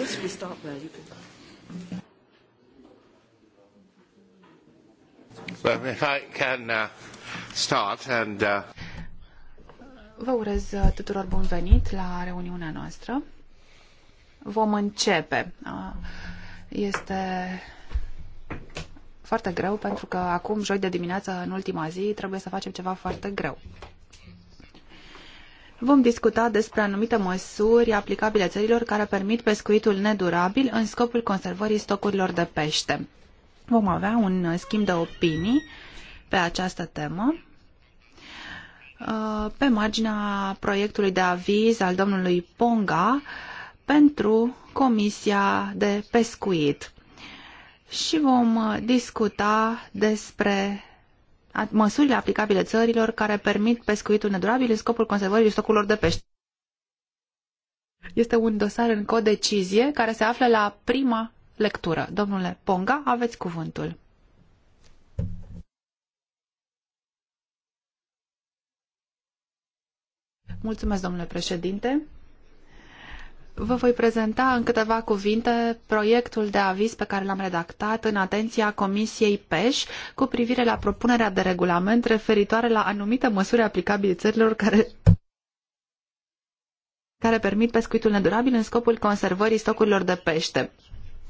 guess we start there. You can. Well, if I can uh, start and. Uh... Vă urez uh, tuturor bun venit la reuniunea noastră. Vom începe. Uh, este foarte greu pentru că acum, joi de dimineață, în ultima zi, trebuie să facem ceva foarte greu. Vom discuta despre anumite măsuri aplicabile țărilor care permit pescuitul nedurabil în scopul conservării stocurilor de pește. Vom avea un schimb de opinii pe această temă uh, pe marginea proiectului de aviz al domnului Ponga pentru Comisia de Pescuit. Și vom discuta despre măsurile aplicabile țărilor care permit pescuitul nedurabil în scopul conservării stocurilor de pește. Este un dosar în codecizie care se află la prima lectură. Domnule Ponga, aveți cuvântul. Mulțumesc, domnule președinte. Vă voi prezenta în câteva cuvinte proiectul de aviz pe care l-am redactat în atenția Comisiei PEș cu privire la propunerea de regulament referitoare la anumite măsuri aplicabile țărilor care care permit pescuitul nedurabil în scopul conservării stocurilor de pește.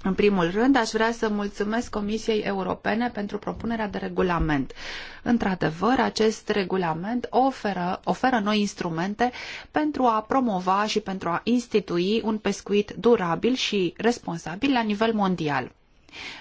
În primul rând, aș vrea să mulțumesc Comisiei Europene pentru propunerea de regulament. Într-adevăr, acest regulament oferă, oferă noi instrumente pentru a promova și pentru a institui un pescuit durabil și responsabil la nivel mondial.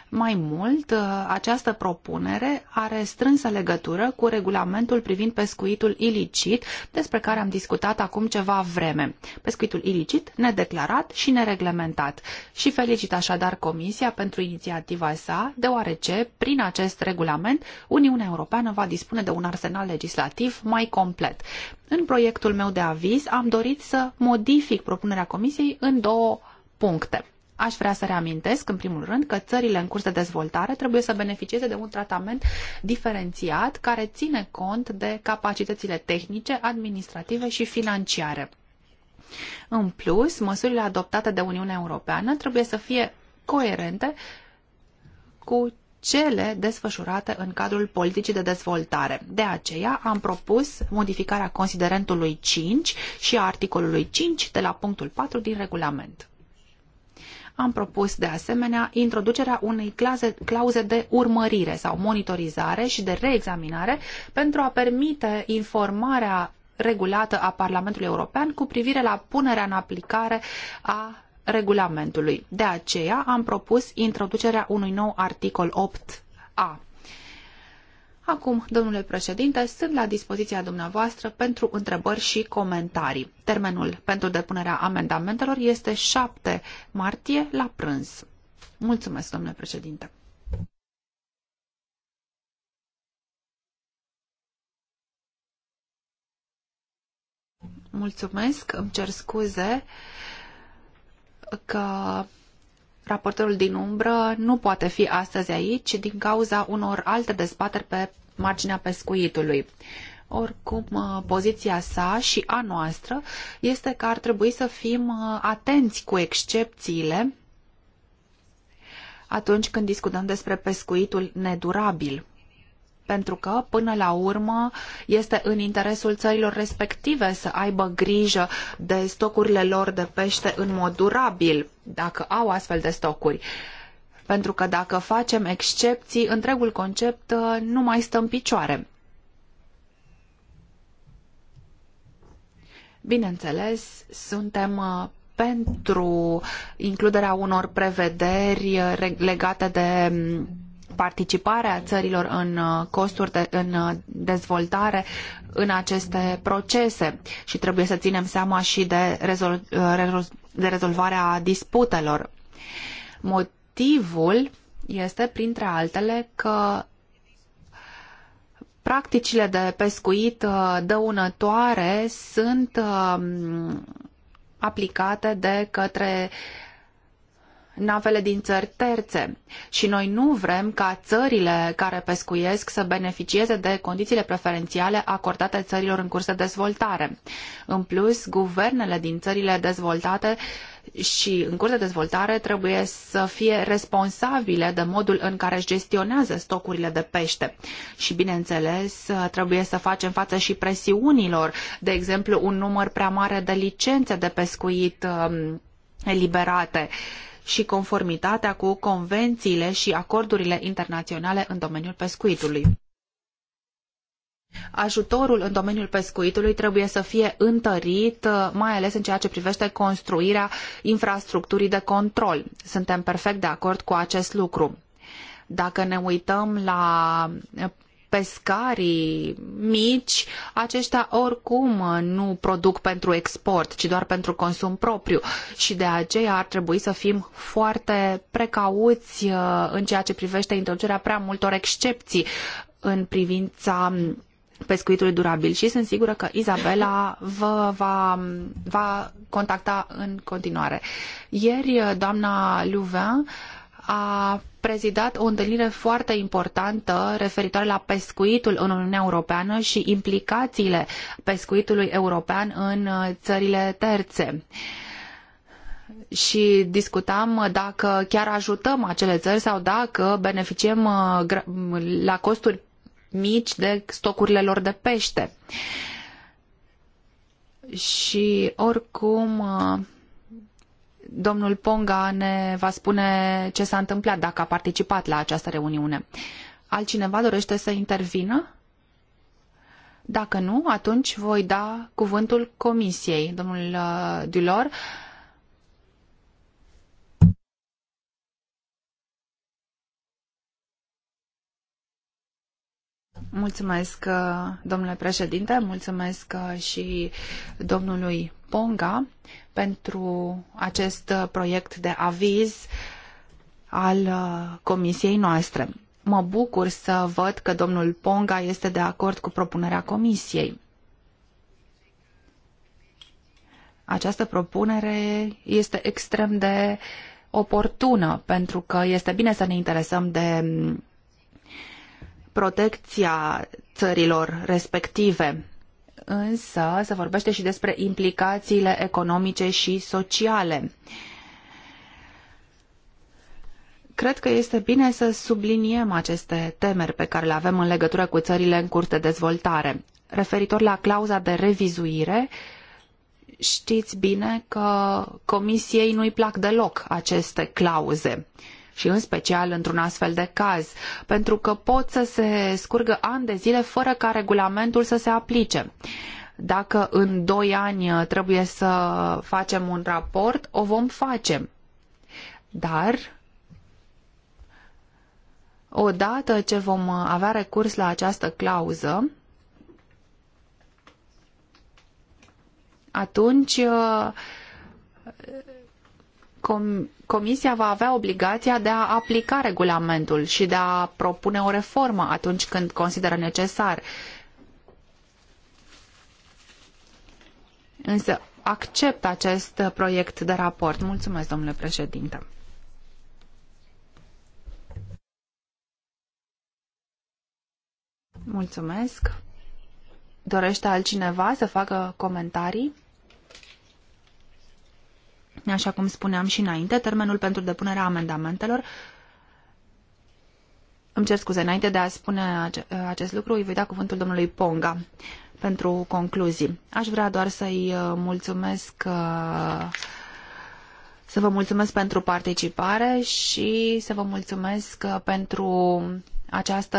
Mai mult, uh, această propunere are strânsă legătură cu regulamentul privind pescuitul ilicit, despre care am discutat acum ceva vreme. Pescuitul ilicit, nedeclarat și nereglementat. Și felicit așadar Comisia pentru inițiativa sa, deoarece, prin acest regulament, Uniunea Europeană va dispune de un arsenal legislativ mai complet. În proiectul meu de aviz am dorit să modific propunerea Comisiei în două puncte. Aș vrea să reamintesc, în primul rând, că țările în curs de dezvoltare trebuie să beneficieze de un tratament diferențiat care ține cont de capacitățile tehnice, administrative și financiare. În plus, măsurile adoptate de Uniunea Europeană trebuie să fie coerente cu cele desfășurate în cadrul politicii de dezvoltare. De aceea am propus modificarea considerentului 5 și a articolului 5 de la punctul 4 din regulament. Am propus de asemenea introducerea unei claze, clauze de urmărire sau monitorizare și de reexaminare pentru a permite informarea regulată a Parlamentului European cu privire la punerea în aplicare a regulamentului. De aceea am propus introducerea unui nou articol 8a Acum, domnule președinte, sunt la dispoziția dumneavoastră pentru întrebări și comentarii. Termenul pentru depunerea amendamentelor este 7 martie la prânz. Mulțumesc, domnule președinte. Mulțumesc, îmi cer scuze că Raportorul din umbră nu poate fi astăzi aici din cauza unor alte dezbateri pe marginea pescuitului. Oricum, uh, poziția sa și a noastră este că ar trebui să fim uh, atenți cu excepțiile atunci când discutăm despre pescuitul nedurabil pentru că, până la urmă, este în interesul țărilor respective să aibă grijă de stocurile lor de pește în mod durabil, dacă au astfel de stocuri. Pentru că dacă facem excepții, întregul concept uh, nu mai stă în picioare. Bineînțeles, suntem uh, pentru includerea unor prevederi uh, legate de mm, participarea țărilor în uh, costuri de, în uh, dezvoltare în aceste procese și trebuie să ținem seama și de, rezol, uh, de rezolvarea disputelor. Motivul este, printre altele, că practicile de pescuit dăunătoare sunt um, aplicate de către navele din țări terțe și noi nu vrem ca țările care pescuiesc să beneficieze de condițiile preferențiale acordate țărilor în curs de dezvoltare. În plus, guvernele din țările dezvoltate și în curs de dezvoltare trebuie să fie responsabile de modul în care își gestionează stocurile de pește. Și bineînțeles, trebuie să facem față și presiunilor, de exemplu un număr prea mare de licențe de pescuit um, eliberate. Uh, și conformitatea cu convențiile și acordurile internaționale în domeniul pescuitului. Ajutorul în domeniul pescuitului trebuie să fie întărit, mai ales în ceea ce privește construirea infrastructurii de control. Suntem perfect de acord cu acest lucru. Dacă ne uităm la pescarii mici, aceștia oricum nu produc pentru export, ci doar pentru consum propriu și de aceea ar trebui să fim foarte precauți uh, în ceea ce privește introducerea prea multor excepții în privința pescuitului durabil și sunt sigură că Izabela vă va, va contacta în continuare. Ieri, doamna Louvain a prezidat o întâlnire foarte importantă referitoare la pescuitul în Uniunea Europeană și implicațiile pescuitului european în uh, țările terțe și discutam dacă chiar ajutăm acele țări sau dacă beneficiem uh, la costuri mici de stocurile lor de pește. Și oricum uh, domnul Ponga ne va spune ce s-a întâmplat, dacă a participat la această reuniune. Altcineva dorește să intervină? Dacă nu, atunci voi da cuvântul comisiei. Domnul uh, Dulor, Mulțumesc, uh, domnule președinte, mulțumesc uh, și domnului Ponga pentru acest uh, proiect de aviz al uh, comisiei noastre. Mă bucur să văd că domnul Ponga este de acord cu propunerea comisiei. Această propunere este extrem de oportună pentru că este bine să ne interesăm de mm, protecția țărilor respective însă se vorbește și despre implicațiile economice și sociale. Cred că este bine să subliniem aceste temeri pe care le avem în legătură cu țările în curs de dezvoltare. Referitor la clauza de revizuire, știți bine că Comisiei nu-i plac deloc aceste clauze și în special într-un astfel de caz, pentru că pot să se scurgă ani de zile fără ca regulamentul să se aplice. Dacă în doi ani trebuie să facem un raport, o vom face. Dar odată ce vom avea recurs la această clauză, atunci Com Comisia va avea obligația de a aplica regulamentul și de a propune o reformă atunci când consideră necesar. Însă accept acest proiect de raport. Mulțumesc, domnule președinte. Mulțumesc. Dorește altcineva să facă comentarii? Așa cum spuneam și înainte, termenul pentru depunerea amendamentelor îmi cer scuze, înainte de a spune acest lucru, îi voi da cuvântul domnului Ponga pentru concluzii. Aș vrea doar să-i uh, mulțumesc, uh, să vă mulțumesc pentru participare și să vă mulțumesc uh, pentru această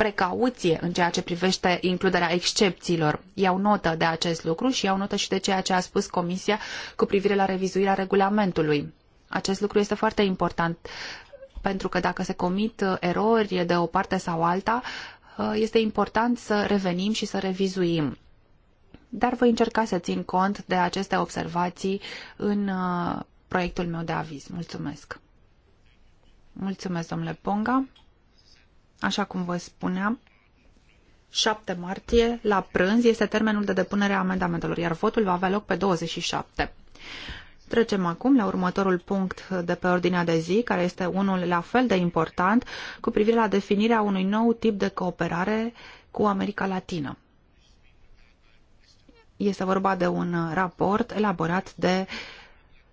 precauție în ceea ce privește includerea excepțiilor. Iau notă de acest lucru și iau notă și de ceea ce a spus Comisia cu privire la revizuirea regulamentului. Acest lucru este foarte important pentru că dacă se comit uh, erori de o parte sau alta, uh, este important să revenim și să revizuim. Dar voi încerca să țin cont de aceste observații în uh, proiectul meu de aviz. Mulțumesc! Mulțumesc, domnule Ponga! Așa cum vă spuneam, 7 martie, la prânz, este termenul de depunere a amendamentelor, iar votul va avea loc pe 27. Trecem acum la următorul punct de pe ordinea de zi, care este unul la fel de important, cu privire la definirea unui nou tip de cooperare cu America Latină. Este vorba de un raport elaborat de uh,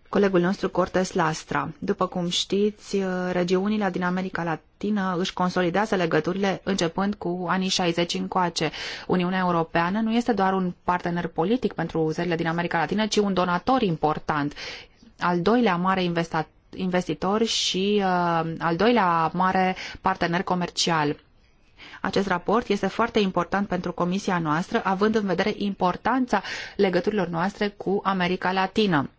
colegul nostru Cortes Lastra. După cum știți, uh, regiunile din America Latină își consolidează legăturile începând cu anii 60 încoace. Uniunea Europeană nu este doar un partener politic pentru țările din America Latină, ci un donator important. Al doilea mare investator investitor și uh, al doilea mare partener comercial. Acest raport este foarte important pentru comisia noastră, având în vedere importanța legăturilor noastre cu America Latină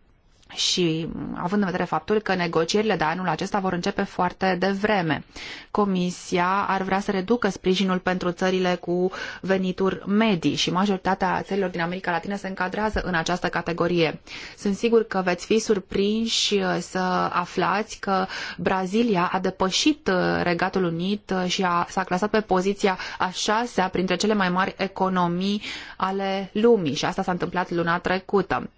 și având în vedere faptul că negocierile de anul acesta vor începe foarte devreme, Comisia ar vrea să reducă sprijinul pentru țările cu venituri medii și majoritatea țărilor din America Latină se încadrează în această categorie. Sunt sigur că veți fi surprinși uh, să aflați că Brazilia a depășit uh, Regatul Unit uh, și a, s-a clasat pe poziția a șasea printre cele mai mari economii ale lumii și asta s-a întâmplat luna trecută.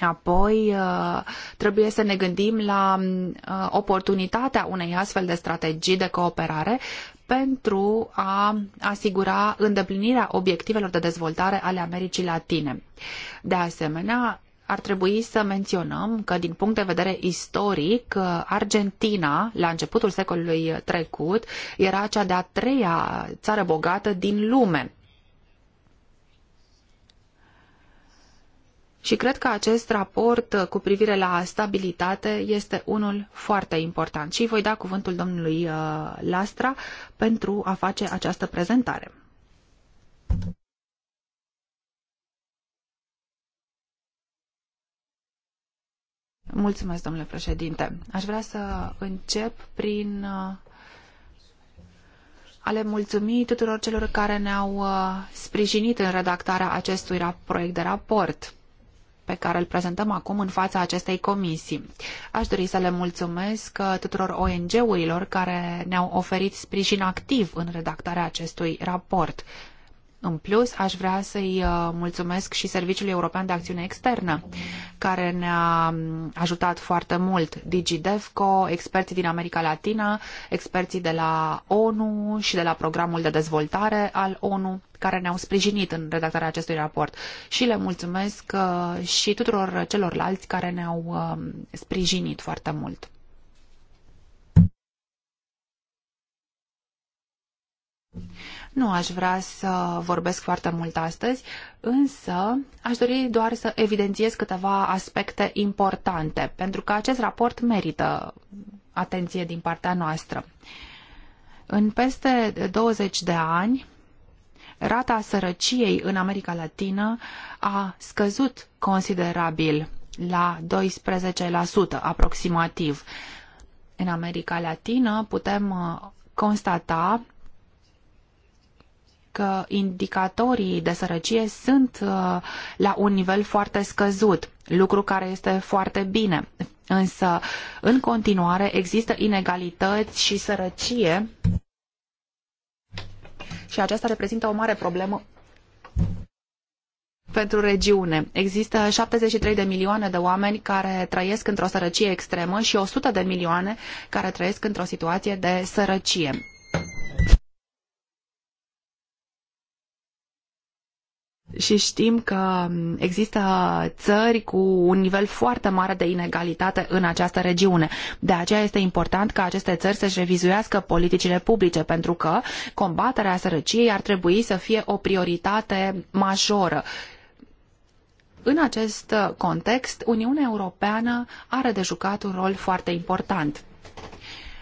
Apoi uh, trebuie să ne gândim la uh, oportunitatea unei astfel de strategii de cooperare pentru a asigura îndeplinirea obiectivelor de dezvoltare ale Americii Latine. De asemenea, ar trebui să menționăm că, din punct de vedere istoric, Argentina, la începutul secolului trecut, era cea de-a treia țară bogată din lume Și cred că acest raport uh, cu privire la stabilitate este unul foarte important. Și voi da cuvântul domnului uh, Lastra pentru a face această prezentare. Mulțumesc, domnule președinte. Aș vrea să încep prin uh, a le mulțumi tuturor celor care ne-au sprijinit în redactarea acestui proiect de raport pe care îl prezentăm acum în fața acestei comisii. Aș dori să le mulțumesc uh, tuturor ONG-urilor care ne-au oferit sprijin activ în redactarea acestui raport. În plus, aș vrea să-i uh, mulțumesc și Serviciului European de Acțiune Externă, care ne-a um, ajutat foarte mult, DigiDevco, experții din America Latina, experții de la ONU și de la Programul de Dezvoltare al ONU, care ne-au sprijinit în redactarea acestui raport. Și le mulțumesc uh, și tuturor celorlalți care ne-au um, sprijinit foarte mult. Nu aș vrea să vorbesc foarte mult astăzi, însă aș dori doar să evidențiez câteva aspecte importante, pentru că acest raport merită atenție din partea noastră. În peste 20 de ani, rata sărăciei în America Latină a scăzut considerabil la 12% aproximativ. În America Latină putem uh, constata că indicatorii de sărăcie sunt uh, la un nivel foarte scăzut, lucru care este foarte bine. Însă, în continuare, există inegalități și sărăcie și aceasta reprezintă o mare problemă pentru regiune. Există 73 de milioane de oameni care trăiesc într-o sărăcie extremă și 100 de milioane care trăiesc într-o situație de sărăcie. și știm că există țări cu un nivel foarte mare de inegalitate în această regiune. De aceea este important ca aceste țări să-și revizuiască politicile publice, pentru că combaterea sărăciei ar trebui să fie o prioritate majoră. În acest context, Uniunea Europeană are de jucat un rol foarte important.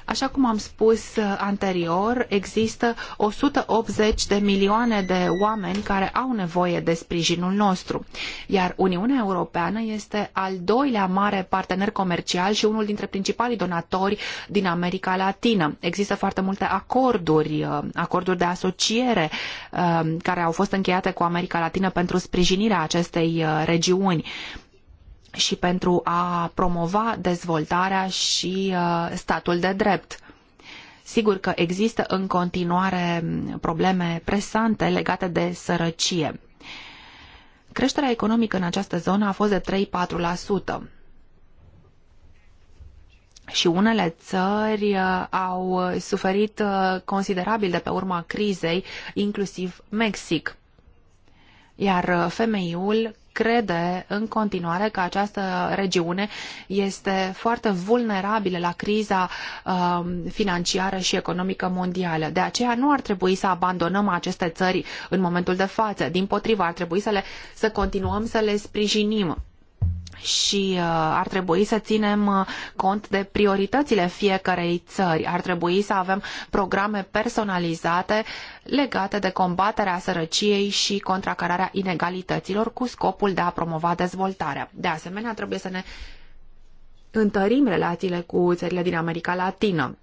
Așa cum am spus uh, anterior, există 180 de milioane de oameni care au nevoie de sprijinul nostru, iar Uniunea Europeană este al doilea mare partener comercial și unul dintre principalii donatori din America Latină. Există foarte multe acorduri, uh, acorduri de asociere uh, care au fost încheiate cu America Latină pentru sprijinirea acestei regiuni și pentru a promova dezvoltarea și uh, statul de drept. Sigur că există în continuare probleme presante legate de sărăcie. Creșterea economică în această zonă a fost de 3-4%. Și unele țări uh, au suferit uh, considerabil de pe urma crizei, inclusiv Mexic. Iar femeiul crede în continuare că această regiune este foarte vulnerabilă la criza um, financiară și economică mondială. De aceea nu ar trebui să abandonăm aceste țări în momentul de față. Din potrivă, ar trebui să, le, să continuăm să le sprijinim și uh, ar trebui să ținem uh, cont de prioritățile fiecarei țări. Ar trebui să avem programe personalizate legate de combaterea sărăciei și contracararea inegalităților cu scopul de a promova dezvoltarea. De asemenea, trebuie să ne întărim relațiile cu țările din America Latină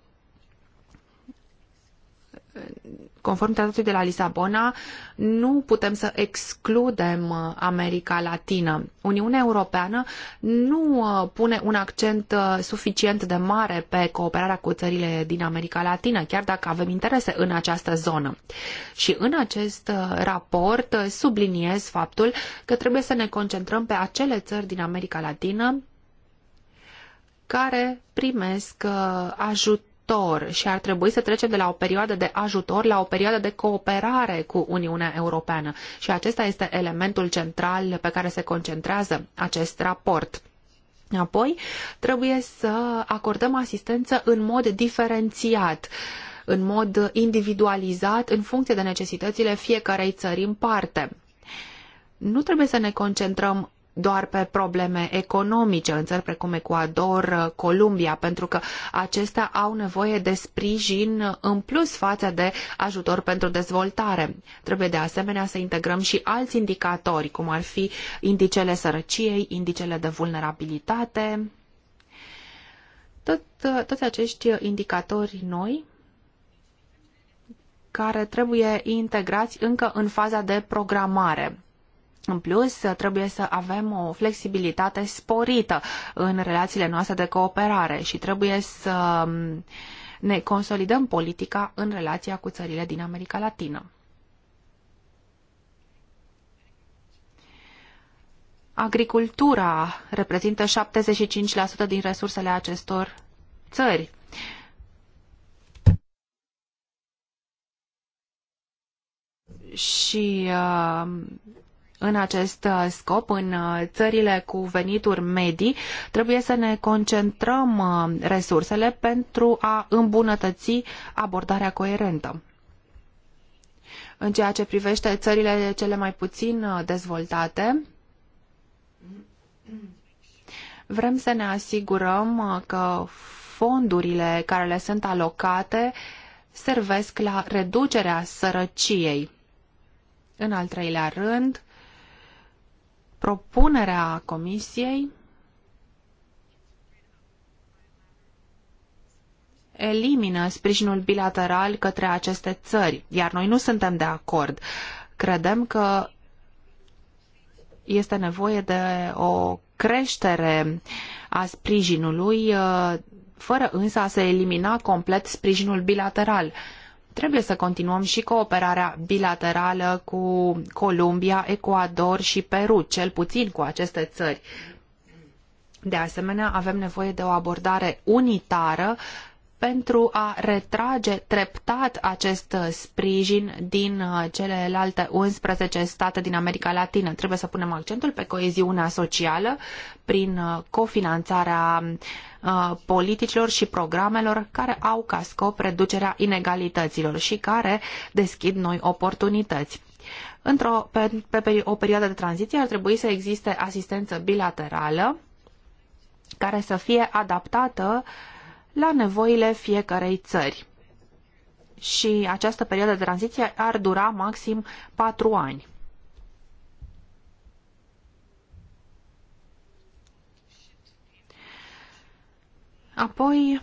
conform tratatului de la Lisabona, nu putem să excludem uh, America Latină. Uniunea Europeană nu uh, pune un accent uh, suficient de mare pe cooperarea cu țările din America Latină, chiar dacă avem interese în această zonă. Și în acest raport subliniez faptul că trebuie să ne concentrăm pe acele țări din America Latină care primesc ajut ajutor și ar trebui să trecem de la o perioadă de ajutor la o perioadă de cooperare cu Uniunea Europeană. Și acesta este elementul central pe care se concentrează acest raport. Apoi, trebuie să acordăm asistență în mod diferențiat în mod individualizat în funcție de necesitățile fiecarei țări în parte. Nu trebuie să ne concentrăm doar pe probleme economice în țări precum Ecuador, Columbia, pentru că acestea au nevoie de sprijin în plus față de ajutor pentru dezvoltare. Trebuie de asemenea să integrăm și alți indicatori, cum ar fi indicele sărăciei, indicele de vulnerabilitate. Tot, toți acești indicatori noi care trebuie integrați încă în faza de programare în plus, trebuie să avem o flexibilitate sporită în relațiile noastre de cooperare și trebuie să mm, ne consolidăm politica în relația cu țările din America Latină. Agricultura reprezintă 75% din resursele acestor țări. Și uh, în acest uh, scop, în uh, țările cu venituri medii, trebuie să ne concentrăm uh, resursele pentru a îmbunătăți abordarea coerentă. În ceea ce privește țările cele mai puțin dezvoltate, vrem să ne asigurăm că fondurile care le sunt alocate servesc la reducerea sărăciei. În al treilea rând, Propunerea Comisiei elimină sprijinul bilateral către aceste țări, iar noi nu suntem de acord. Credem că este nevoie de o creștere a sprijinului, uh, fără însă a se elimina complet sprijinul bilateral trebuie să continuăm și cooperarea bilaterală cu Columbia, Ecuador și Peru, cel puțin cu aceste țări. De asemenea, avem nevoie de o abordare unitară pentru a retrage treptat acest sprijin din uh, celelalte 11 state din America Latină. Trebuie să punem accentul pe coeziunea socială prin uh, cofinanțarea uh, politicilor și programelor care au ca scop reducerea inegalităților și care deschid noi oportunități. Într-o, pe, pe o perioadă de tranziție ar trebui să existe asistență bilaterală care să fie adaptată uh, la nevoile fiecarei țări. Și această perioadă de tranziție ar dura maxim patru ani. Apoi,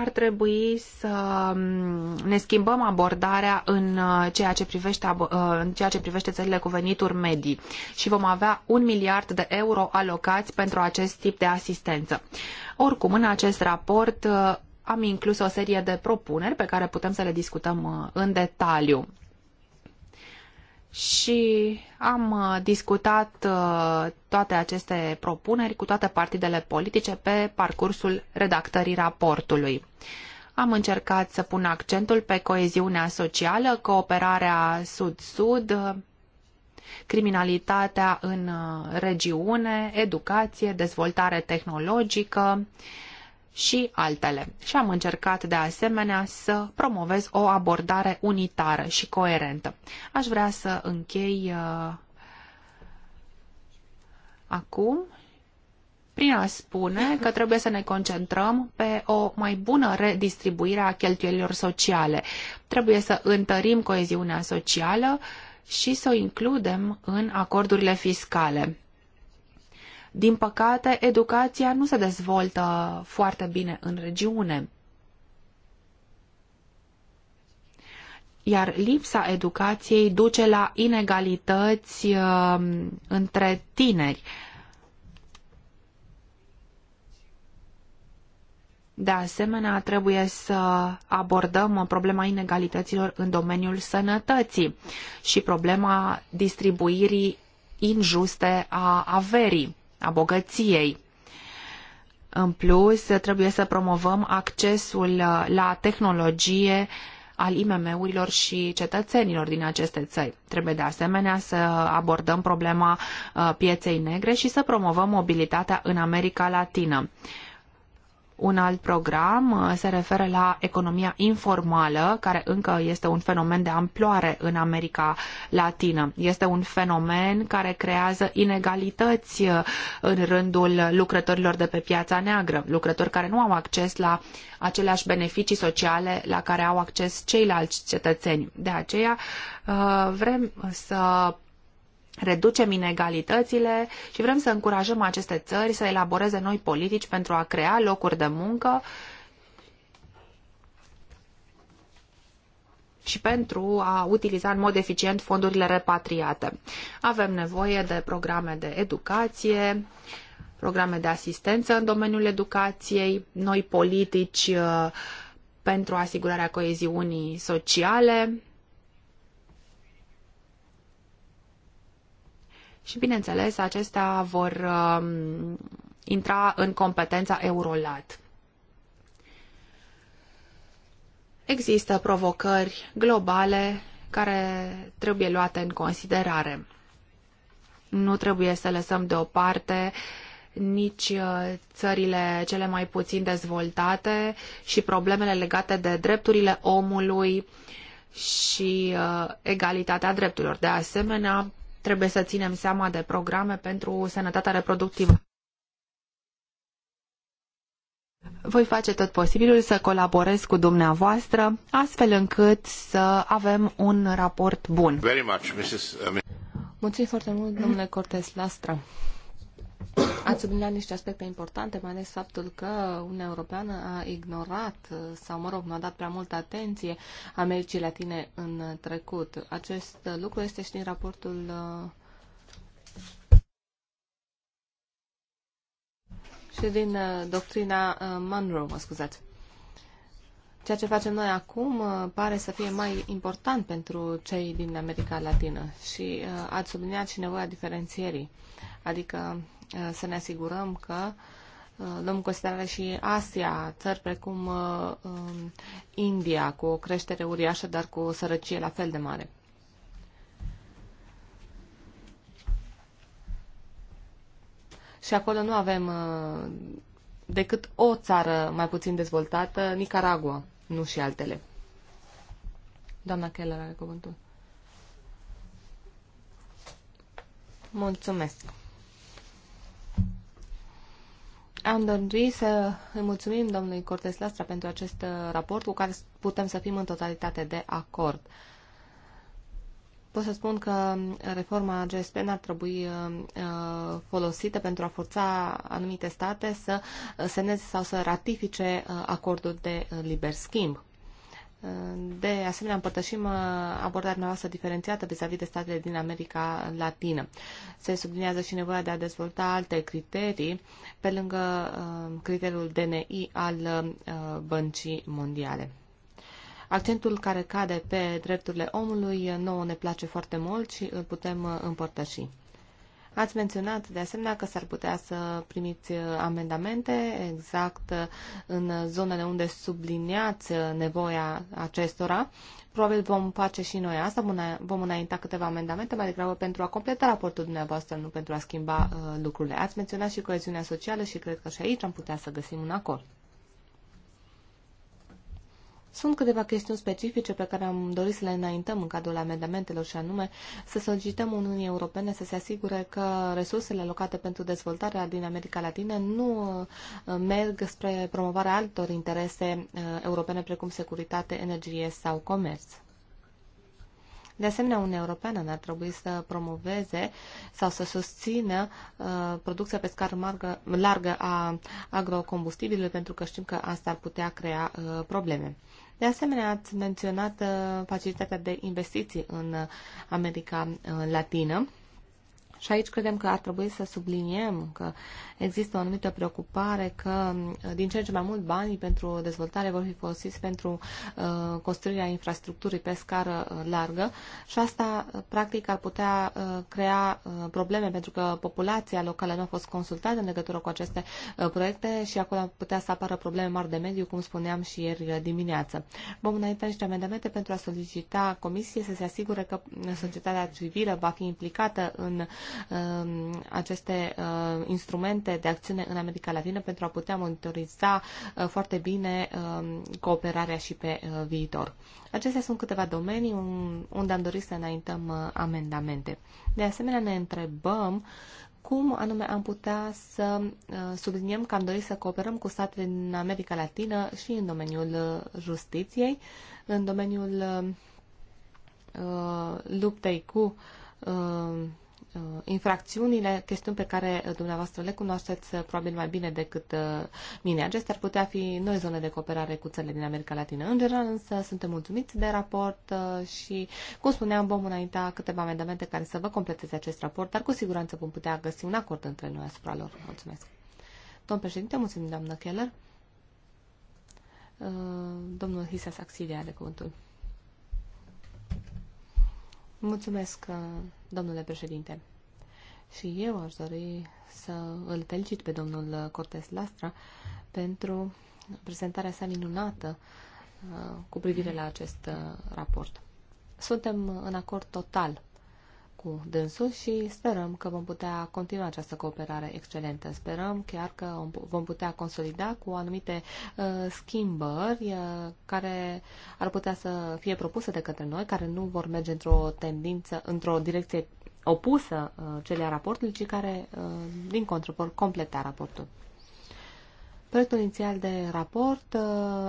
ar trebui să mm, ne schimbăm abordarea în uh, ceea ce privește, uh, în ceea ce privește țările cu venituri medii și vom avea un miliard de euro alocați pentru acest tip de asistență. Oricum, în acest raport uh, am inclus o serie de propuneri pe care putem să le discutăm în detaliu și am uh, discutat uh, toate aceste propuneri cu toate partidele politice pe parcursul redactării raportului. Am încercat să pun accentul pe coeziunea socială, cooperarea sud-sud, criminalitatea în uh, regiune, educație, dezvoltare tehnologică, și altele. Și am încercat de asemenea să promovez o abordare unitară și coerentă. Aș vrea să închei uh, acum prin a spune că trebuie să ne concentrăm pe o mai bună redistribuire a cheltuielilor sociale. Trebuie să întărim coeziunea socială și să o includem în acordurile fiscale. Din păcate, educația nu se dezvoltă foarte bine în regiune. Iar lipsa educației duce la inegalități uh, între tineri. De asemenea, trebuie să abordăm problema inegalităților în domeniul sănătății și problema distribuirii injuste a averii a bogăției. În plus, trebuie să promovăm accesul uh, la tehnologie al IMM-urilor și cetățenilor din aceste țări. Trebuie de asemenea să abordăm problema uh, pieței negre și să promovăm mobilitatea în America Latină. Un alt program uh, se referă la economia informală, care încă este un fenomen de amploare în America Latină. Este un fenomen care creează inegalități uh, în rândul lucrătorilor de pe piața neagră, lucrători care nu au acces la aceleași beneficii sociale la care au acces ceilalți cetățeni. De aceea uh, vrem să reducem inegalitățile și vrem să încurajăm aceste țări să elaboreze noi politici pentru a crea locuri de muncă și pentru a utiliza în mod eficient fondurile repatriate. Avem nevoie de programe de educație, programe de asistență în domeniul educației, noi politici uh, pentru asigurarea coeziunii sociale, Și, bineînțeles, acestea vor um, intra în competența Eurolat. Există provocări globale care trebuie luate în considerare. Nu trebuie să lăsăm deoparte nici uh, țările cele mai puțin dezvoltate și problemele legate de drepturile omului și uh, egalitatea drepturilor. De asemenea, trebuie să ținem seama de programe pentru sănătatea reproductivă. Voi face tot posibilul să colaborez cu dumneavoastră, astfel încât să avem un raport bun. Very much, Mrs. Mulțumim foarte mult, domnule Cortes Lastra. Ați subliniat niște aspecte importante, mai ales faptul că Uniunea Europeană a ignorat uh, sau, mă rog, nu a dat prea multă atenție Americii Latine în trecut. Acest lucru este și din raportul uh, și din uh, doctrina Monroe, mă scuzați. Ceea ce facem noi acum pare să fie mai important pentru cei din America Latină și ați subliniat și nevoia diferențierii adică uh, să ne asigurăm că uh, luăm în considerare și Asia, țări precum uh, um, India, cu o creștere uriașă, dar cu o sărăcie la fel de mare. Și acolo nu avem decât o țară mai puțin dezvoltată, Nicaragua, nu și altele. Doamna Keller are cuvântul. Mulțumesc. Am dorit să îi mulțumim domnului Cortes Lastra pentru acest uh, raport cu care putem să fim în totalitate de acord. Pot să spun că reforma GSP n-ar trebui uh, uh, folosită pentru a forța anumite state să semneze sau să ratifice acordul de liber schimb. De asemenea, împărtășim uh, abordarea noastră diferențiată vis-a-vis de statele din America Latină. Se subliniază și nevoia de a dezvolta alte criterii pe lângă uh, criteriul DNI al uh, Băncii Mondiale. Accentul care cade pe drepturile omului nouă ne place foarte mult și îl putem împărtăși. Ați menționat de asemenea că s-ar putea să primiți uh, amendamente exact uh, în zonele unde subliniați uh, nevoia acestora. Probabil vom face și noi asta, vom înainta câteva amendamente, mai degrabă pentru a completa raportul dumneavoastră, nu pentru a schimba uh, lucrurile. Ați menționat și coeziunea socială și cred că și aici am putea să găsim un acord. Sunt câteva chestiuni specifice pe care am dorit să le înaintăm în cadrul amendamentelor și anume să solicităm Uniunii Europene să se asigure că resursele alocate pentru dezvoltarea din America Latină nu uh, merg spre promovarea altor interese uh, europene precum securitate, energie sau comerț. De asemenea, Uniunea Europeană ar trebui să promoveze sau să susțină uh, producția pe scară margă, largă a agrocombustibilului, pentru că știm că asta ar putea crea uh, probleme. De asemenea, ați menționat uh, facilitatea de investiții în uh, America uh, Latină și aici credem că ar trebui să subliniem că există o anumită preocupare că uh, din ce în ce mai mult banii pentru dezvoltare vor fi folosiți pentru uh, construirea infrastructurii pe scară uh, largă și asta practic ar putea crea probleme pentru că populația locală nu a fost consultată în legătură cu aceste proiecte și acolo ar putea să apară probleme mari de mediu, cum spuneam și ieri dimineață. Vom înainta niște amendamente pentru a solicita Comisiei să se asigure că societatea civilă va fi implicată în Um, aceste uh, instrumente de acțiune în America Latină pentru a putea monitoriza uh, foarte bine um, cooperarea și pe uh, viitor. Acestea sunt câteva domenii unde am dorit să înaintăm amendamente. De asemenea, ne întrebăm cum anume am putea să subliniem că am dorit să cooperăm cu statele din America Latină și în domeniul justiției, în domeniul luptei cu Uh, infracțiunile, chestiuni pe care uh, dumneavoastră le cunoașteți uh, probabil mai bine decât mine. Acestea ar putea fi noi zone de cooperare cu țările din America Latină. În general, însă, suntem mulțumiți de raport și, cum spuneam, vom înainta câteva amendamente care să vă completeze acest raport, dar cu siguranță vom putea găsi un acord între noi asupra lor. Mulțumesc. Domn președinte, mulțumim, doamnă Keller. Domnul Hisa Saxide are cuvântul. Mulțumesc, uh, domnule președinte. Și eu aș dori să îl felicit pe domnul Cortes Lastra pentru prezentarea sa minunată uh, cu privire la acest uh, raport. Suntem în acord total cu dânsul și sperăm că vom putea continua această cooperare excelentă. Sperăm chiar că vom putea consolida cu anumite uh, schimbări uh, care ar putea să fie propuse de către noi, care nu vor merge într-o tendință, într-o direcție opusă uh, celei a raportului, ci care, uh, din contră, vor completa raportul. Proiectul inițial de raport uh,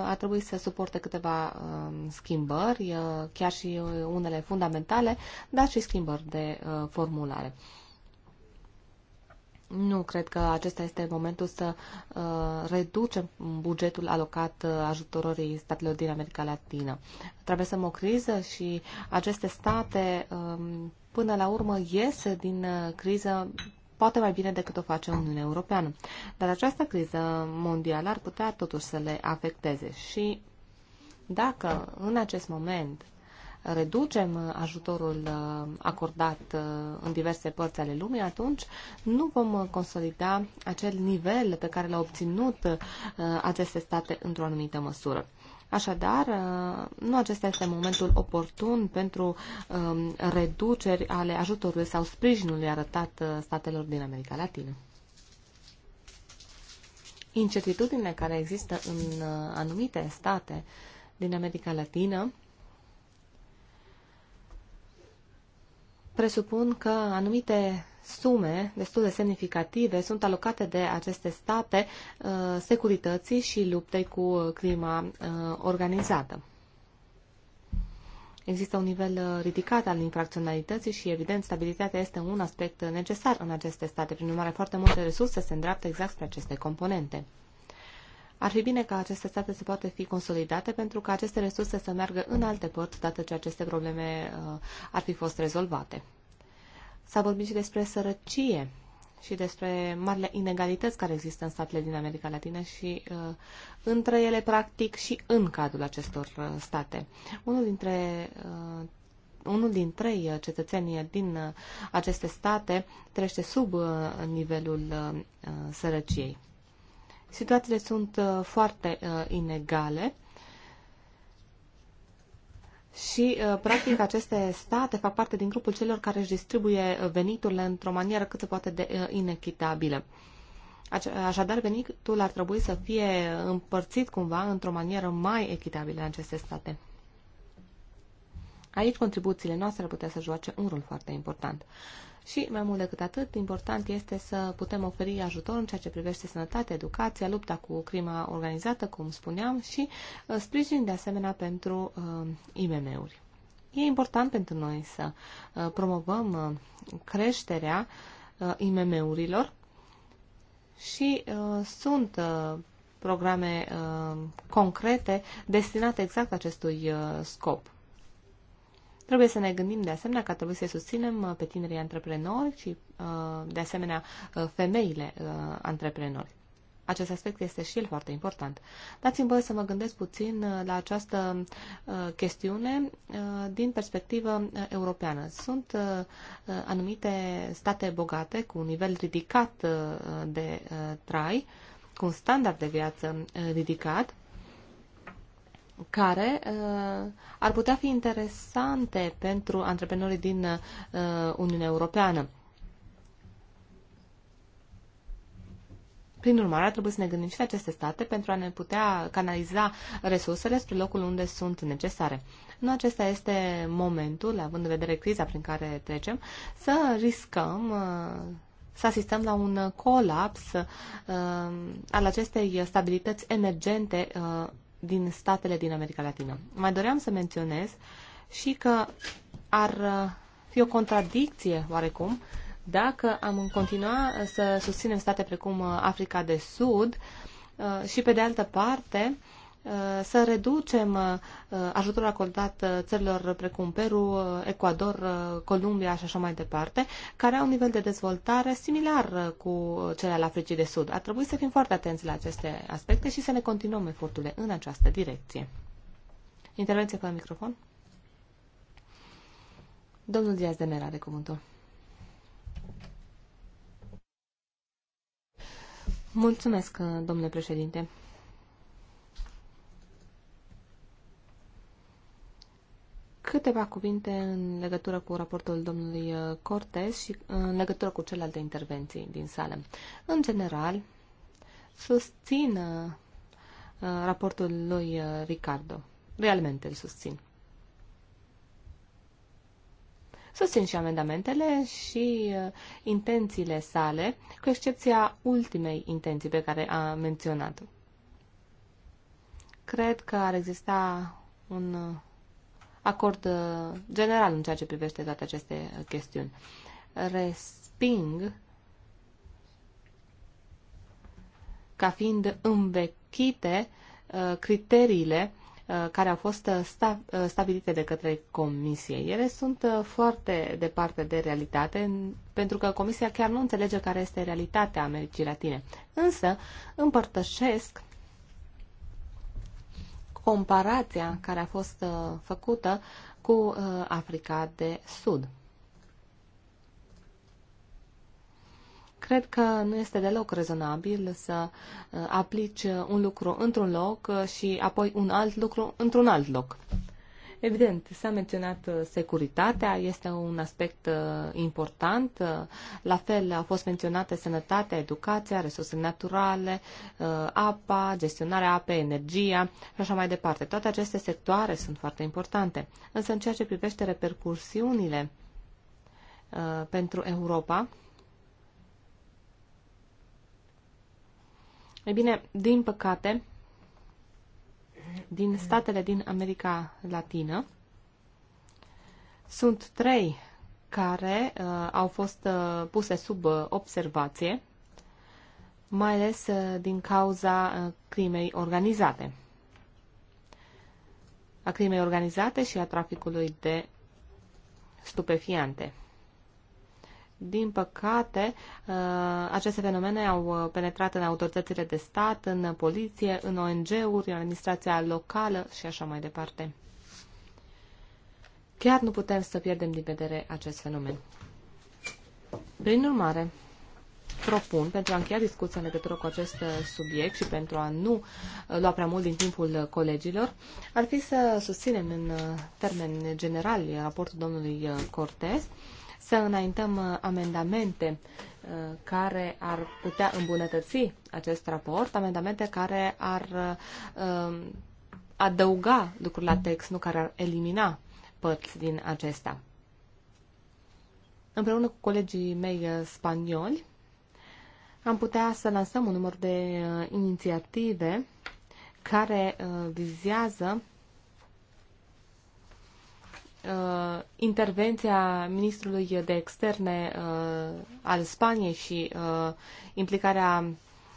a trebuit să suporte câteva um, schimbări, uh, chiar și uh, unele fundamentale, dar și schimbări de formulare. Nu cred că acesta este momentul să uh, reducem bugetul alocat uh, ajutorării statelor din America Latină. să o criză și aceste state, uh, până la urmă, ies din uh, criză poate mai bine decât o face Uniunea Europeană. Dar această criză mondială ar putea totuși să le afecteze și dacă în acest moment reducem ajutorul uh, acordat uh, în diverse părți ale lumii, atunci nu vom uh, consolida acel nivel pe care l-au obținut aceste state într-o anumită măsură. Așadar, uh, nu acesta este momentul oportun pentru um, reduceri ale ajutorului sau sprijinului arătat uh, statelor din America Latină. Incertitudinile care există în uh, anumite state din America Latină presupun că anumite sume destul de semnificative sunt alocate de aceste state uh, securității și luptei cu crima uh, organizată. Există un nivel uh, ridicat al infracționalității și, evident, stabilitatea este un aspect necesar în aceste state. Prin urmare, foarte multe resurse se îndreaptă exact spre aceste componente. Ar fi bine ca aceste state să poată fi consolidate pentru ca aceste resurse să meargă în alte părți, dată ce aceste probleme ar fi fost rezolvate. S-a vorbit și despre sărăcie și despre marile inegalități care există în statele din America Latină și uh, între ele, practic, și în cadrul acestor uh, state. Unul dintre uh, unul dintre trei uh, cetățeni din uh, aceste state trăiește sub uh, nivelul sărăciei. Situațiile sunt foarte inegale și, uh, practic, aceste state fac parte din grupul celor care își distribuie uh, veniturile într-o manieră cât se poate de uh, inechitabilă. Așadar, venitul ar trebui să fie împărțit cumva într-o manieră mai echitabilă în aceste state. Aici contribuțiile noastre ar putea să joace un rol foarte important și, mai mult decât atât, important este să putem oferi ajutor în ceea ce privește sănătatea, educația, lupta cu crima organizată, cum spuneam, și uh, sprijin de asemenea pentru uh, IMM-uri. E important pentru noi să uh, promovăm creșterea IMM-urilor și sunt programe concrete destinate exact acestui scop. Trebuie să ne gândim de asemenea că trebuie să susținem uh, pe tinerii antreprenori și uh, de asemenea uh, femeile antreprenori. Acest aspect este și el foarte important. Dați-mi voie să mă gândesc puțin la această chestiune din perspectivă europeană. Sunt anumite state bogate cu un nivel ridicat de trai, cu un standard de viață ridicat, care uh, ar putea fi interesante pentru antreprenorii din uh, Uniunea Europeană. Prin urmare, trebuie să ne gândim și la aceste state pentru a ne putea canaliza resursele spre locul unde sunt necesare. Nu acesta este momentul, având în vedere criza prin care trecem, să riscăm uh, să asistăm la un colaps uh, al acestei stabilități emergente uh, din statele din America Latină. Mai doream să menționez și că ar uh, fi o contradicție oarecum dacă am continua să susținem state precum uh, Africa de Sud uh, și, pe de altă parte, Uh, să reducem uh, ajutorul acordat uh, țărilor precum Peru, Ecuador, Columbia și așa mai departe, care au un nivel de dezvoltare similar cu cele al Africii de Sud. Ar trebui să fim foarte atenți la aceste aspecte și să ne continuăm eforturile în această direcție. Intervenție pe microfon. Domnul Diaz de Mera de cuvântul. Mulțumesc, domnule președinte. Câteva cuvinte în legătură cu raportul domnului uh, Cortes și uh, în legătură cu celelalte intervenții din sală. În general, susțin uh, raportul lui Ricardo. Realmente îl susțin. Susțin și amendamentele și intențiile sale, cu excepția ultimei intenții pe care a menționat-o. Cred că ar exista un acord uh, general în ceea ce privește toate aceste uh, chestiuni. Resping ca fiind învechite uh, criteriile care au fost stabilite de către Comisie. Ele sunt foarte departe de realitate, pentru că Comisia chiar nu înțelege care este realitatea Americii Latine. Însă, împărtășesc comparația care a fost uh, făcută cu uh, Africa de Sud. Cred că nu este deloc rezonabil să uh, aplici un lucru într-un loc și apoi un alt lucru într-un alt loc. Evident, s-a menționat uh, securitatea, este un aspect uh, important. Uh, la fel a fost menționată sănătatea, educația, resurse naturale, apa, gestionarea apei, energia și așa mai departe. Toate aceste sectoare sunt foarte importante. Însă în ceea ce privește repercursiunile pentru Europa, ei bine, din păcate, din statele din America Latină. Sunt trei care uh, au fost uh, puse sub uh, observație, mai ales uh, din cauza uh, crimei organizate. A crimei organizate și a traficului de stupefiante. Din păcate, uh, aceste fenomene au uh, penetrat în autoritățile de stat, în poliție, în ONG-uri, în administrația locală și așa mai departe. Chiar nu putem să pierdem din vedere acest fenomen. Prin urmare, propun, pentru a încheia discuția în legătură cu acest uh, subiect și pentru a nu lua prea mult din timpul colegilor, ar fi să susținem în termeni generali raportul domnului Cortez, să înaintăm uh, amendamente uh, care ar putea îmbunătăți acest raport, amendamente care ar uh, adăuga lucruri la text, nu care ar elimina părți din acesta. Împreună cu colegii mei spanioli, am putea să lansăm un număr de inițiative care vizează uh, intervenția ministrului de externe uh, al Spaniei și uh, implicarea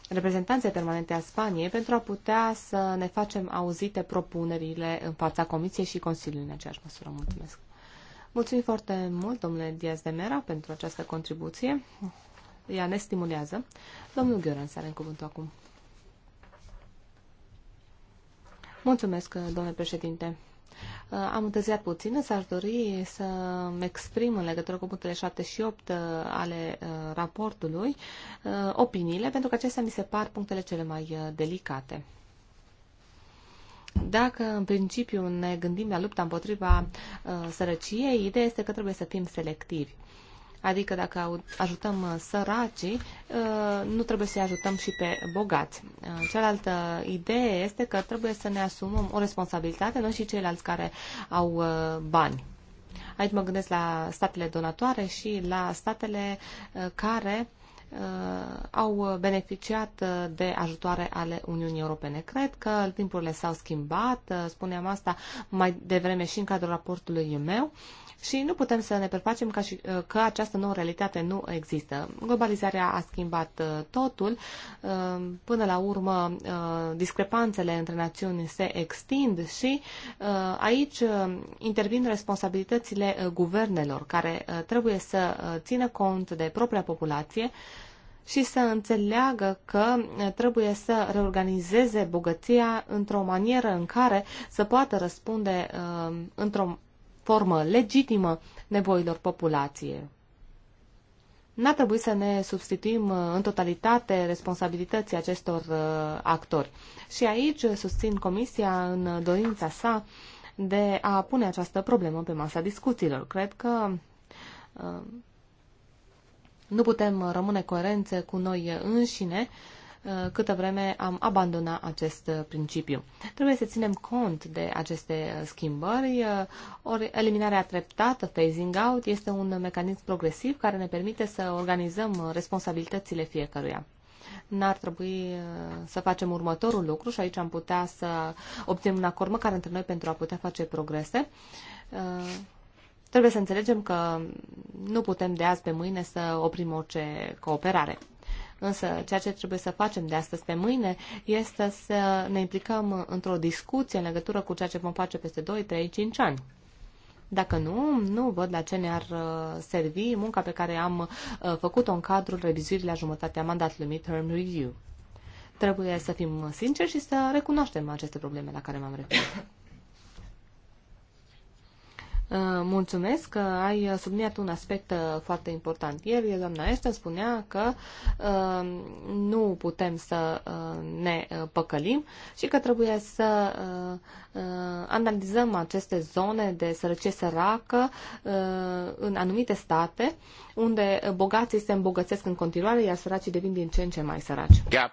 reprezentanței permanente a Spaniei pentru a putea să ne facem auzite propunerile în fața Comisiei și Consiliului în aceeași măsură. Mulțumesc! Mulțumim foarte mult, domnule Diaz de Mera, pentru această contribuție. Ea ne stimulează. Domnul să are în cuvântul acum. Mulțumesc, domnule președinte. Uh, am întârziat puțin, însă aș dori să exprim în legătură cu punctele 7 și 8 uh, ale uh, raportului opiniile, pentru că acestea mi se par punctele cele mai delicate. Dacă în principiu ne gândim la lupta împotriva uh, sărăciei, ideea este că trebuie să fim selectivi. Uh, Adică dacă ajutăm uh, săracii, uh, nu trebuie să-i ajutăm și pe bogați. Uh, cealaltă idee este că trebuie să ne asumăm o responsabilitate, noi și ceilalți care au bani. Aici mă gândesc la statele donatoare și la statele care Uh, au beneficiat uh, de ajutoare ale Uniunii Europene. Cred că timpurile s-au schimbat, uh, spuneam asta mai devreme și în cadrul raportului meu, și nu putem să ne perfacem ca și, că această nouă realitate nu există. Globalizarea a schimbat totul. Până la urmă, discrepanțele între națiuni se extind și aici intervin responsabilitățile guvernelor, care trebuie să țină cont de propria populație, și să înțeleagă că eh, trebuie să reorganizeze bogăția într-o manieră în care să poată răspunde eh, într-o formă legitimă nevoilor populației. n a trebuit să ne substituim eh, în totalitate responsabilității acestor actori. Și aici susțin Comisia în dorința sa de a pune această problemă pe masa discuțiilor. Cred că nu putem rămâne coerenți cu noi înșine uh, câtă vreme am abandonat acest principiu. Trebuie să ținem cont de aceste schimbări. Uh, ori eliminarea treptată, phasing out, este un mecanism progresiv care ne permite să organizăm responsabilitățile fiecăruia n-ar trebui uh, să facem următorul lucru și aici am putea să obținem un acord măcar între noi pentru a putea face progrese. Trebuie să înțelegem că nu putem de azi pe mâine să oprim orice cooperare. Însă ceea ce trebuie să facem de astăzi pe mâine este să ne implicăm într-o discuție în legătură cu ceea ce vom face peste 2, 3, 5 ani. Dacă nu, nu văd la ce ne-ar uh, servi munca pe care am uh, făcut-o în cadrul revizuirii la jumătatea mandatului midterm review. Trebuie să fim sinceri și să recunoaștem aceste probleme la care m-am referit. Uh, mulțumesc că ai subliniat un aspect uh, foarte important. Ieri doamna Este spunea că uh, nu putem să ne păcălim și că trebuie să analizăm aceste zone de sărăcie săracă în anumite state unde bogații se îmbogățesc în continuare, iar săracii devin din ce în ce mai săraci. Gap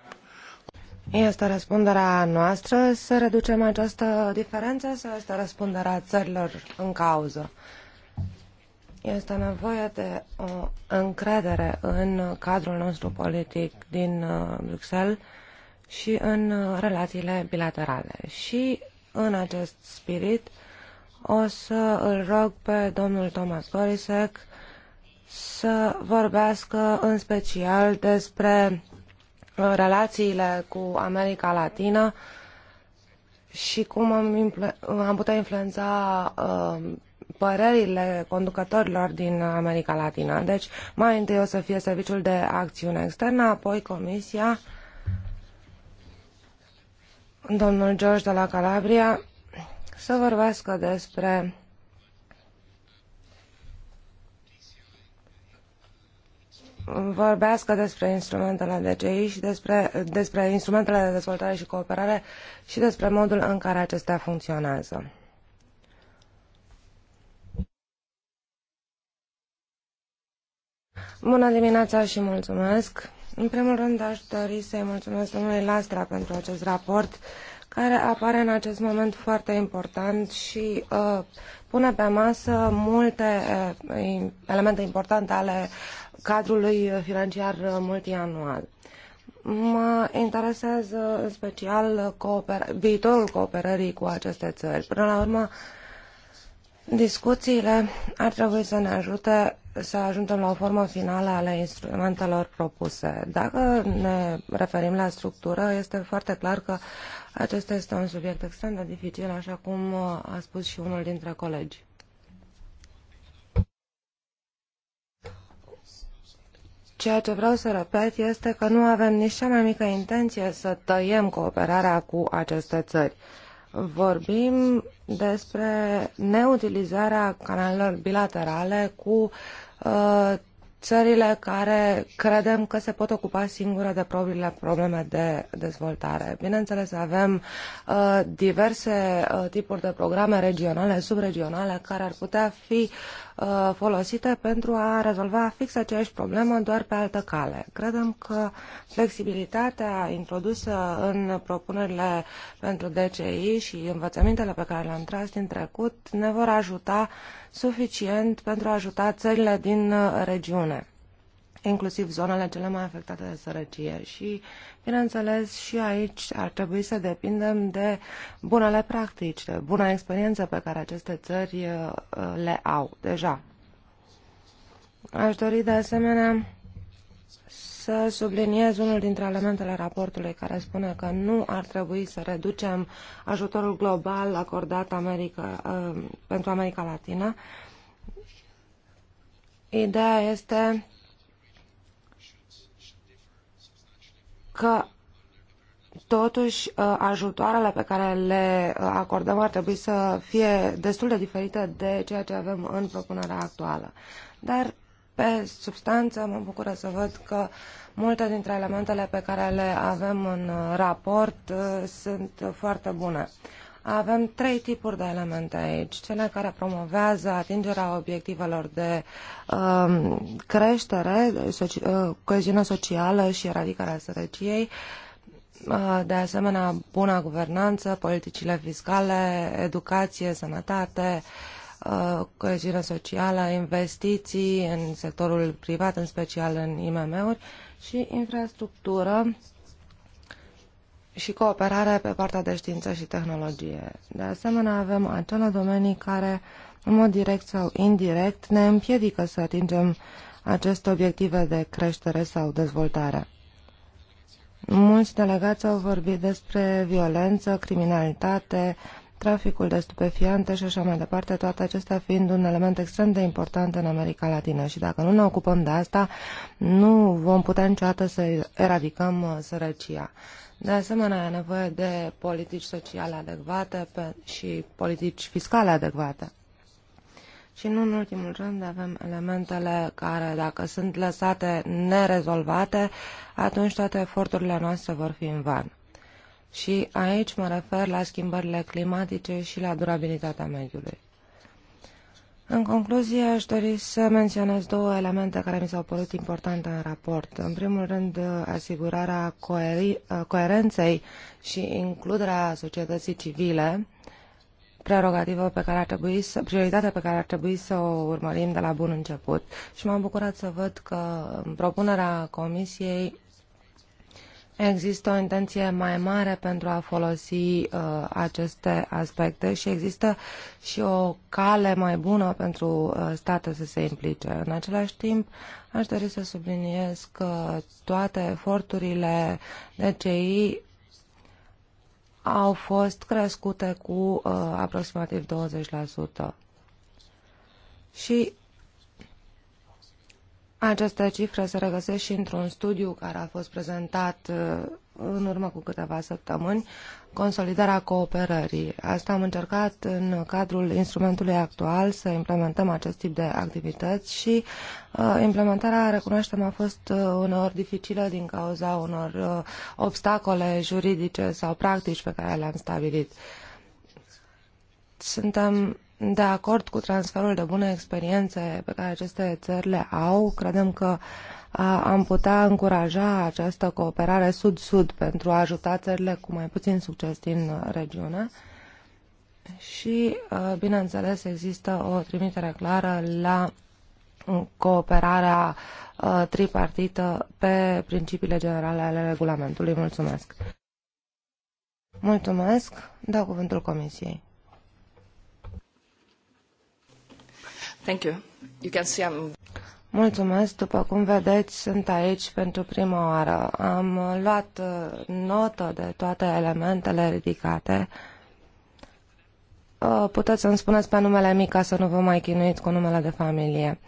este răspunderea noastră să reducem această diferență sau este răspunderea țărilor în cauză? Este nevoie de o încredere în cadrul nostru politic din uh, Bruxelles și în uh, relațiile bilaterale. Și în acest spirit o să îl rog pe domnul Thomas Gorisek să vorbească în special despre Uh, relațiile cu America Latină și cum am, am putea influența uh, părerile conducătorilor din America Latină. Deci, mai întâi o să fie Serviciul de Acțiune Externă, apoi Comisia, domnul George de la Calabria, să vorbească despre vorbească despre instrumentele DCI și despre, despre instrumentele de dezvoltare și cooperare și despre modul în care acestea funcționează. Bună dimineața și mulțumesc! În primul rând aș dori să-i mulțumesc domnului Lastra pentru acest raport care apare în acest moment foarte important și uh, pune pe masă multe uh, elemente importante ale cadrului financiar multianual. Mă interesează în special cooper- viitorul cooperării cu aceste țări. Până la urmă, discuțiile ar trebui să ne ajute să ajungem la o formă finală ale instrumentelor propuse. Dacă ne referim la structură, este foarte clar că acesta este un subiect extrem de dificil, așa cum a spus și unul dintre colegi. Ceea ce vreau să repet este că nu avem nici cea mai mică intenție să tăiem cooperarea cu aceste țări. Vorbim despre neutilizarea canalelor bilaterale cu uh, țările care credem că se pot ocupa singure de propriile probleme de dezvoltare. Bineînțeles, avem uh, diverse uh, tipuri de programe regionale, subregionale, care ar putea fi Uh, folosite pentru a rezolva fix aceeași problemă, doar pe altă cale. Credem că flexibilitatea introdusă în propunerile pentru DCI și învățămintele pe care le-am tras din trecut ne vor ajuta suficient pentru a ajuta țările din uh, regiune inclusiv zonele cele mai afectate de sărăcie și Bineînțeles, și aici ar trebui să depindem de bunele practici, de buna experiență pe care aceste țări uh, le au deja. Aș dori de asemenea să subliniez unul dintre elementele raportului care spune că nu ar trebui să reducem ajutorul global acordat America, uh, pentru America Latină. Ideea este că Totuși, uh, ajutoarele pe care le uh, acordăm ar trebui să fie destul de diferite de ceea ce avem în propunerea actuală. Dar, pe substanță, mă bucură să văd că multe dintre elementele pe care le avem în uh, raport sunt foarte bune. Avem trei tipuri de elemente aici. Cele care promovează atingerea obiectivelor de uh, creștere, soci, uh, coeziune socială și eradicarea sărăciei, uh, de asemenea, buna guvernanță, politicile fiscale, educație, sănătate, uh, coeziune socială, investiții în sectorul privat, în special în IMM-uri și infrastructură, și cooperare pe partea de știință și tehnologie. De asemenea, avem acele domenii care, în mod direct sau indirect, ne împiedică să atingem aceste obiective de creștere sau dezvoltare. Mulți delegați au vorbit despre violență, criminalitate, traficul de stupefiante și așa mai departe, toate acestea fiind un element extrem de important în America Latină. Și dacă nu ne ocupăm de asta, nu vom putea niciodată să eradicăm uh, sărăcia. De asemenea, e nevoie de politici sociale adecvate și politici fiscale adecvate. Și nu în ultimul rând avem elementele care, dacă sunt lăsate nerezolvate, atunci toate eforturile noastre vor fi în van. Și aici mă refer la schimbările climatice și la durabilitatea mediului. În concluzie, aș dori să menționez două elemente care mi s-au părut importante în raport. În primul rând, asigurarea coerenței și includerea societății civile, prerogativă pe care ar trebui să, prioritatea pe care ar trebui să o urmărim de la bun început. Și m-am bucurat să văd că în propunerea Comisiei Există o intenție mai mare pentru a folosi uh, aceste aspecte și există și o cale mai bună pentru uh, state să se implice. În același timp, aș dori să subliniez că toate eforturile DCI au fost crescute cu uh, aproximativ 20%. Și această cifră se regăsește și într-un studiu care a fost prezentat uh, în urmă cu câteva săptămâni, consolidarea cooperării. Asta am încercat în cadrul instrumentului actual să implementăm acest tip de activități și uh, implementarea, recunoaștem, a fost uh, uneori dificilă din cauza unor uh, obstacole juridice sau practici pe care le-am stabilit. Suntem de acord cu transferul de bune experiențe pe care aceste țări le au. Credem că am putea încuraja această cooperare sud-sud pentru a ajuta țările cu mai puțin succes din regiune. Și, bineînțeles, există o trimitere clară la cooperarea tripartită pe principiile generale ale regulamentului. Mulțumesc! Mulțumesc! Dau cuvântul Comisiei. Mulțumesc. După cum vedeți, sunt aici pentru prima oară. Am luat uh, notă de toate elementele ridicate. Uh, puteți să-mi spuneți pe numele mic ca să nu vă mai chinuiți cu numele de familie.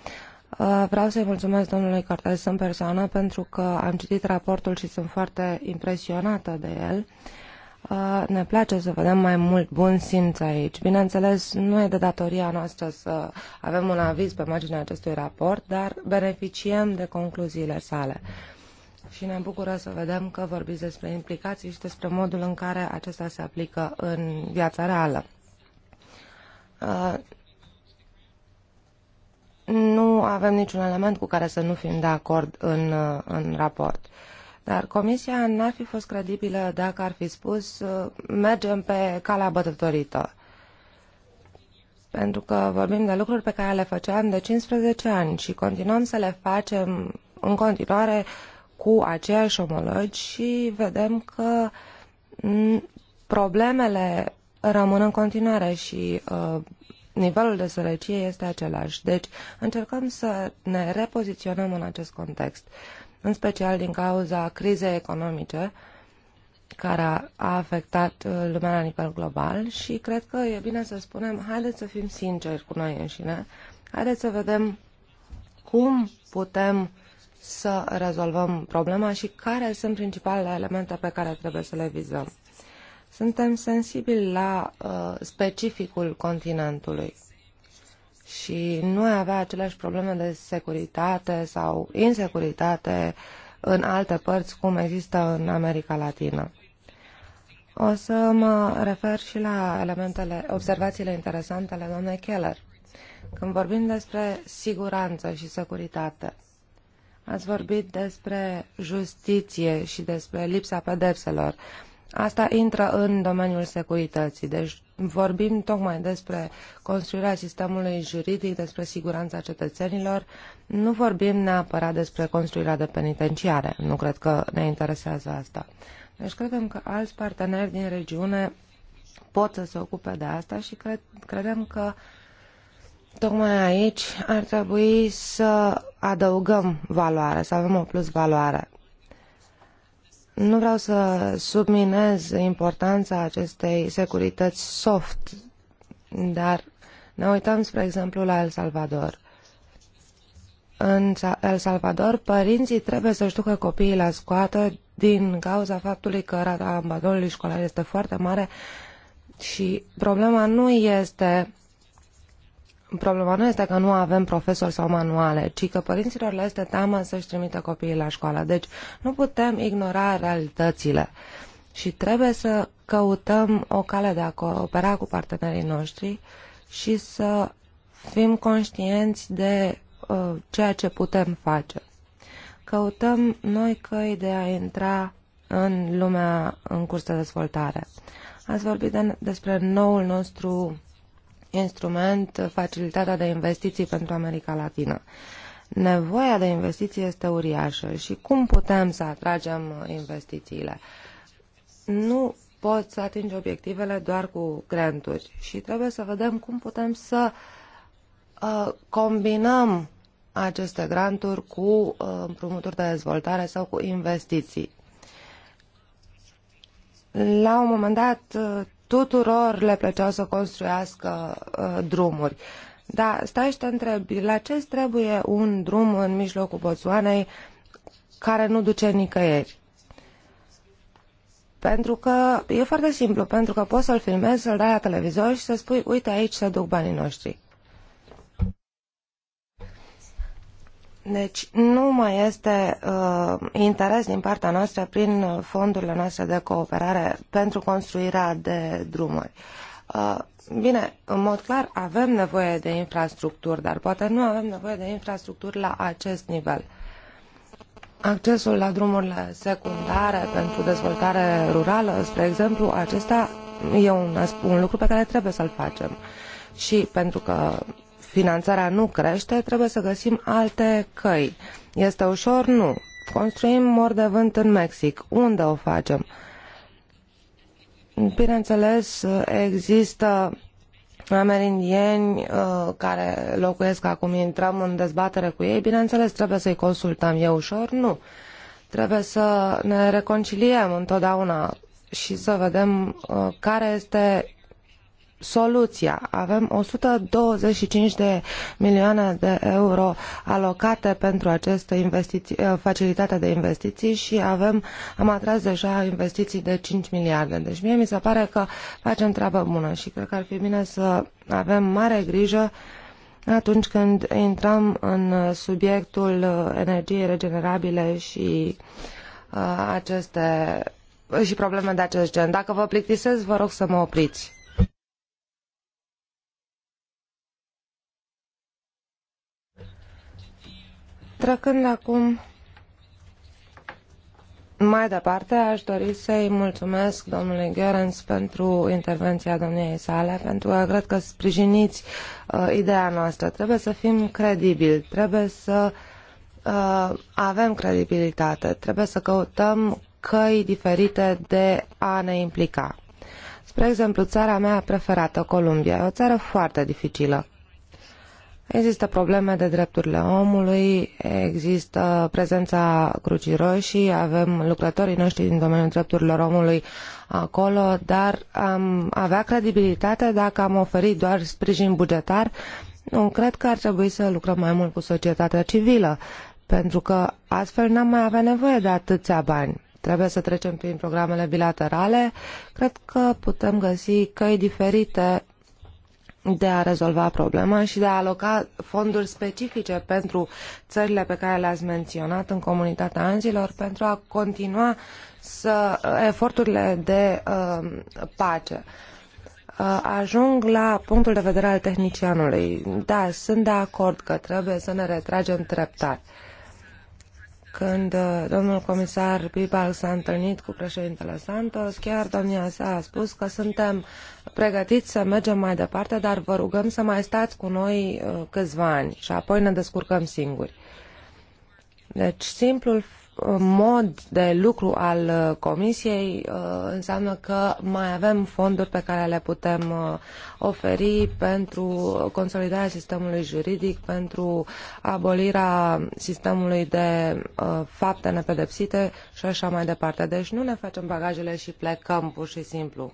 Uh, vreau să-i mulțumesc domnului Cortez în persoană pentru că am citit raportul și sunt foarte impresionată de el ne place să vedem mai mult bun simț aici. Bineînțeles, nu e de datoria noastră să avem un aviz pe marginea acestui raport, dar beneficiem de concluziile sale. Și ne bucură să vedem că vorbiți despre implicații și despre modul în care acesta se aplică în viața reală. Nu avem niciun element cu care să nu fim de acord în, în raport. Uh, dar Comisia n-ar fi fost credibilă dacă ar fi spus uh, mergem pe calea bătătorită. Pentru că vorbim de lucruri pe care le făceam de 15 ani și continuăm să le facem în continuare cu aceiași omologi și vedem că mm, problemele rămân în continuare și uh, nivelul de sărăcie este același. Deci încercăm să ne repoziționăm în acest context în special din cauza crizei economice care a afectat uh, lumea la nivel global și cred că e bine să spunem, haideți să fim sinceri cu noi înșine, haideți să vedem cum putem să rezolvăm problema și care sunt principalele elemente pe care trebuie să le vizăm. Suntem sensibili la uh, specificul continentului și nu ai avea aceleași probleme de securitate sau insecuritate în alte părți cum există în America Latină. O să mă refer și la elementele, observațiile interesante ale doamnei Keller. Când vorbim despre siguranță și securitate, ați vorbit despre justiție și despre lipsa pedepselor. Asta intră în domeniul securității, deci vorbim tocmai despre construirea sistemului juridic, despre siguranța cetățenilor, nu vorbim neapărat despre construirea de penitenciare, nu cred că ne interesează asta. Deci credem că alți parteneri din regiune pot să se ocupe de asta și cred, credem că tocmai aici ar trebui să adăugăm valoare, să avem o plus valoare nu vreau să subminez importanța acestei securități soft, dar ne uităm, spre exemplu, la El Salvador. În El Salvador, părinții trebuie să-și ducă copiii la scoată din cauza faptului că rata abandonului școlar este foarte mare și problema nu este problema nu este că nu avem profesori sau manuale, ci că părinților le este teamă să-și trimită copiii la școală. Deci nu putem ignora realitățile și trebuie să căutăm o cale de a coopera cu partenerii noștri și să fim conștienți de uh, ceea ce putem face. Căutăm noi căi de a intra în lumea în curs de dezvoltare. Ați vorbit de, despre noul nostru instrument facilitatea de investiții pentru America Latină. Nevoia de investiții este uriașă și cum putem să atragem investițiile? Nu pot să atingi obiectivele doar cu granturi și trebuie să vedem cum putem să uh, combinăm aceste granturi cu uh, împrumuturi de dezvoltare sau cu investiții. La un moment dat uh, tuturor le plăceau să construiască uh, drumuri. Da, stai și te întrebi, la ce trebuie un drum în mijlocul Botswanei care nu duce nicăieri? Pentru că e foarte simplu, pentru că poți să-l filmezi, să-l dai la televizor și să spui, uite aici se duc banii noștri. Deci nu mai este uh, interes din partea noastră prin fondurile noastre de cooperare pentru construirea de drumuri. Uh, bine, în mod clar avem nevoie de infrastructuri, dar poate nu avem nevoie de infrastructuri la acest nivel. Accesul la drumurile secundare pentru dezvoltare rurală, spre exemplu, acesta e un, un lucru pe care trebuie să-l facem. Și pentru că finanțarea nu crește, trebuie să găsim alte căi. Este ușor? Nu. Construim mor de vânt în Mexic. Unde o facem? Bineînțeles, există amerindieni uh, care locuiesc acum, intrăm în dezbatere cu ei, bineînțeles trebuie să-i consultăm. E ușor? Nu. Trebuie să ne reconciliem întotdeauna și să vedem uh, care este soluția. Avem 125 de milioane de euro alocate pentru această eh, facilitate de investiții și avem, am atras deja investiții de 5 miliarde. Deci mie mi se pare că facem treabă bună și cred că ar fi bine să avem mare grijă atunci când intrăm în subiectul eh, energiei regenerabile și eh, aceste și probleme de acest gen. Dacă vă plictisesc, vă rog să mă opriți. Trecând acum mai departe, aș dori să-i mulțumesc domnului Gerens pentru intervenția domniei sale, pentru că cred că sprijiniți uh, ideea noastră. Trebuie să fim credibili, trebuie să uh, avem credibilitate, trebuie să căutăm căi diferite de a ne implica. Spre exemplu, țara mea preferată, Columbia, e o țară foarte dificilă, Există probleme de drepturile omului, există prezența Crucii Roșii, avem lucrătorii noștri din domeniul drepturilor omului acolo, dar am avea credibilitate dacă am oferit doar sprijin bugetar. Nu cred că ar trebui să lucrăm mai mult cu societatea civilă, pentru că astfel n-am mai avea nevoie de atâția bani. Trebuie să trecem prin programele bilaterale. Cred că putem găsi căi diferite de a rezolva problema și de a aloca fonduri specifice pentru țările pe care le-ați menționat în comunitatea anzilor pentru a continua să, eforturile de uh, pace. Uh, ajung la punctul de vedere al tehnicianului. Da, sunt de acord că trebuie să ne retragem treptat. Când uh, domnul comisar Piebalgs s-a întâlnit cu președintele Santos, chiar domnia sa a spus că suntem uh, pregătiți să mergem mai departe, dar vă rugăm să mai stați cu noi uh, câțiva ani și apoi ne descurcăm singuri. Deci simplul uh, mod de lucru al uh, Comisiei înseamnă că mai avem fonduri pe care le putem oferi pentru consolidarea sistemului juridic, pentru abolirea sistemului de fapte nepedepsite și așa mai departe. Deci nu ne facem bagajele și plecăm pur și simplu.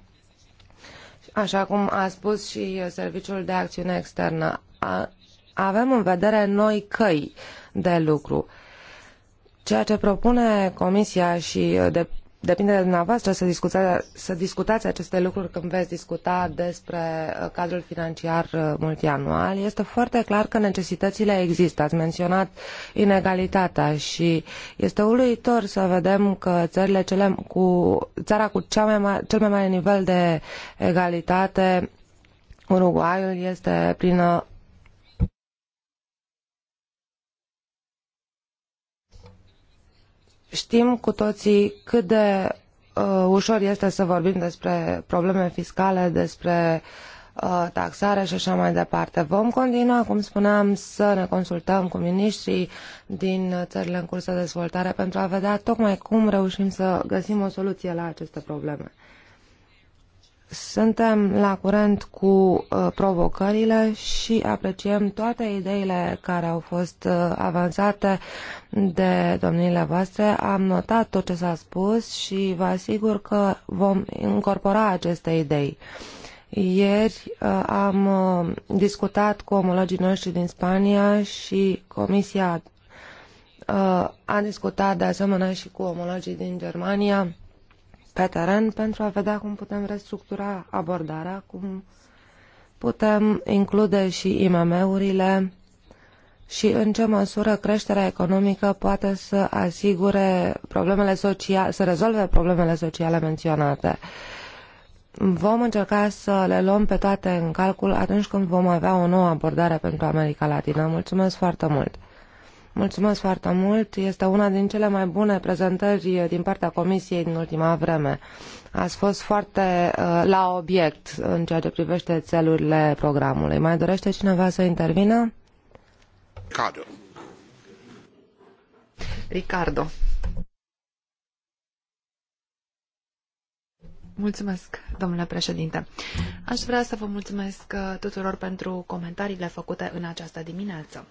Așa cum a spus și Serviciul de Acțiune Externă, avem în vedere noi căi de lucru. Ceea ce propune Comisia și de depinde de dumneavoastră să discutați, să discutați aceste lucruri când veți discuta despre uh, cadrul financiar uh, multianual. Este foarte clar că necesitățile există. Ați menționat inegalitatea și este uluitor să vedem că țările cele cu, țara cu cea mai mare, cel mai mare nivel de egalitate Uruguayul este plină Știm cu toții cât de uh, ușor este să vorbim despre probleme fiscale, despre uh, taxare și așa mai departe. Vom continua, cum spuneam, să ne consultăm cu miniștrii din țările în curs de dezvoltare pentru a vedea tocmai cum reușim să găsim o soluție la aceste probleme. Suntem la curent cu uh, provocările și apreciem toate ideile care au fost uh, avansate de domniile voastre. Am notat tot ce s-a spus și vă asigur că vom incorpora aceste idei. Ieri uh, am discutat cu omologii noștri din Spania și Comisia a discutat de asemenea și cu omologii din Germania pe teren pentru a vedea cum putem restructura abordarea, cum putem include și IMM-urile și în ce măsură creșterea economică poate să asigure problemele sociale, să rezolve problemele sociale menționate. Vom încerca să le luăm pe toate în calcul atunci când vom avea o nouă abordare pentru America Latină. Mulțumesc foarte mult! Mulțumesc foarte mult. Este una din cele mai bune prezentări din partea Comisiei din ultima vreme. Ați fost foarte uh, la obiect în ceea ce privește țelurile programului. Mai dorește cineva să intervină? Ricardo. Ricardo. Mulțumesc, domnule președinte. Aș vrea să vă mulțumesc uh, tuturor pentru comentariile făcute în această dimineață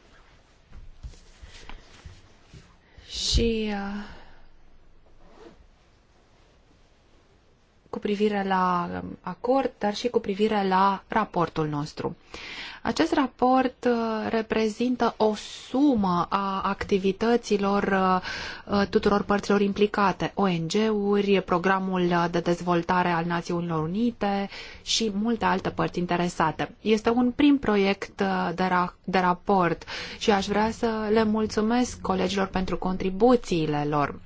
și uh, cu privire la um, acord, dar și cu privire la raportul nostru. Acest raport uh, reprezintă o sumă a activităților uh, uh, tuturor părților implicate, ONG-uri, programul de dezvoltare al Națiunilor Unite și multe alte părți interesate. Este un prim proiect de, ra- de raport și aș vrea să le mulțumesc colegilor pentru contribuțiile lor.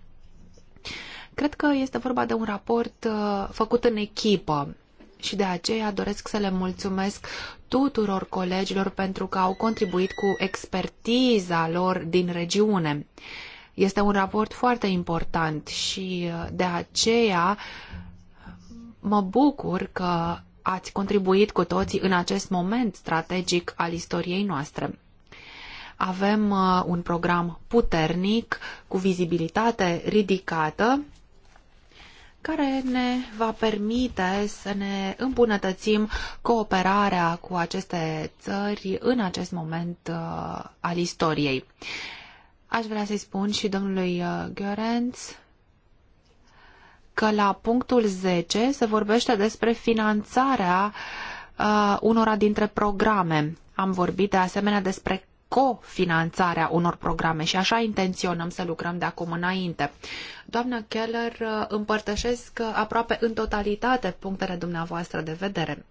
Cred că este vorba de un raport uh, făcut în echipă și de aceea doresc să le mulțumesc tuturor colegilor pentru că au contribuit cu expertiza lor din regiune. Este un raport foarte important și uh, de aceea mă bucur că ați contribuit cu toții în acest moment strategic al istoriei noastre. Avem uh, un program puternic, cu vizibilitate ridicată care ne va permite să ne îmbunătățim cooperarea cu aceste țări în acest moment uh, al istoriei. Aș vrea să-i spun și domnului uh, Gheorenț că la punctul 10 se vorbește despre finanțarea uh, unora dintre programe. Am vorbit de asemenea despre cofinanțarea unor programe și așa intenționăm să lucrăm de acum înainte. Doamna Keller, împărtășesc aproape în totalitate punctele dumneavoastră de vedere.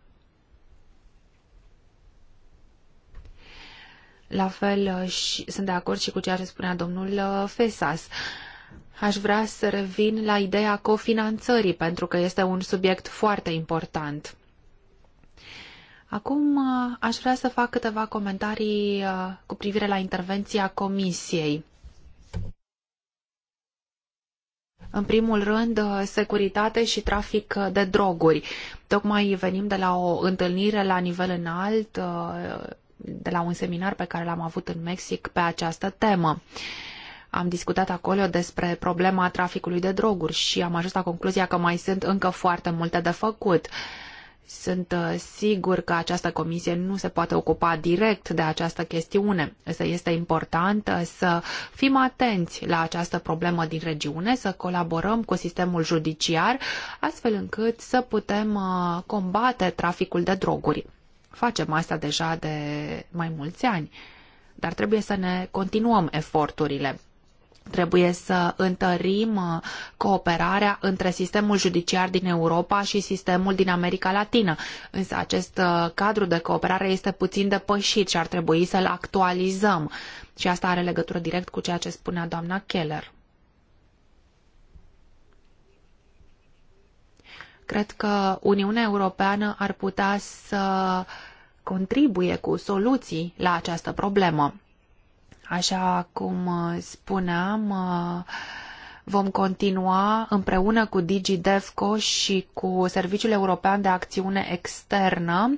La fel și, sunt de acord și cu ceea ce spunea domnul Fesas. Aș vrea să revin la ideea cofinanțării, pentru că este un subiect foarte important. Acum uh, aș vrea să fac câteva comentarii uh, cu privire la intervenția Comisiei. În primul rând, uh, securitate și trafic de droguri. Tocmai venim de la o întâlnire la nivel înalt, de la un seminar pe care l-am avut în Mexic pe această temă. Am discutat acolo despre problema traficului de droguri și am ajuns la concluzia că mai sunt încă foarte multe de făcut. Uh, sunt uh, sigur că această comisie nu se poate ocupa direct de această chestiune, însă este important uh, să fim atenți la această problemă din regiune, să colaborăm cu sistemul judiciar, astfel încât să putem uh, combate traficul de droguri. Facem asta deja de mai mulți ani, dar trebuie să ne continuăm eforturile. Trebuie să întărim uh, cooperarea între sistemul judiciar din Europa și sistemul din America Latină. Însă acest uh, cadru de cooperare este puțin depășit și ar trebui să-l actualizăm. Și asta are legătură direct cu ceea ce spunea doamna Keller. Cred că Uniunea Europeană ar putea să contribuie cu soluții la această problemă. Așa cum uh, spuneam, uh, vom continua împreună cu DigiDevco și cu Serviciul European de Acțiune Externă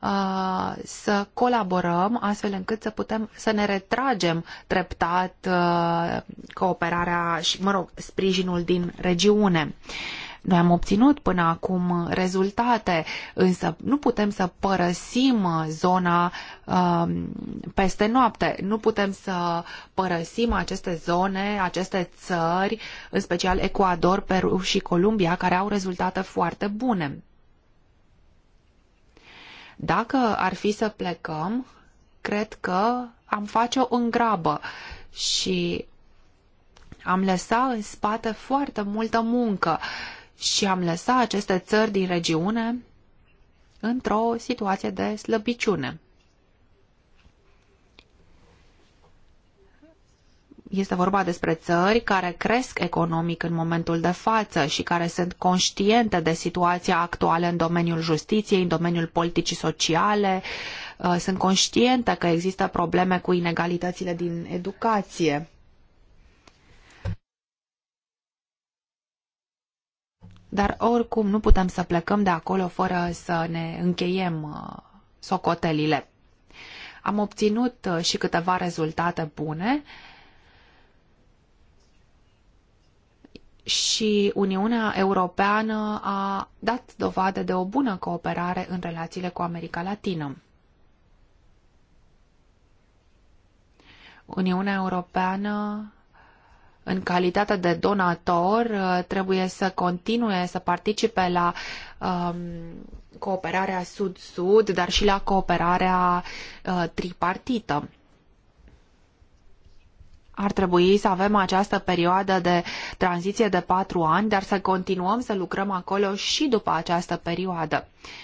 uh, să colaborăm astfel încât să putem să ne retragem treptat cooperarea și, mă rog, sprijinul din regiune. Noi am obținut până acum rezultate, însă nu putem să părăsim zona um, peste noapte. Nu putem să părăsim aceste zone, aceste țări, în special Ecuador, Peru și Columbia, care au rezultate foarte bune. Dacă ar fi să plecăm, cred că am face o îngrabă și am lăsat în spate foarte multă muncă și am lăsat aceste țări din regiune într-o situație de slăbiciune. Este vorba despre țări care cresc economic în momentul de față și care sunt conștiente de situația actuală în domeniul justiției, în domeniul politicii sociale, uh, sunt conștiente că există probleme cu inegalitățile din educație. dar oricum nu putem să plecăm de acolo fără să ne încheiem uh, socotelile. Am obținut uh, și câteva rezultate bune și Uniunea Europeană a dat dovadă de o bună cooperare în relațiile cu America Latină. Uniunea Europeană în calitate de donator uh, trebuie să continue să participe la um, cooperarea sud-sud, dar și la cooperarea uh, tripartită. Ar trebui să avem această perioadă de tranziție de patru ani, dar să continuăm să lucrăm acolo și după această perioadă. Uh,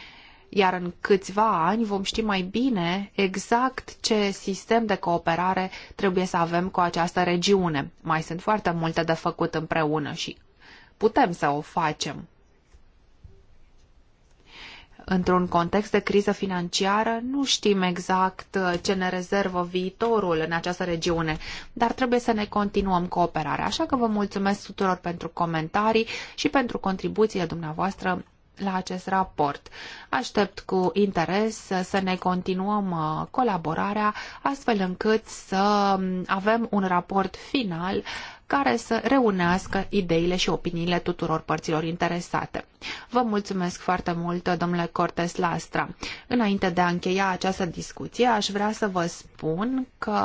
iar în câțiva ani vom ști mai bine exact ce sistem de cooperare trebuie să avem cu această regiune. Mai sunt foarte multe de făcut împreună și putem să o facem. Într-un context de criză financiară, nu știm exact uh, ce ne rezervă viitorul în această regiune, dar trebuie să ne continuăm cooperarea. Așa că vă mulțumesc tuturor pentru comentarii și pentru contribuțiile dumneavoastră la acest raport. Aștept cu interes să ne continuăm uh, colaborarea astfel încât să um, avem un raport final care să reunească ideile și opiniile tuturor părților interesate. Vă mulțumesc foarte mult, domnule Cortes Lastra. Înainte de a încheia această discuție, aș vrea să vă spun că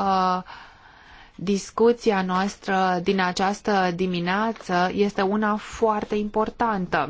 discuția noastră din această dimineață este una foarte importantă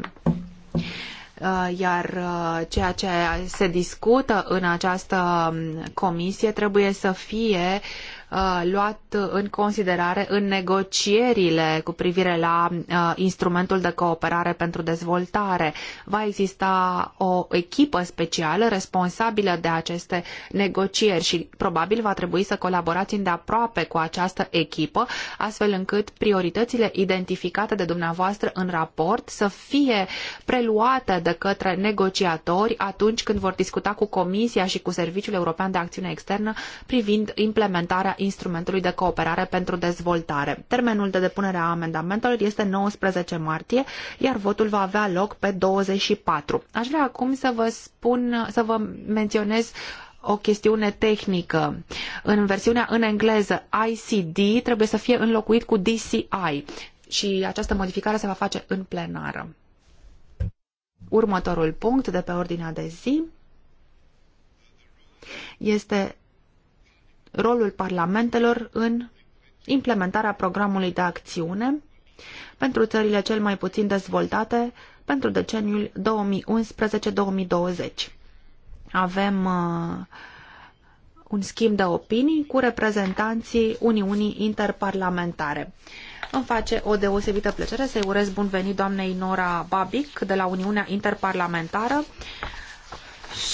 Uh, iar uh, ceea ce se discută în această um, comisie trebuie să fie uh, Uh, luat în considerare în negocierile cu privire la uh, instrumentul de cooperare pentru dezvoltare. Va exista o echipă specială responsabilă de aceste negocieri și probabil va trebui să colaborați îndeaproape cu această echipă, astfel încât prioritățile identificate de dumneavoastră în raport să fie preluate de către negociatori atunci când vor discuta cu Comisia și cu Serviciul European de Acțiune Externă privind implementarea instrumentului de cooperare pentru dezvoltare. Termenul de depunere a amendamentelor este 19 martie, iar votul va avea loc pe 24. Aș vrea acum să vă spun, să vă menționez o chestiune tehnică. În versiunea în engleză ICD trebuie să fie înlocuit cu DCI și această modificare se va face în plenară. Următorul punct de pe ordinea de zi este rolul parlamentelor în implementarea programului de acțiune pentru țările cel mai puțin dezvoltate pentru deceniul 2011-2020. Avem uh, un schimb de opinii cu reprezentanții Uniunii Interparlamentare. Îmi face o deosebită plăcere să-i urez bun venit doamnei Nora Babic de la Uniunea Interparlamentară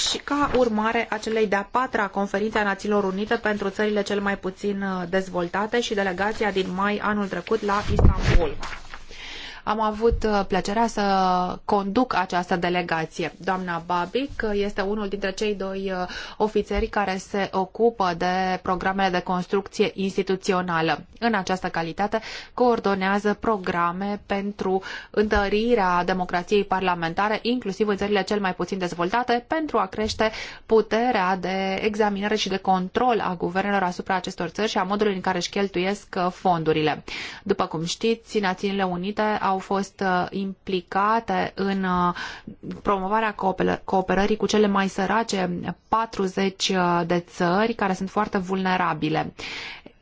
și ca urmare a celei de-a patra conferințe a Națiunilor Unite pentru țările cel mai puțin uh, dezvoltate și delegația din mai anul trecut la Istanbul. Am avut uh, plăcerea să conduc această delegație. Doamna Babic uh, este unul dintre cei doi uh, ofițeri care se ocupă de programele de construcție instituțională. În această calitate coordonează programe pentru întărirea democrației parlamentare, inclusiv în țările cel mai puțin dezvoltate, pentru a crește puterea de examinare și de control a guvernelor asupra acestor țări și a modului în care își cheltuiesc fondurile. După cum știți, Națiunile Unite au au fost uh, implicate în uh, promovarea cooperării cu cele mai sărace 40 uh, de țări care sunt foarte vulnerabile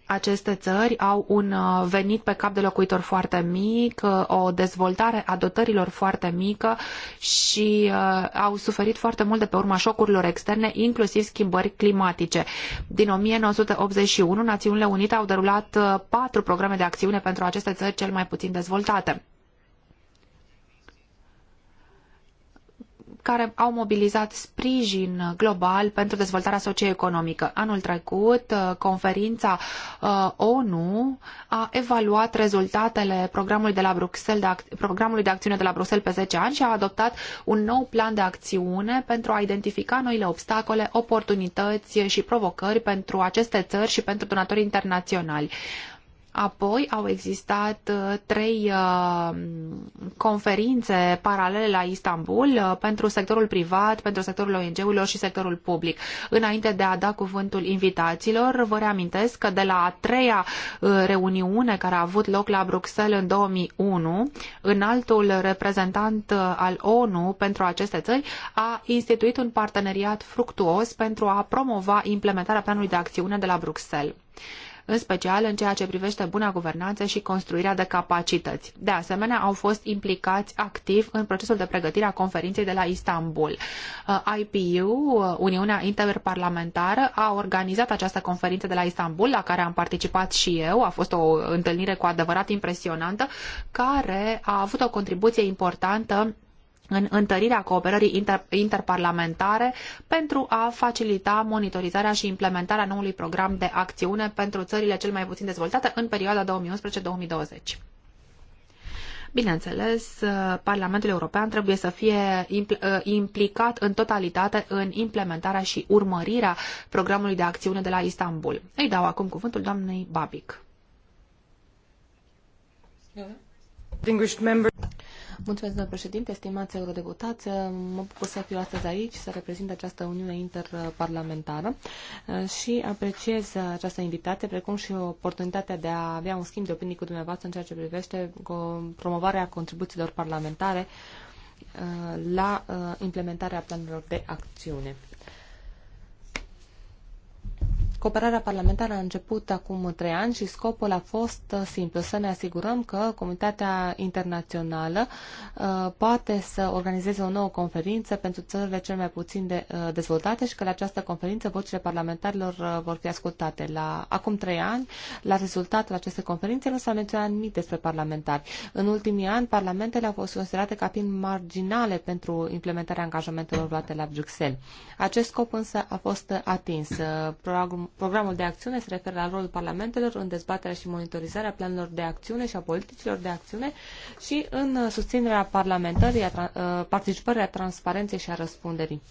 aceste țări au un venit pe cap de locuitor foarte mic, o dezvoltare a dotărilor foarte mică și au suferit foarte mult de pe urma șocurilor externe, inclusiv schimbări climatice. Din 1981, Națiunile Unite au derulat patru programe de acțiune pentru aceste țări cel mai puțin dezvoltate. care au mobilizat sprijin global pentru dezvoltarea socioeconomică. Anul trecut, uh, conferința uh, ONU a evaluat rezultatele programului de la Bruxelles, de ac- programului de acțiune de la Bruxelles pe 10 ani și a adoptat un nou plan de acțiune pentru a identifica noile obstacole, oportunități și provocări pentru aceste țări și pentru donatorii internaționali. Apoi au existat uh, trei uh, conferințe paralele la Istanbul uh, pentru sectorul privat, pentru sectorul ONG-urilor și sectorul public. Înainte de a da cuvântul invitaților, vă reamintesc că de la a treia reuniune care a avut loc la Bruxelles în 2001, înaltul reprezentant al ONU pentru aceste țări a instituit un parteneriat fructuos pentru a promova implementarea planului de acțiune de la Bruxelles în special în ceea ce privește buna guvernanță și construirea de capacități. De asemenea, au fost implicați activ în procesul de pregătire a conferinței de la Istanbul. Uh, IPU, uh, Uniunea Interparlamentară, a organizat această conferință de la Istanbul, la care am participat și eu. A fost o întâlnire cu adevărat impresionantă, care a avut o contribuție importantă în întărirea cooperării inter interparlamentare pentru a facilita monitorizarea și implementarea noului program de acțiune pentru țările cel mai puțin dezvoltate în perioada 2011-2020. Bineînțeles, Parlamentul European trebuie să fie ă, implicat în totalitate în implementarea și urmărirea programului de acțiune de la Istanbul. Îi dau acum cuvântul doamnei Babic. Yeah. Mulțumesc, domnule președinte, stimați eurodeputați. Mă bucur să fiu astăzi aici, să reprezint această Uniune Interparlamentară uh, și apreciez această invitație, precum și oportunitatea de a avea un schimb de opinii cu dumneavoastră în ceea ce privește promovarea contribuțiilor parlamentare uh, la uh, implementarea planurilor de acțiune. Cooperarea parlamentară a început acum trei ani și scopul a fost uh, simplu, să ne asigurăm că comunitatea internațională uh, poate să organizeze o nouă conferință pentru țările cel mai puțin de, uh, dezvoltate și că la această conferință vocile parlamentarilor vor fi ascultate. La, acum trei ani, la rezultatul acestei conferințe nu s-a menționat nimic despre parlamentari. În ultimii ani, parlamentele au fost considerate ca fiind marginale pentru implementarea angajamentelor luate la Bruxelles. Acest scop însă a fost atins. Program, programul de acțiune se referă la rolul parlamentelor în dezbaterea și monitorizarea planurilor de acțiune și a politicilor de acțiune și în susținerea parlamentării, a, uh, participării, a transparenței și a răspunderii.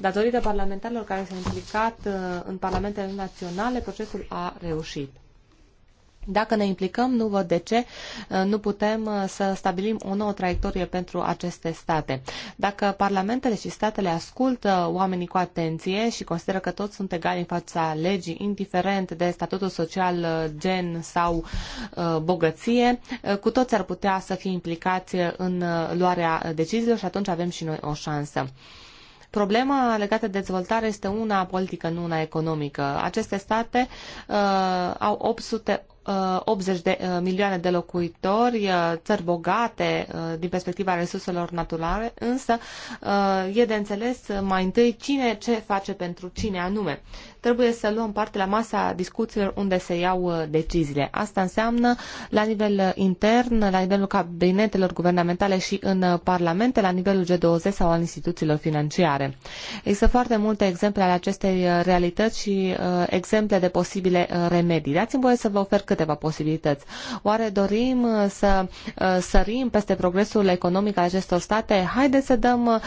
Datorită parlamentarilor care s-au implicat uh, în parlamentele naționale, procesul a reușit. Dacă ne implicăm, nu văd de ce uh, nu putem uh, să stabilim o nouă traiectorie pentru aceste state. Dacă parlamentele și statele ascultă oamenii cu atenție și consideră că toți sunt egali în fața legii, indiferent de statutul social, uh, gen sau bogăție, cu toți ar putea să fie implicați în luarea deciziilor și atunci avem și noi o șansă. Problema legată de dezvoltare este una politică, nu una economică. Aceste state uh, au 800, 80 uh, de uh, milioane de locuitori, uh, țări bogate uh, din perspectiva resurselor naturale, însă uh, e de înțeles uh, mai întâi cine ce face pentru cine anume trebuie să luăm parte la masa discuțiilor unde se iau uh, deciziile. Asta înseamnă la nivel uh, intern, la nivelul cabinetelor guvernamentale și în uh, parlamente, la nivelul G20 sau al instituțiilor financiare. Există foarte multe exemple ale acestei realități și exemple de posibile remedii. Dați-mi voie să vă ofer câteva posibilități. Oare dorim să sărim peste progresul economic al acestor state? Haideți să dăm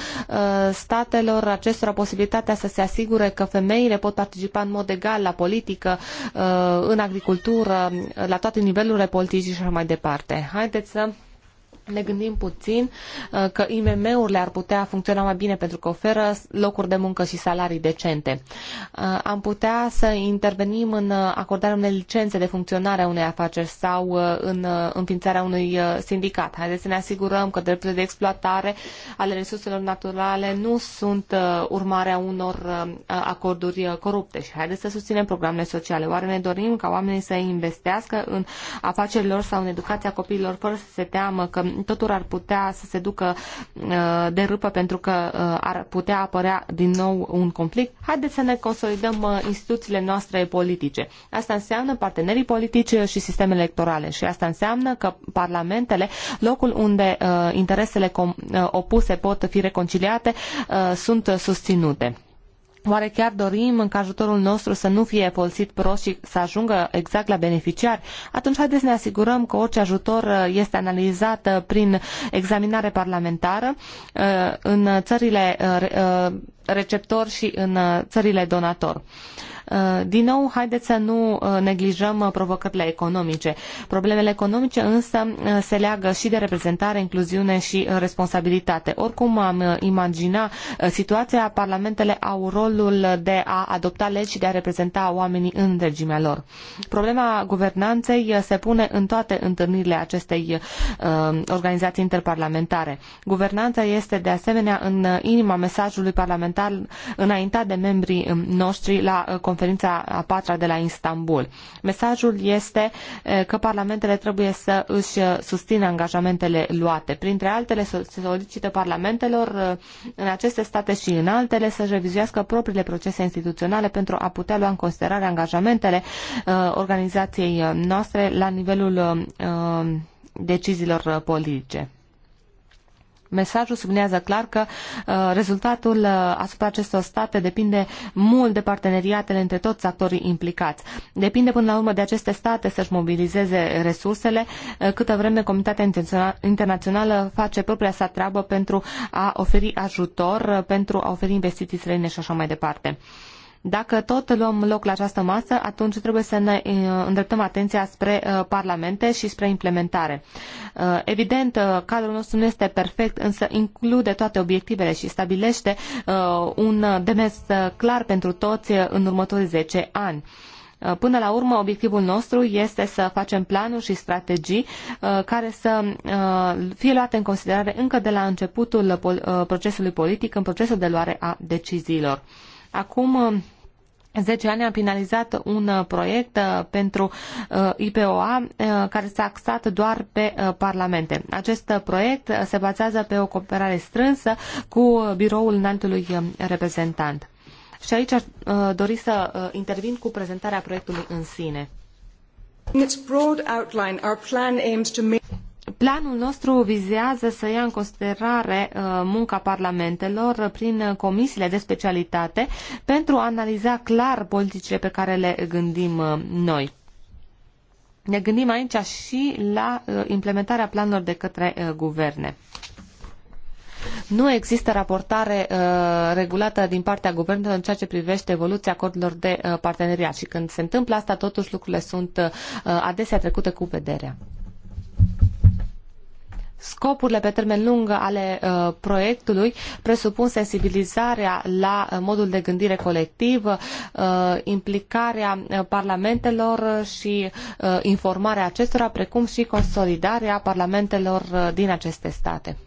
statelor acestora posibilitatea să se asigure că femeile pot participa participa în mod egal la politică, uh, în agricultură, la toate nivelurile politice și așa mai departe. Haideți să ne gândim puțin uh, că IMM-urile ar putea funcționa mai bine pentru că oferă locuri de muncă și salarii decente. Uh, am putea să intervenim în uh, acordarea unei licențe de funcționare a unei afaceri sau în înființarea unui sindicat. Haideți să ne asigurăm că drepturile de exploatare ale resurselor naturale nu sunt urmarea unor acorduri corupte și haideți să susținem programele sociale. Oare ne dorim ca oamenii să investească în afacerilor sau în educația copiilor fără să se teamă că totul ar putea să se ducă uh, de râpă pentru că uh, ar putea apărea din nou un conflict, haideți să ne consolidăm uh, instituțiile noastre politice. Asta înseamnă partenerii politici și sisteme electorale și asta înseamnă că parlamentele, locul unde interesele opuse pot fi reconciliate, sunt susținute. Oare chiar dorim ca ajutorul nostru să nu fie folosit prost și să ajungă exact la beneficiari? Atunci haideți să ne asigurăm că orice ajutor uh, este analizat uh, prin examinare parlamentară uh, în țările receptor și în țările donator. Uh, din nou, haideți să nu uh, neglijăm uh, provocările economice. Problemele economice însă se leagă și de reprezentare, incluziune și responsabilitate. Oricum am imagina situația, parlamentele au rolul de a adopta legi și de a reprezenta oamenii în regimea lor. Problema guvernanței se pune în toate întâlnirile acestei organizații interparlamentare. Guvernanța este de asemenea în inima mesajului parlamentar înaintat de membrii noștri la conferința conferința a patra de la Istanbul. Mesajul este că parlamentele trebuie să își susțină angajamentele luate. Printre altele, se solicită parlamentelor în aceste state și în altele să-și revizuiască propriile procese instituționale pentru a putea lua în considerare angajamentele organizației noastre la nivelul deciziilor politice. Mesajul sublinează clar că uh, rezultatul uh, asupra acestor state depinde mult de parteneriatele între toți actorii implicați. Depinde până la urmă de aceste state să-și mobilizeze resursele, uh, câtă vreme Comunitatea Internațională face propria sa treabă pentru a oferi ajutor, uh, pentru a oferi investiții străine și așa mai departe. Dacă tot luăm loc la această masă, atunci trebuie să ne uh, îndreptăm atenția spre uh, parlamente și spre implementare. Uh, evident, cadrul nostru nu este perfect, însă include toate obiectivele și stabilește un demers clar pentru toți în următorii 10 ani. Până la urmă, obiectivul nostru este să facem planuri și strategii care să fie luate în considerare încă de la începutul procesului politic, în procesul de luare a deciziilor. Acum, 10 ani am finalizat un uh, proiect uh, pentru uh, IPOA care s-a axat doar pe parlamente. Acest proiect se bazează pe o cooperare strânsă cu biroul înaltului reprezentant. Și aici aș dori să intervin cu prezentarea proiectului în sine. In its broad outline, our plan aims to make Planul nostru vizează să ia în considerare uh, munca parlamentelor prin comisiile de specialitate pentru a analiza clar politicile pe care le gândim uh, noi. Ne gândim aici și la uh, implementarea planurilor de către guverne. Nu există raportare uh, regulată din partea guvernului în ceea ce privește evoluția acordurilor de uh, parteneriat și când se întâmplă asta, totuși lucrurile sunt uh, adesea trecute cu vederea. Scopurile pe termen lung ale uh, proiectului presupun sensibilizarea la uh, modul de gândire colectiv, uh, implicarea uh, parlamentelor și uh, informarea acestora, precum și consolidarea parlamentelor uh, din aceste state.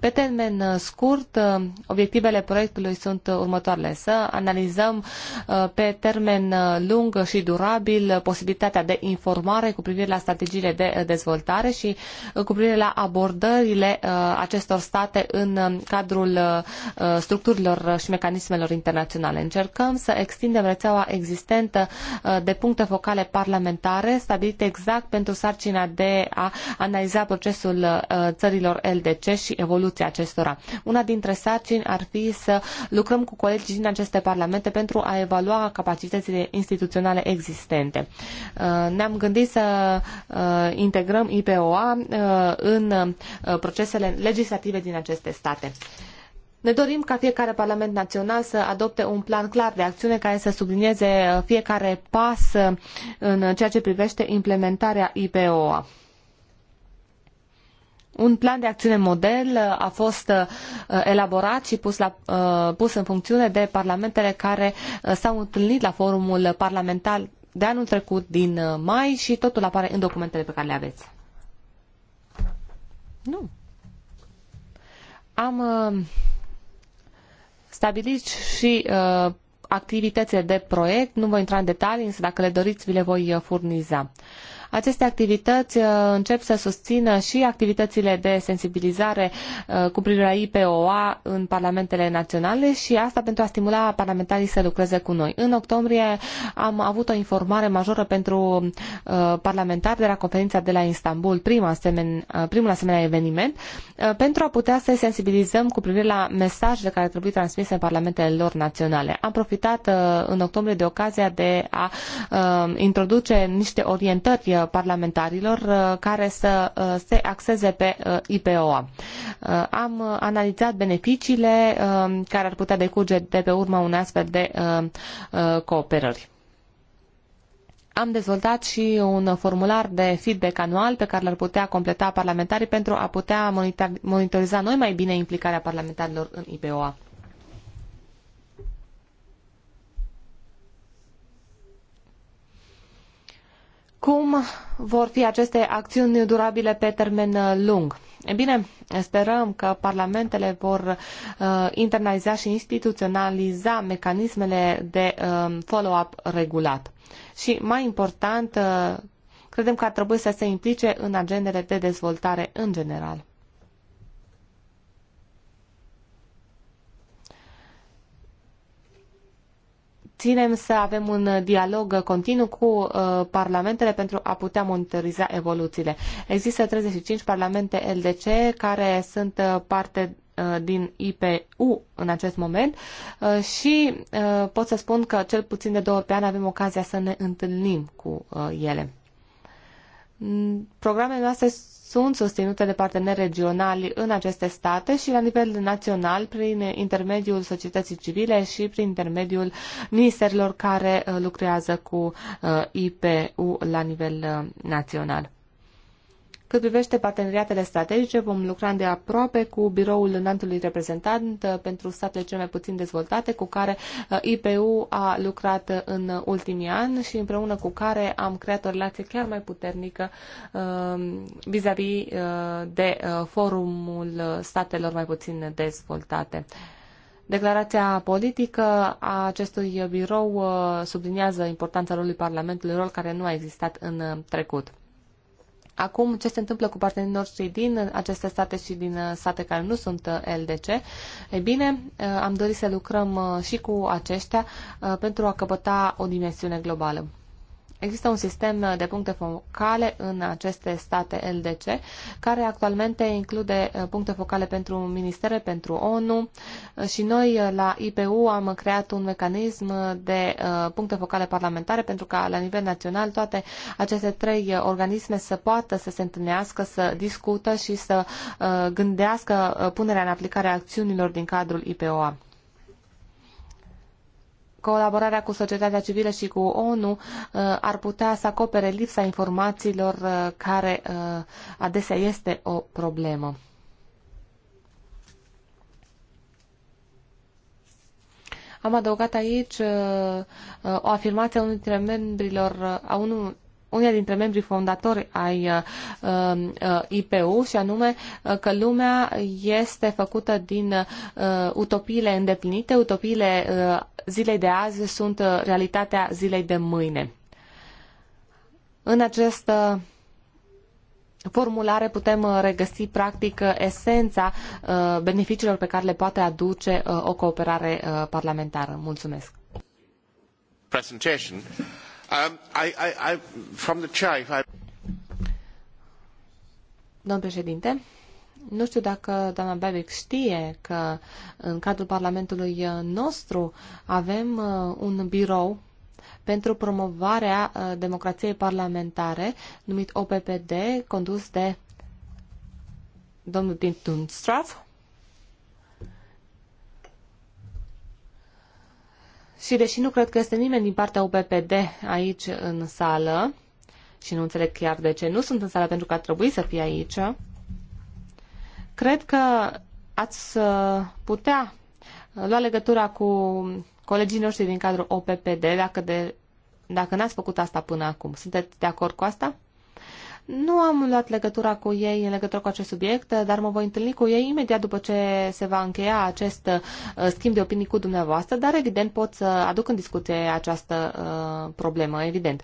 Pe termen uh, scurt, uh, obiectivele proiectului sunt uh, următoarele. Să analizăm pe termen lung și durabil posibilitatea de informare cu privire la strategiile de dezvoltare și cu privire la abordările acestor state în cadrul structurilor și mecanismelor internaționale. Încercăm să extindem rețeaua existentă de puncte focale parlamentare stabilite exact pentru sarcina de a analiza procesul țărilor LDC și evoluția evoluția acestora. Una dintre sarcini ar fi să lucrăm cu colegii din aceste parlamente pentru a evalua capacitățile instituționale existente. Uh, ne-am gândit să uh, integrăm IPOA uh, în procesele legislative din aceste state. Ne dorim ca fiecare Parlament Național să adopte un plan clar de acțiune care să sublinieze fiecare pas în ceea ce privește implementarea IPOA un plan de acțiune model a fost uh, elaborat și pus, la, uh, pus în funcțiune de parlamentele care uh, s-au întâlnit la forumul parlamentar de anul trecut din mai și totul apare în documentele pe care le aveți. Nu. Am stabilit și activitățile de proiect, nu voi intra în detalii, însă dacă le doriți, vi le voi furniza. Uh, aceste activități uh, încep să susțină și activitățile de sensibilizare uh, cu privire la IPOA în parlamentele naționale și asta pentru a stimula parlamentarii să lucreze cu noi. În octombrie am avut o informare majoră pentru uh, parlamentari de la conferința de la Istanbul, prima primul asemenea eveniment, pentru a putea să sensibilizăm cu privire la mesajele care trebuie transmise în parlamentele lor naționale. Am profitat în octombrie de ocazia de a introduce niște orientări parlamentarilor uh, care să uh, se axeze pe uh, IPO. Am analizat beneficiile um, care ar putea decurge de pe urma unei astfel de cooperări am dezvoltat și un formular de feedback anual pe care l-ar putea completa parlamentarii pentru a putea monitoriza noi mai bine implicarea parlamentarilor în IPOA. Cum vor fi aceste acțiuni durabile pe termen uh, lung? E bine, sperăm că parlamentele vor uh, internaliza și instituționaliza mecanismele de uh, follow-up regulat. Și mai important, uh, credem că ar trebui să se implice în agendele de dezvoltare în general. ținem să avem un dialog continuu cu uh, parlamentele pentru a putea monitoriza evoluțiile. Există 35 parlamente LDC care sunt uh, parte uh, din IPU în acest moment și pot să spun că cel puțin de două ori pe an avem ocazia să ne întâlnim cu ele. Mm, programele noastre sunt susținute de parteneri regionali în aceste state și la nivel național prin intermediul societății civile și prin intermediul ministerilor care uh, lucrează cu uh, IPU la nivel uh, național. Cât privește parteneriatele strategice, vom lucra de aproape cu biroul înaltului reprezentant uh, pentru statele cele mai puțin dezvoltate, cu care uh, IPU a lucrat uh, în ultimii ani și împreună cu care am creat o relație chiar mai puternică vis-a-vis -vis de forumul statelor mai puțin dezvoltate. Declarația politică a acestui birou subliniază importanța rolului Parlamentului, rol care nu a existat în trecut. Acum, ce se întâmplă cu partenerii noștri din aceste state și din uh, state care nu sunt uh, LDC? E bine, uh, am dorit să lucrăm și cu aceștia pentru a căpăta o dimensiune globală. Există un sistem de puncte focale în aceste state LDC, care actualmente include uh, puncte focale pentru ministere, pentru ONU uh, și noi uh, la IPU am creat un mecanism de puncte focale parlamentare pentru ca la nivel național toate aceste trei organisme să poată să se întâlnească, să discută și să gândească punerea în aplicare a acțiunilor din cadrul IPOA colaborarea cu societatea civilă și cu ONU uh, ar putea să acopere lipsa informațiilor uh, care uh, adesea este o problemă. Am adăugat aici o afirmație a unul dintre membrilor, a unul unii dintre membrii fondatori ai uh, uh, IPU și anume uh, că lumea este făcută din utopiile îndeplinite, utopiile zilei de azi sunt realitatea zilei de mâine. În această formulare putem regăsi practic esența beneficiilor pe care le poate aduce o cooperare parlamentară. Mulțumesc! Presentation. Um, Domnule președinte, nu știu dacă doamna Bebec știe că în cadrul Parlamentului nostru avem uh, un birou pentru promovarea uh, democrației parlamentare, numit OPPD, condus de domnul Tim și deși nu cred că este nimeni din partea UPPD aici în sală, și nu înțeleg chiar de ce nu sunt în sală pentru că ar trebui să fie aici, cred că ați uh, putea uh, lua legătura cu colegii noștri din cadrul OPPD dacă, de, dacă n-ați făcut asta până acum. Sunteți de acord cu asta? Nu am luat legătura cu ei în legătură cu acest subiect, dar mă voi întâlni cu ei imediat după ce se va încheia acest uh, schimb de opinii cu dumneavoastră, dar evident pot să aduc în discuție această uh, problemă, evident.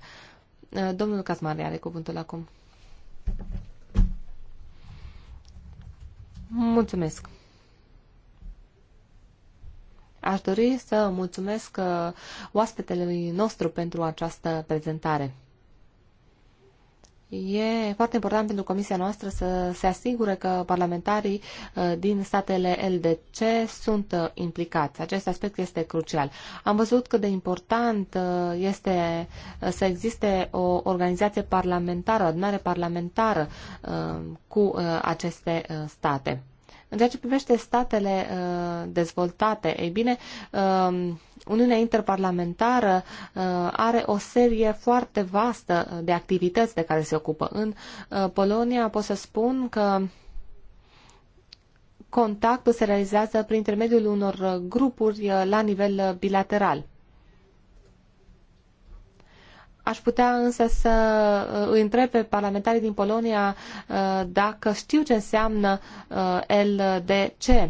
Uh, domnul Casmari are cuvântul acum. Mulțumesc. Aș dori să mulțumesc uh, oaspetelui nostru pentru această prezentare. E foarte important pentru comisia noastră să se asigure că parlamentarii uh, din statele LDC sunt uh, implicați. Acest aspect este crucial. Am văzut cât de important uh, este să existe o organizație parlamentară, o adunare parlamentară cu aceste state. În ceea ce privește statele uh, dezvoltate, ei bine, uh, Uniunea Interparlamentară uh, are o serie foarte vastă de activități de care se ocupă. În uh, Polonia pot să spun că contactul se realizează prin intermediul unor grupuri uh, la nivel uh, bilateral. Aș putea însă să uh, îi întreb pe parlamentarii din Polonia uh, dacă știu ce înseamnă uh, LDC.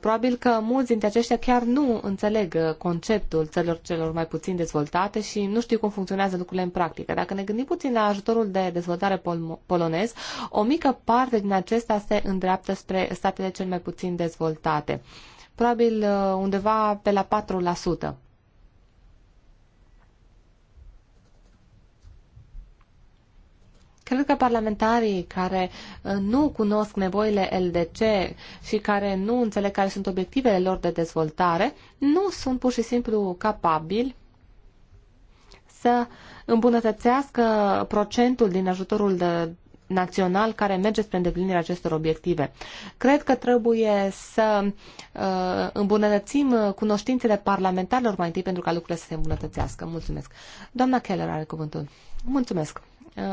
Probabil că mulți dintre aceștia chiar nu înțeleg conceptul țărilor celor mai puțin dezvoltate și nu știu cum funcționează lucrurile în practică. Dacă ne gândim puțin la ajutorul de dezvoltare pol- polonez, o mică parte din acesta se îndreaptă spre statele cel mai puțin dezvoltate. Probabil undeva pe la sută. Cred că parlamentarii care uh, nu cunosc nevoile LDC și care nu înțeleg care sunt obiectivele lor de dezvoltare, nu sunt pur și simplu capabili să îmbunătățească procentul din ajutorul de național care merge spre îndeplinirea acestor obiective. Cred că trebuie să uh, îmbunătățim cunoștințele parlamentarilor mai întâi pentru ca lucrurile să se îmbunătățească. Mulțumesc. Doamna Keller are cuvântul. Mulțumesc!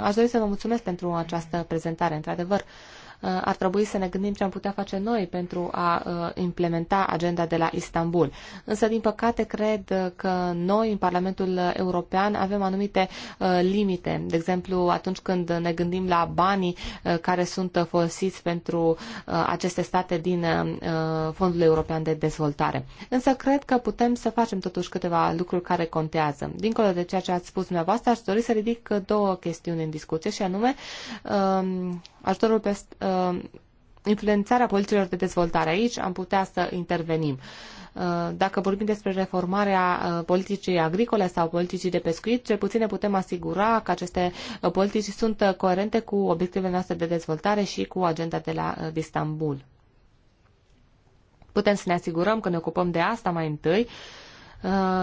Aș dori să vă mulțumesc pentru această prezentare. Într-adevăr, ar trebui să ne gândim ce am putea face noi pentru a uh, implementa agenda de la Istanbul. Însă, din păcate, cred că noi, în Parlamentul European, avem anumite uh, limite. De exemplu, atunci când ne gândim la banii uh, care sunt folosiți pentru aceste state din Fondul European de Dezvoltare. Însă, cred că putem să facem totuși câteva lucruri care contează. Dincolo de ceea ce ați spus dumneavoastră, aș dori să ridic două chestiuni în discuție și anume um, ajutorul pe Uh, influențarea politicilor de dezvoltare. Aici am putea să intervenim. Uh, dacă vorbim despre reformarea uh, politicii agricole sau politicii de pescuit, cel puțin ne putem asigura că aceste politici sunt coerente cu obiectivele noastre de dezvoltare și cu agenda de la Istanbul. Putem să ne asigurăm că ne ocupăm de asta mai întâi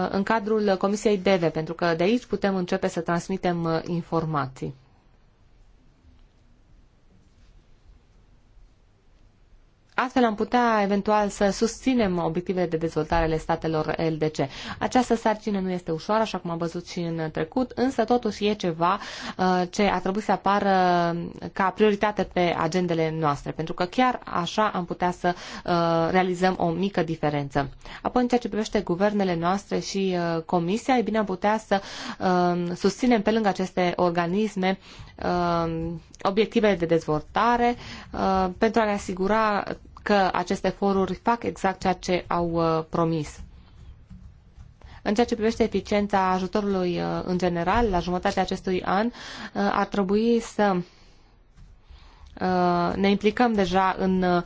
în cadrul Comisiei DEVE, pentru că de aici putem începe să transmitem informații. Astfel am putea eventual să susținem obiectivele de dezvoltare ale statelor LDC. Această sarcină nu este ușoară, așa cum am văzut și în trecut, însă totuși e ceva uh, ce ar trebui să apară ca prioritate pe agendele noastre, pentru că chiar așa am putea să uh, realizăm o mică diferență. Apoi, în ceea ce privește guvernele noastre și uh, Comisia, e bine am putea să susținem pe lângă aceste organisme obiectivele de dezvoltare pentru a ne asigura că aceste foruri fac exact ceea ce au uh, promis. În ceea ce privește eficiența ajutorului uh, în general, la jumătatea acestui an, uh, ar trebui să Uh, ne implicăm deja în uh,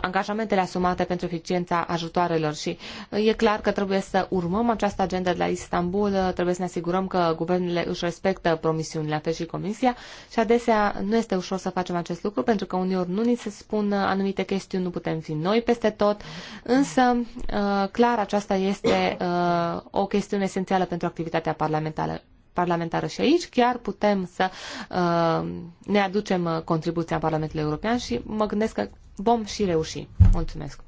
angajamentele asumate pentru eficiența ajutoarelor și uh, e clar că trebuie să urmăm această agendă de la Istanbul, trebuie să ne asigurăm că guvernele își respectă promisiunile, la fel și Comisia și adesea nu este ușor să facem acest lucru pentru că uneori nu ni se spun anumite chestiuni, nu putem fi noi peste tot, însă clar aceasta este o chestiune esențială pentru activitatea parlamentară parlamentară și aici chiar putem să uh, ne aducem uh, contribuția Parlamentului European și mă gândesc că vom și reuși. Mulțumesc!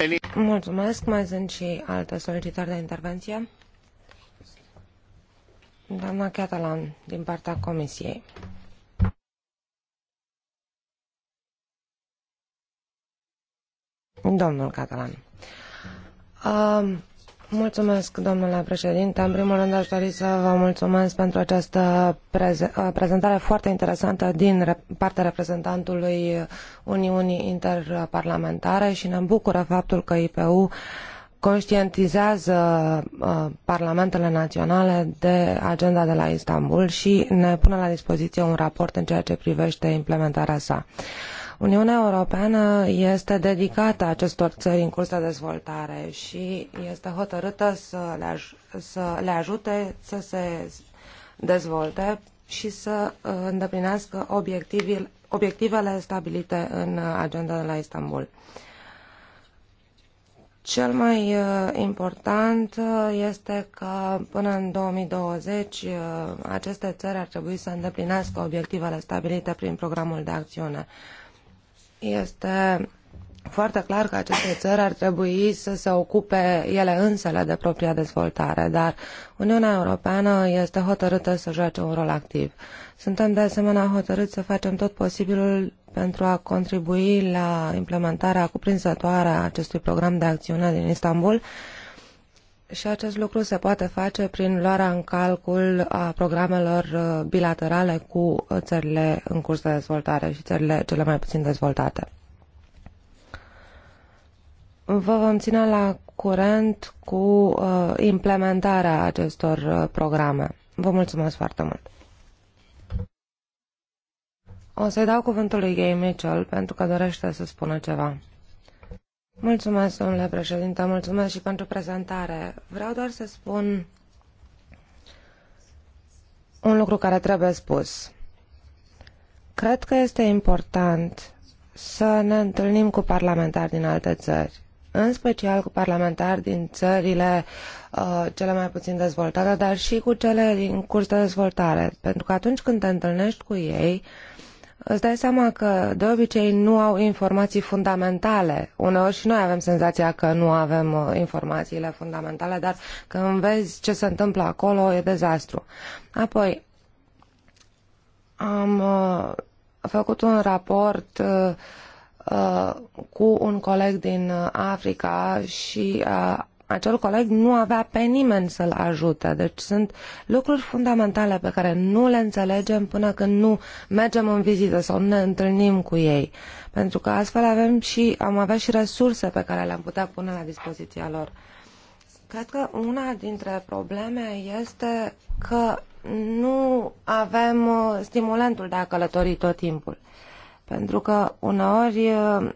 Uh, Mulțumesc! Mai sunt și alte solicitări de intervenție. Doamna Catalan, din partea Comisiei. Domnul Catalan. Uh, Mulțumesc, domnule președinte. În primul rând, aș dori să vă mulțumesc pentru această prezentare foarte interesantă din partea reprezentantului Uniunii Interparlamentare și ne bucură faptul că IPU conștientizează uh, parlamentele naționale de agenda de la Istanbul și ne pune la dispoziție un raport în ceea ce privește implementarea sa. Uh, Uniunea Europeană este dedicată acestor țări în curs de dezvoltare și este hotărâtă să le, aj- să le ajute să se dezvolte și să uh, îndeplinească obiectivele stabilite în agenda de la Istanbul. Cel mai uh, important uh, este că până în 2020 aceste țări ar trebui să îndeplinească obiectivele stabilite prin programul de acțiune. Este foarte clar că aceste țări ar trebui să se ocupe ele însele de propria dezvoltare, dar Uniunea Europeană este hotărâtă să joace un rol activ. Suntem de asemenea hotărâți să facem tot posibilul pentru a contribui la implementarea cuprinzătoare a acestui program de acțiune din Istanbul și acest lucru se poate face prin luarea în calcul a programelor uh, bilaterale cu uh, țările în curs de dezvoltare și țările cele mai puțin dezvoltate. Vă vom ține la curent cu uh, implementarea acestor programe. Vă mulțumesc foarte mult! O să-i dau cuvântul lui Gay Mitchell pentru că dorește să spună ceva. Mulțumesc, domnule președinte, mulțumesc și pentru prezentare. Vreau doar să spun un lucru care trebuie spus. Cred că este important să ne întâlnim cu parlamentari din alte țări, în special cu parlamentari din țările uh, cele mai puțin dezvoltate, dar și cu cele din curs de dezvoltare, pentru că atunci când te întâlnești cu ei, uh, îți dai seama că de obicei nu au informații fundamentale. Uneori și noi avem senzația că nu avem uh, informațiile fundamentale, dar când vezi ce se întâmplă acolo, e dezastru. Apoi, am uh, făcut un raport uh, cu un coleg din Africa și acel coleg nu avea pe nimeni să-l ajute. Deci sunt lucruri fundamentale pe care nu le înțelegem până când nu mergem în vizită sau nu ne întâlnim cu ei. Pentru că astfel avem și, am avea și resurse pe care le-am putea pune la dispoziția lor. Cred că una dintre probleme este că nu avem uh, stimulentul de a călători tot timpul. Pentru că uneori uh,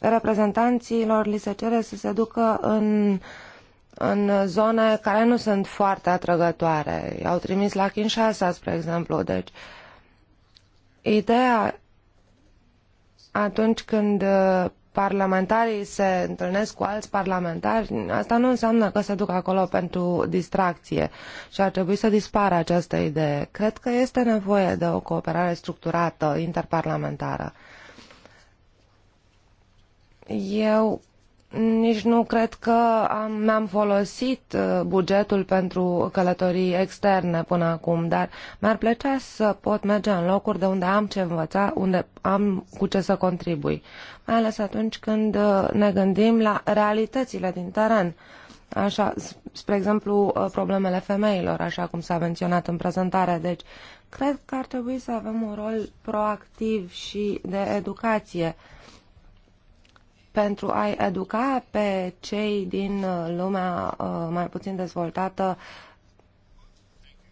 reprezentanților li se cere să se ducă în, în zone care nu sunt foarte atrăgătoare. I-au trimis la Kinshasa, spre exemplu. Deci, ideea atunci când uh, parlamentarii se întâlnesc cu alți parlamentari, asta nu înseamnă că se duc acolo pentru distracție și ar trebui să dispară această idee. Cred că este nevoie de o cooperare structurată interparlamentară. Eu nici nu cred că am, mi-am folosit uh, bugetul pentru călătorii externe până acum, dar mi-ar plăcea să pot merge în locuri de unde am ce învăța, unde am cu ce să contribui. Mai ales atunci când uh, ne gândim la realitățile din teren. Așa, spre exemplu, uh, problemele femeilor, așa cum s-a menționat în prezentare. Deci, cred că ar trebui să avem un rol proactiv și de educație pentru a-i educa pe cei din uh, lumea uh, mai puțin dezvoltată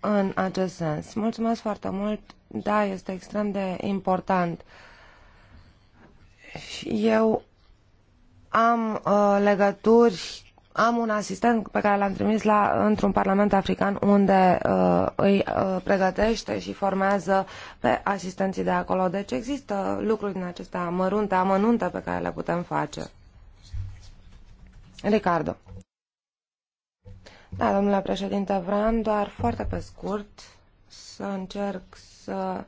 în acest sens. Mulțumesc foarte mult. Da, este extrem de important. Eu am uh, legături am un asistent pe care l-am trimis la, într-un parlament african unde uh, îi uh, pregătește și formează pe asistenții de acolo. Deci există lucruri din acestea mărunte, amănunte pe care le putem face. Ricardo. Da, domnule președinte, vreau doar foarte pe scurt să încerc să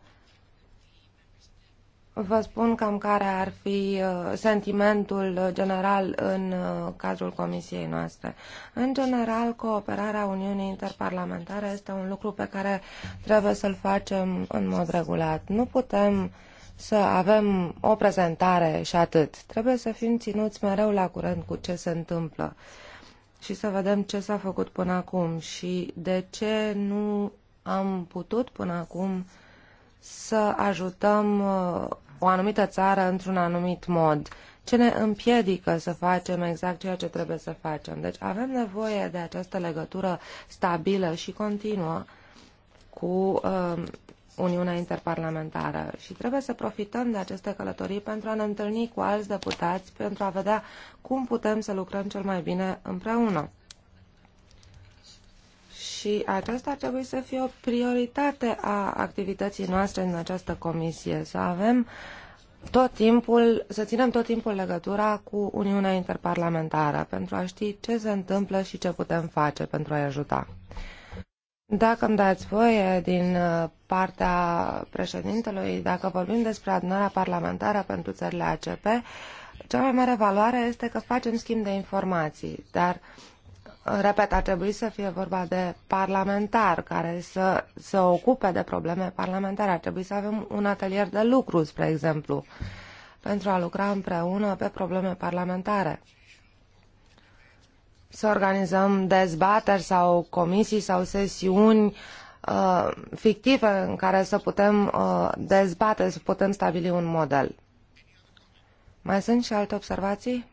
Vă spun cam care ar fi uh, sentimentul general în uh, cadrul comisiei noastre. În general, cooperarea Uniunii Interparlamentare este un lucru pe care trebuie să-l facem în mod regulat. Nu putem să avem o prezentare și atât. Trebuie să fim ținuți mereu la curent cu ce se întâmplă și să vedem ce s-a făcut până acum și de ce nu am putut până acum să ajutăm uh, o anumită țară într-un anumit mod, ce ne împiedică să facem exact ceea ce trebuie să facem. Deci avem nevoie de această legătură stabilă și continuă cu uh, Uniunea Interparlamentară și trebuie să profităm de aceste călătorii pentru a ne întâlni cu alți deputați, pentru a vedea cum putem să lucrăm cel mai bine împreună și aceasta ar trebui să fie o prioritate a activității noastre în această comisie, să avem tot timpul, să ținem tot timpul legătura cu Uniunea Interparlamentară pentru a ști ce se întâmplă și ce putem face pentru a-i ajuta. Dacă îmi dați voie din uh, partea președintelui, dacă vorbim despre adunarea parlamentară pentru țările ACP, cea mai mare valoare este că facem schimb de informații, dar repet, ar trebui să fie vorba de parlamentar care să se ocupe de probleme parlamentare. Ar trebui să avem un atelier de lucru, spre exemplu, pentru a lucra împreună pe probleme parlamentare. Să organizăm dezbateri sau comisii sau sesiuni uh, fictive în care să putem uh, dezbate, să putem stabili un model. Mai sunt și alte observații?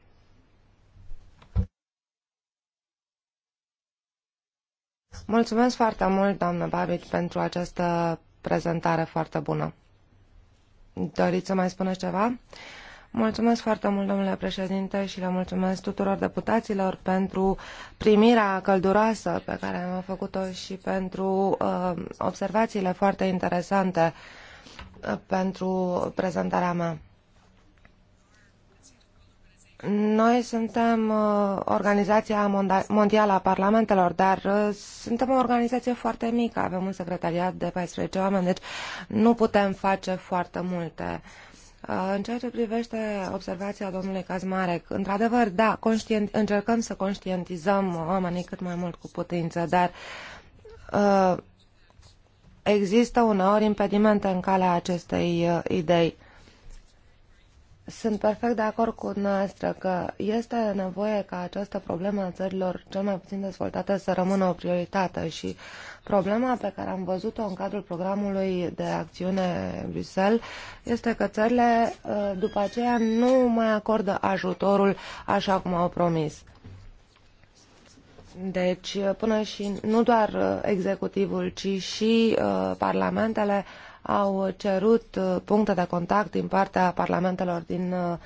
Mulțumesc foarte mult, doamnă Babic, pentru această prezentare foarte bună. Doriți să mai spuneți ceva? Mulțumesc foarte mult, domnule președinte, și le mulțumesc tuturor deputaților pentru primirea călduroasă pe care am făcut-o și pentru uh, observațiile foarte interesante uh, pentru prezentarea mea. Noi suntem uh, Organizația Mondială a Parlamentelor, dar uh, suntem o organizație foarte mică, avem un secretariat de 14 oameni, deci nu putem face foarte multe. Uh, în ceea ce privește observația domnului Cazmarec, într-adevăr, da, conștient, încercăm să conștientizăm oamenii cât mai mult cu putință, dar uh, există uneori impedimente în calea acestei uh, idei. Sunt perfect de acord cu dumneavoastră că este nevoie ca această problemă a țărilor cel mai puțin dezvoltate să rămână o prioritate și problema pe care am văzut-o în cadrul programului de acțiune Bruxelles este că țările uh, după aceea nu mai acordă ajutorul așa cum au promis. Deci, până și nu doar uh, executivul, ci și uh, parlamentele au cerut uh, puncte de contact din partea parlamentelor din uh,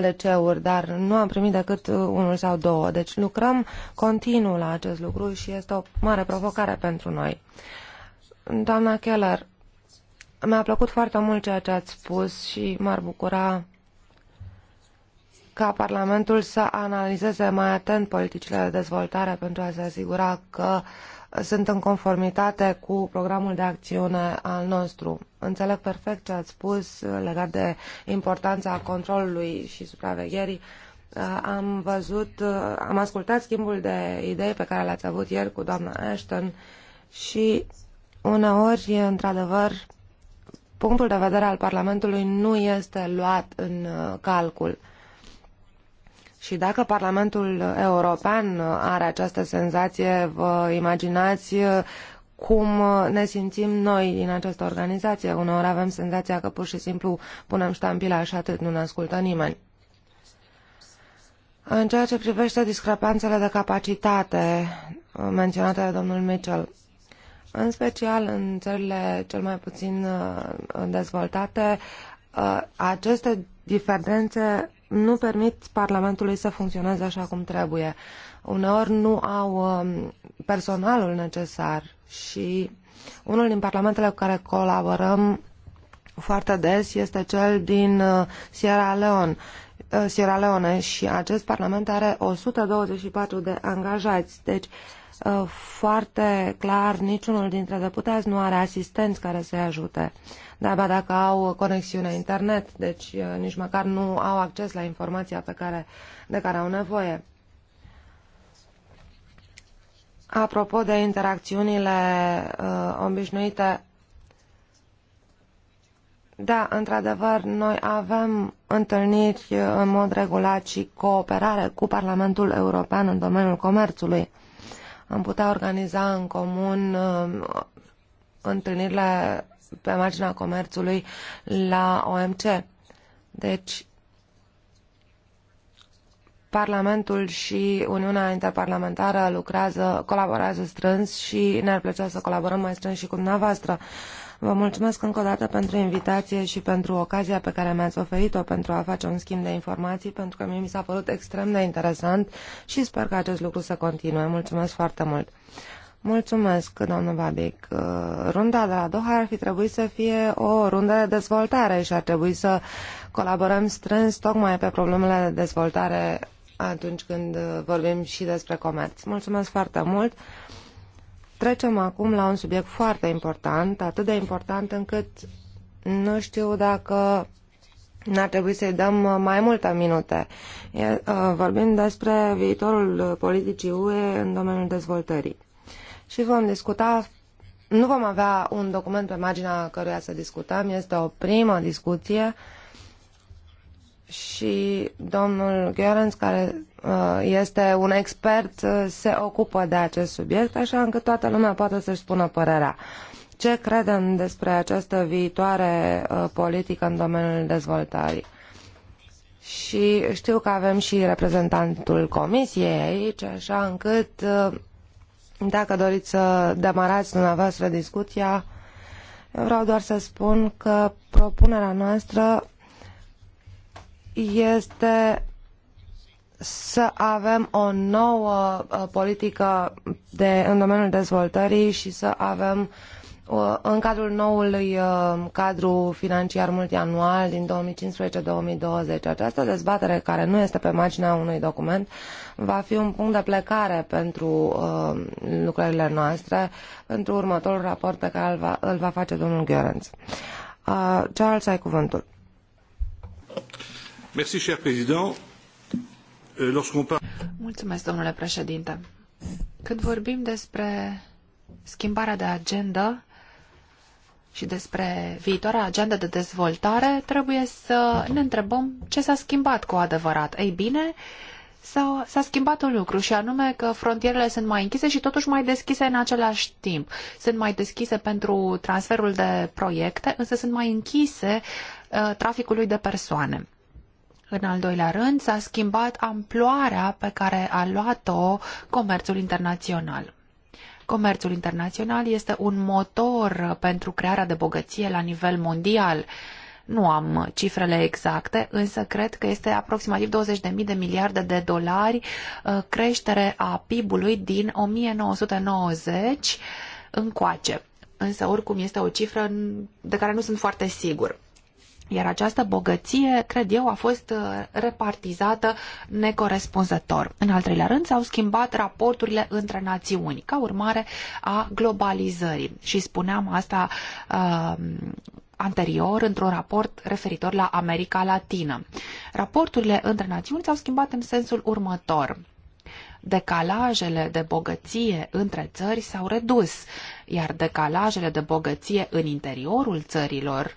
LDC-uri, dar nu am primit decât uh, unul sau două. Deci lucrăm continuu la acest lucru și este o mare provocare pentru noi. Doamna Keller, mi-a plăcut foarte mult ceea ce ați spus și m-ar bucura ca Parlamentul să analizeze mai atent politicile de dezvoltare pentru a se asigura că uh, sunt în conformitate cu programul de acțiune al nostru. Înțeleg perfect ce ați spus legat de importanța controlului și supravegherii. Uh, am văzut, uh, am ascultat schimbul de idei pe care l-ați avut ieri cu doamna Ashton și uneori, într-adevăr, punctul de vedere al Parlamentului nu este luat în uh, calcul. Uh, și dacă Parlamentul European are această senzație, vă imaginați uh, cum uh, ne simțim noi din această organizație. Uneori avem senzația că pur și simplu punem ștampila și atât, nu ne ascultă nimeni. În ceea ce privește discrepanțele de capacitate uh, menționate de domnul Mitchell, în special în țările cel mai puțin dezvoltate, aceste diferențe nu permit Parlamentului să funcționeze așa cum trebuie. Uneori nu au um, personalul necesar și unul din parlamentele cu care colaborăm foarte des este cel din uh, Sierra Leone. Uh, Sierra Leone și acest parlament are 124 de angajați. Deci Uh, foarte clar, niciunul dintre deputați nu are asistenți care să-i ajute. De-abia dacă au conexiune internet, deci uh, nici măcar nu au acces la informația pe care, de care au nevoie. Apropo de interacțiunile uh, obișnuite, da, într-adevăr, noi avem întâlniri uh, în mod regulat și cooperare cu Parlamentul European în domeniul comerțului am putea organiza în comun um, întâlnirile pe marginea comerțului la OMC. Deci, Parlamentul și Uniunea Interparlamentară lucrează, colaborează strâns și ne-ar plăcea să colaborăm mai strâns și cu dumneavoastră. Uh, Vă mulțumesc încă o dată pentru invitație și pentru ocazia pe care mi-ați oferit-o pentru a face un schimb de informații, pentru că mie mi s-a părut extrem de interesant și sper că acest lucru să continue. Mulțumesc foarte mult! Mulțumesc, domnul Babic. Uh, runda de la Doha ar fi trebuit să fie o rundă de dezvoltare și ar trebui să colaborăm strâns tocmai pe problemele de dezvoltare atunci când uh, vorbim și despre comerț. Mulțumesc foarte mult! Trecem acum la un subiect foarte important, atât de important încât nu știu dacă n-ar trebui să-i dăm mai multe minute. Uh, vorbim despre viitorul politicii UE în domeniul dezvoltării. Și vom discuta, nu vom avea un document pe marginea căruia să discutăm, este o primă discuție și domnul Gheorens, care Uh, este un expert, uh, se ocupă de acest subiect, așa încât toată lumea poate să-și spună părerea. Ce credem despre această viitoare uh, politică în domeniul dezvoltării? Și știu că avem și reprezentantul comisiei aici, așa încât dacă doriți să demarați dumneavoastră discuția, eu vreau doar să spun că propunerea noastră este să avem o nouă uh, politică de, în domeniul dezvoltării și să avem uh, în cadrul noului uh, cadru financiar multianual din 2015-2020. Această dezbatere, care nu este pe marginea unui document, va fi un punct de plecare pentru lucrările noastre, pentru următorul raport pe care îl va, îl va face domnul Gheorenț. Charles, ai cuvântul. Merci, cher président. Euh, Mulțumesc, domnule președinte. Când vorbim despre schimbarea de agendă și despre viitoarea agendă de dezvoltare, trebuie să ne întrebăm ce s-a schimbat cu adevărat. Ei bine, s-a, schimbat un lucru și anume că frontierele sunt mai închise și totuși mai deschise în același timp. Sunt mai deschise pentru transferul de proiecte, însă sunt mai închise uh, traficului de persoane. În al doilea rând, s-a schimbat amploarea pe care a luat-o comerțul internațional. Comerțul internațional este un motor pentru crearea de bogăție la nivel mondial. Nu am cifrele exacte, însă cred că este aproximativ 20.000 de miliarde de dolari uh, creștere a PIB-ului din 1990 încoace. Însă, oricum, este o cifră de care nu sunt foarte sigur. Iar această bogăție, cred eu, a fost uh, repartizată necorespunzător. În al treilea rând, s-au schimbat raporturile între națiuni, ca urmare a globalizării. Și spuneam asta uh, anterior într-un raport referitor la America Latină. Raporturile între națiuni s-au schimbat în sensul următor decalajele de bogăție între țări s-au redus, iar decalajele de bogăție în interiorul țărilor uh,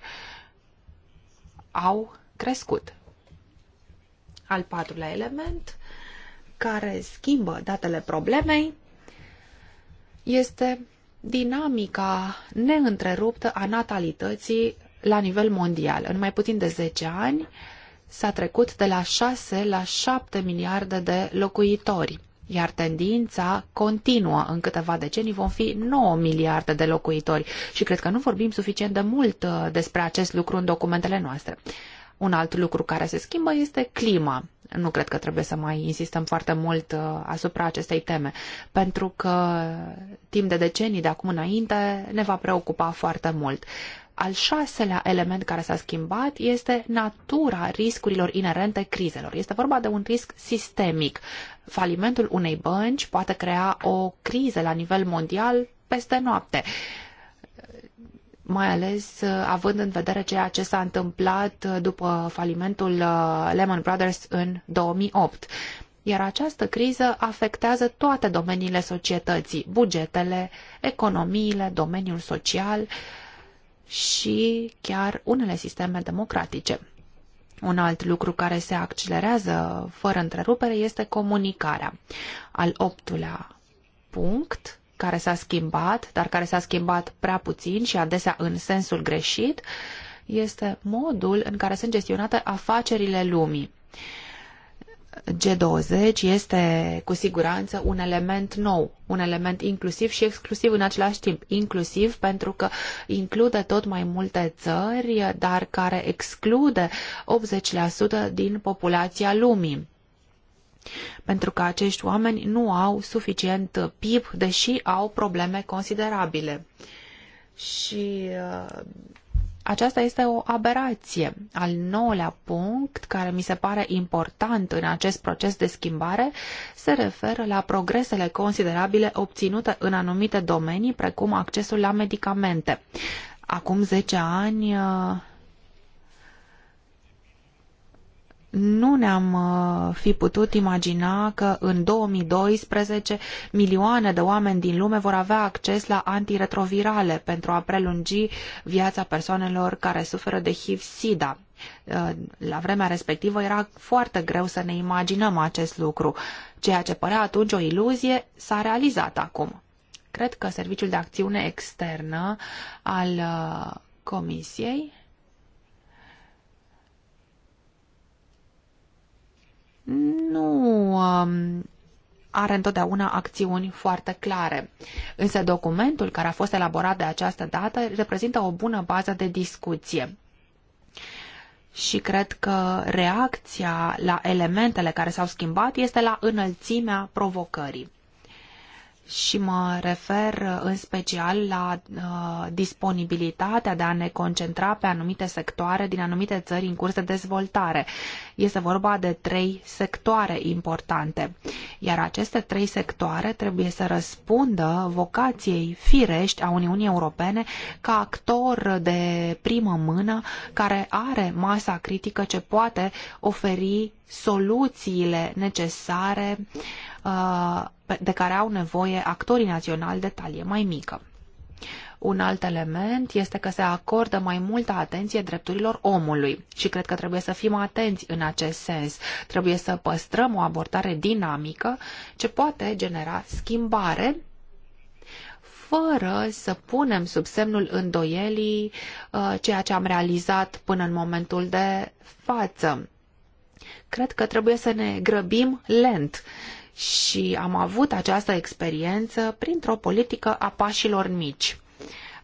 au crescut. Al patrulea element care schimbă datele problemei este dinamica neîntreruptă a natalității la nivel mondial. În mai puțin de 10 ani s-a trecut de la 6 la 7 miliarde de locuitori iar tendința continuă. În câteva decenii vom fi 9 miliarde de locuitori și cred că nu vorbim suficient de mult uh, despre acest lucru în documentele noastre. Un alt lucru care se schimbă este clima. Nu cred că trebuie să mai insistăm foarte mult uh, asupra acestei teme, pentru că timp de decenii de acum înainte ne va preocupa foarte mult. Al șaselea element care s-a schimbat este natura riscurilor inerente crizelor. Este vorba de un risc sistemic. Falimentul unei bănci poate crea o criză la nivel mondial peste noapte mai ales uh, având în vedere ceea ce s-a întâmplat uh, după falimentul uh, Lehman Brothers în 2008. Iar această criză afectează toate domeniile societății, bugetele, economiile, domeniul social, și chiar unele sisteme democratice. Un alt lucru care se accelerează fără întrerupere este comunicarea. Al optulea punct care s-a schimbat, dar care s-a schimbat prea puțin și adesea în sensul greșit, este modul în care sunt gestionate afacerile lumii. G20 este cu siguranță un element nou, un element inclusiv și exclusiv în același timp. Inclusiv pentru că include tot mai multe țări, dar care exclude 80% din populația lumii. Pentru că acești oameni nu au suficient PIB, deși au probleme considerabile. Și uh, aceasta este o aberație. Al nouălea punct, care mi se pare important în acest proces de schimbare, se referă la progresele considerabile obținute în anumite domenii, precum accesul la medicamente. Acum 10 ani uh, nu ne-am uh, fi putut imagina că în 2012 milioane de oameni din lume vor avea acces la antiretrovirale pentru a prelungi viața persoanelor care suferă de HIV-SIDA. Uh, la vremea respectivă era foarte greu să ne imaginăm acest lucru. Ceea ce părea atunci o iluzie s-a realizat acum. Cred că Serviciul de Acțiune Externă al uh, Comisiei nu um, are întotdeauna acțiuni foarte clare. Însă documentul care a fost elaborat de această dată reprezintă o bună bază de discuție. Și cred că reacția la elementele care s-au schimbat este la înălțimea provocării și mă refer uh, în special la uh, disponibilitatea de a ne concentra pe anumite sectoare din anumite țări în curs de dezvoltare. Este vorba de trei sectoare importante, iar aceste trei sectoare trebuie să răspundă vocației firești a Uniunii Europene ca actor de primă mână care are masa critică ce poate oferi soluțiile necesare uh, Uh, de care au nevoie actorii naționali de talie mai mică. Un alt element este că se acordă mai multă atenție drepturilor omului și cred că trebuie să fim atenți în acest sens. Trebuie să păstrăm o abordare dinamică ce poate genera schimbare fără să punem sub semnul îndoielii uh, ceea ce am realizat până în momentul de față. Cred că trebuie să ne grăbim lent și am avut această experiență printr-o politică a pașilor mici.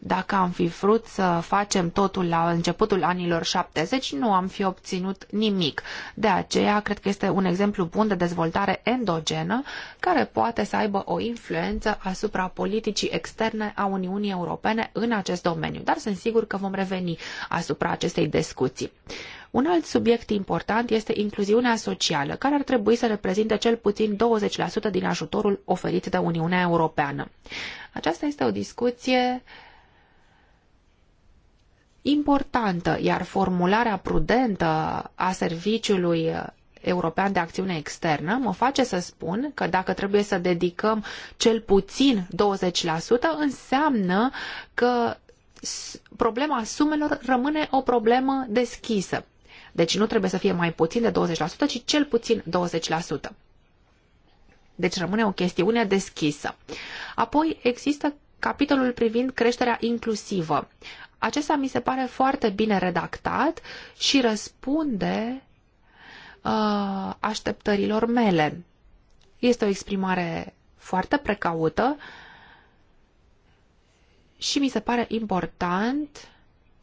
Dacă am fi vrut să facem totul la începutul anilor 70, nu am fi obținut nimic. De aceea, cred că este un exemplu bun de dezvoltare endogenă care poate să aibă o influență asupra politicii externe a Uniunii Europene în acest domeniu. Dar sunt sigur că vom reveni asupra acestei discuții. Un alt subiect important este incluziunea socială, care ar trebui să reprezinte cel puțin 20% din ajutorul oferit de Uniunea Europeană. Aceasta este o discuție importantă, iar formularea prudentă a serviciului european de acțiune externă mă face să spun că dacă trebuie să dedicăm cel puțin 20%, înseamnă că problema sumelor rămâne o problemă deschisă. Deci nu trebuie să fie mai puțin de 20%, ci cel puțin 20%. Deci rămâne o chestiune deschisă. Apoi există capitolul privind creșterea inclusivă. Acesta mi se pare foarte bine redactat și răspunde uh, așteptărilor mele. Este o exprimare foarte precaută și mi se pare important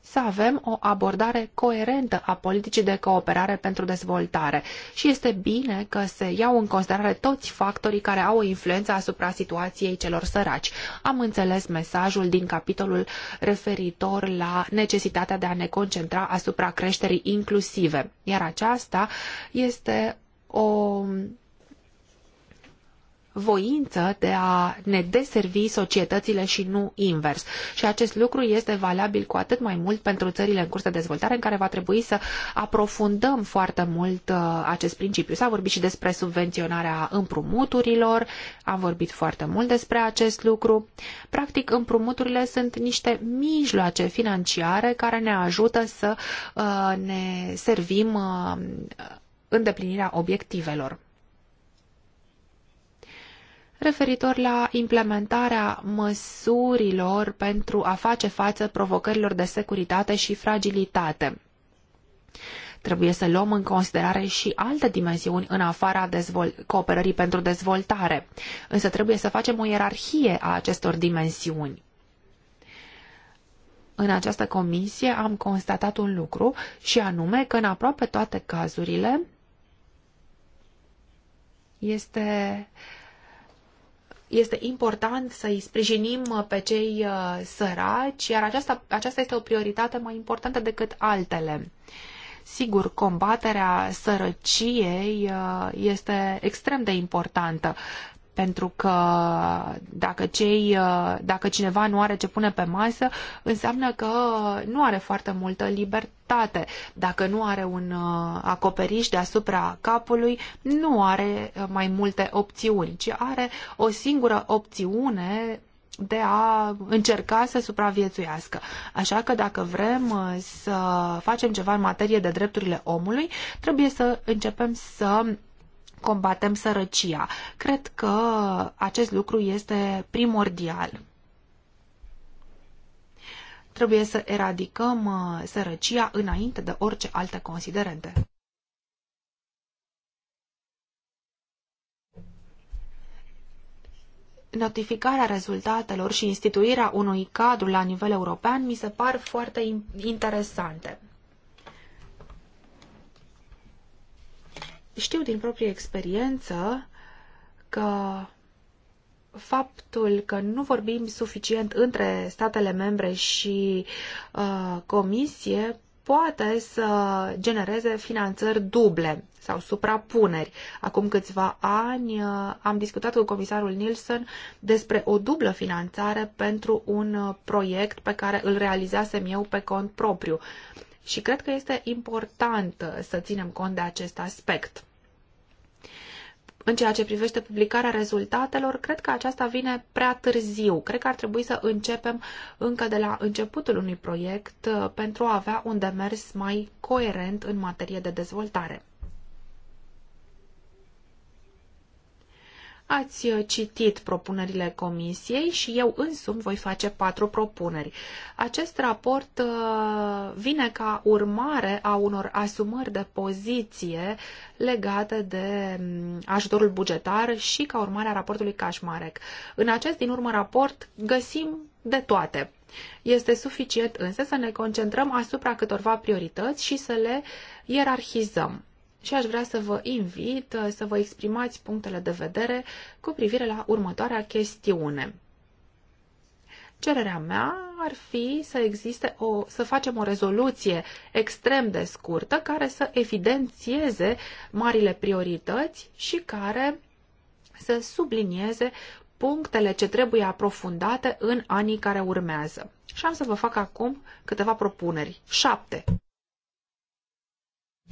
să avem o abordare coerentă a politicii de cooperare pentru dezvoltare și este bine că se iau în considerare toți factorii care au o influență asupra situației celor săraci. Am înțeles mesajul din capitolul referitor la necesitatea de a ne concentra asupra creșterii inclusive, iar aceasta este o voință de a ne deservi societățile și nu invers. Și acest lucru este valabil cu atât mai mult pentru țările în curs de dezvoltare în care va trebui să aprofundăm foarte mult uh, acest principiu. S-a vorbit și despre subvenționarea împrumuturilor, am vorbit foarte mult despre acest lucru. Practic, împrumuturile sunt niște mijloace financiare care ne ajută să uh, ne servim uh, îndeplinirea obiectivelor referitor la implementarea măsurilor pentru a face față provocărilor de securitate și fragilitate. Trebuie să luăm în considerare și alte dimensiuni în afara cooperării pentru dezvoltare, însă trebuie să facem o ierarhie a acestor dimensiuni. În această comisie am constatat un lucru și anume că în aproape toate cazurile este uh, este important să-i sprijinim pe cei uh, săraci, iar aceasta, aceasta este o prioritate mai importantă decât altele. Sigur, combaterea sărăciei uh, este extrem de importantă pentru că dacă, cei, dacă cineva nu are ce pune pe masă, înseamnă că nu are foarte multă libertate. Dacă nu are un uh, acoperiș deasupra capului, nu are uh, mai multe opțiuni, ci are o singură opțiune de a încerca să supraviețuiască. Așa că dacă vrem uh, să facem ceva în materie de drepturile omului, trebuie să începem să combatem sărăcia. Cred că acest lucru este primordial. Trebuie să eradicăm uh, sărăcia înainte de orice alte considerente. notificarea rezultatelor și instituirea unui cadru la nivel european mi se par foarte interesante. Știu din proprie experiență că faptul că nu vorbim suficient între statele membre și uh, comisie poate să genereze finanțări duble sau suprapuneri. Acum câțiva ani uh, am discutat cu comisarul Nielsen despre o dublă finanțare pentru un uh, proiect pe care îl realizasem eu pe cont propriu. Și cred că este important uh, să ținem cont de acest aspect. În ceea ce privește publicarea rezultatelor, cred că aceasta vine prea târziu. Cred că ar trebui să începem încă de la începutul unui proiect uh, pentru a avea un demers mai coerent în materie de dezvoltare. Ați uh, citit propunerile comisiei și eu însumi voi face patru propuneri. Acest raport uh, vine ca urmare a unor asumări de poziție legate de mm, ajutorul bugetar și ca urmare a raportului Cașmarec. În acest din urmă raport găsim de toate. Este suficient însă să ne concentrăm asupra câtorva priorități și să le ierarhizăm și aș vrea să vă invit uh, să vă exprimați punctele de vedere cu privire la următoarea chestiune. Cererea mea ar fi să existe o, să facem o rezoluție extrem de scurtă care să evidențieze marile priorități și care să sublinieze punctele ce trebuie aprofundate în anii care urmează. Și am să vă fac acum câteva propuneri. 7.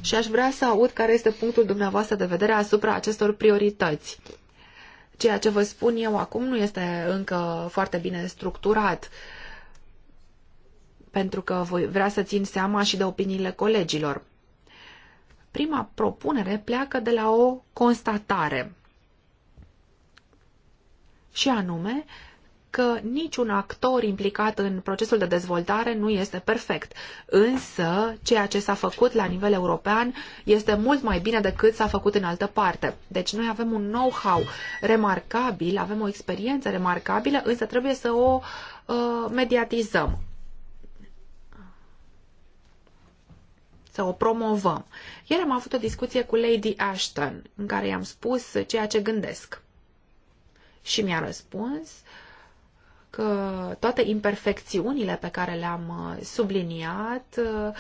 Și aș vrea să aud care este punctul dumneavoastră de vedere asupra acestor priorități. Ceea ce vă spun eu acum nu este încă foarte bine structurat, pentru că voi vrea să țin seama și de opiniile colegilor. Prima propunere pleacă de la o constatare, și anume că niciun actor implicat în procesul de dezvoltare nu este perfect. Însă, ceea ce s-a făcut la nivel european este mult mai bine decât s-a făcut în altă parte. Deci noi avem un know-how remarcabil, avem o experiență remarcabilă, însă trebuie să o uh, mediatizăm. să o promovăm. Ieri am avut o discuție cu Lady Ashton, în care i-am spus ceea ce gândesc. Și mi-a răspuns uh, că toate imperfecțiunile pe care le-am uh, subliniat uh,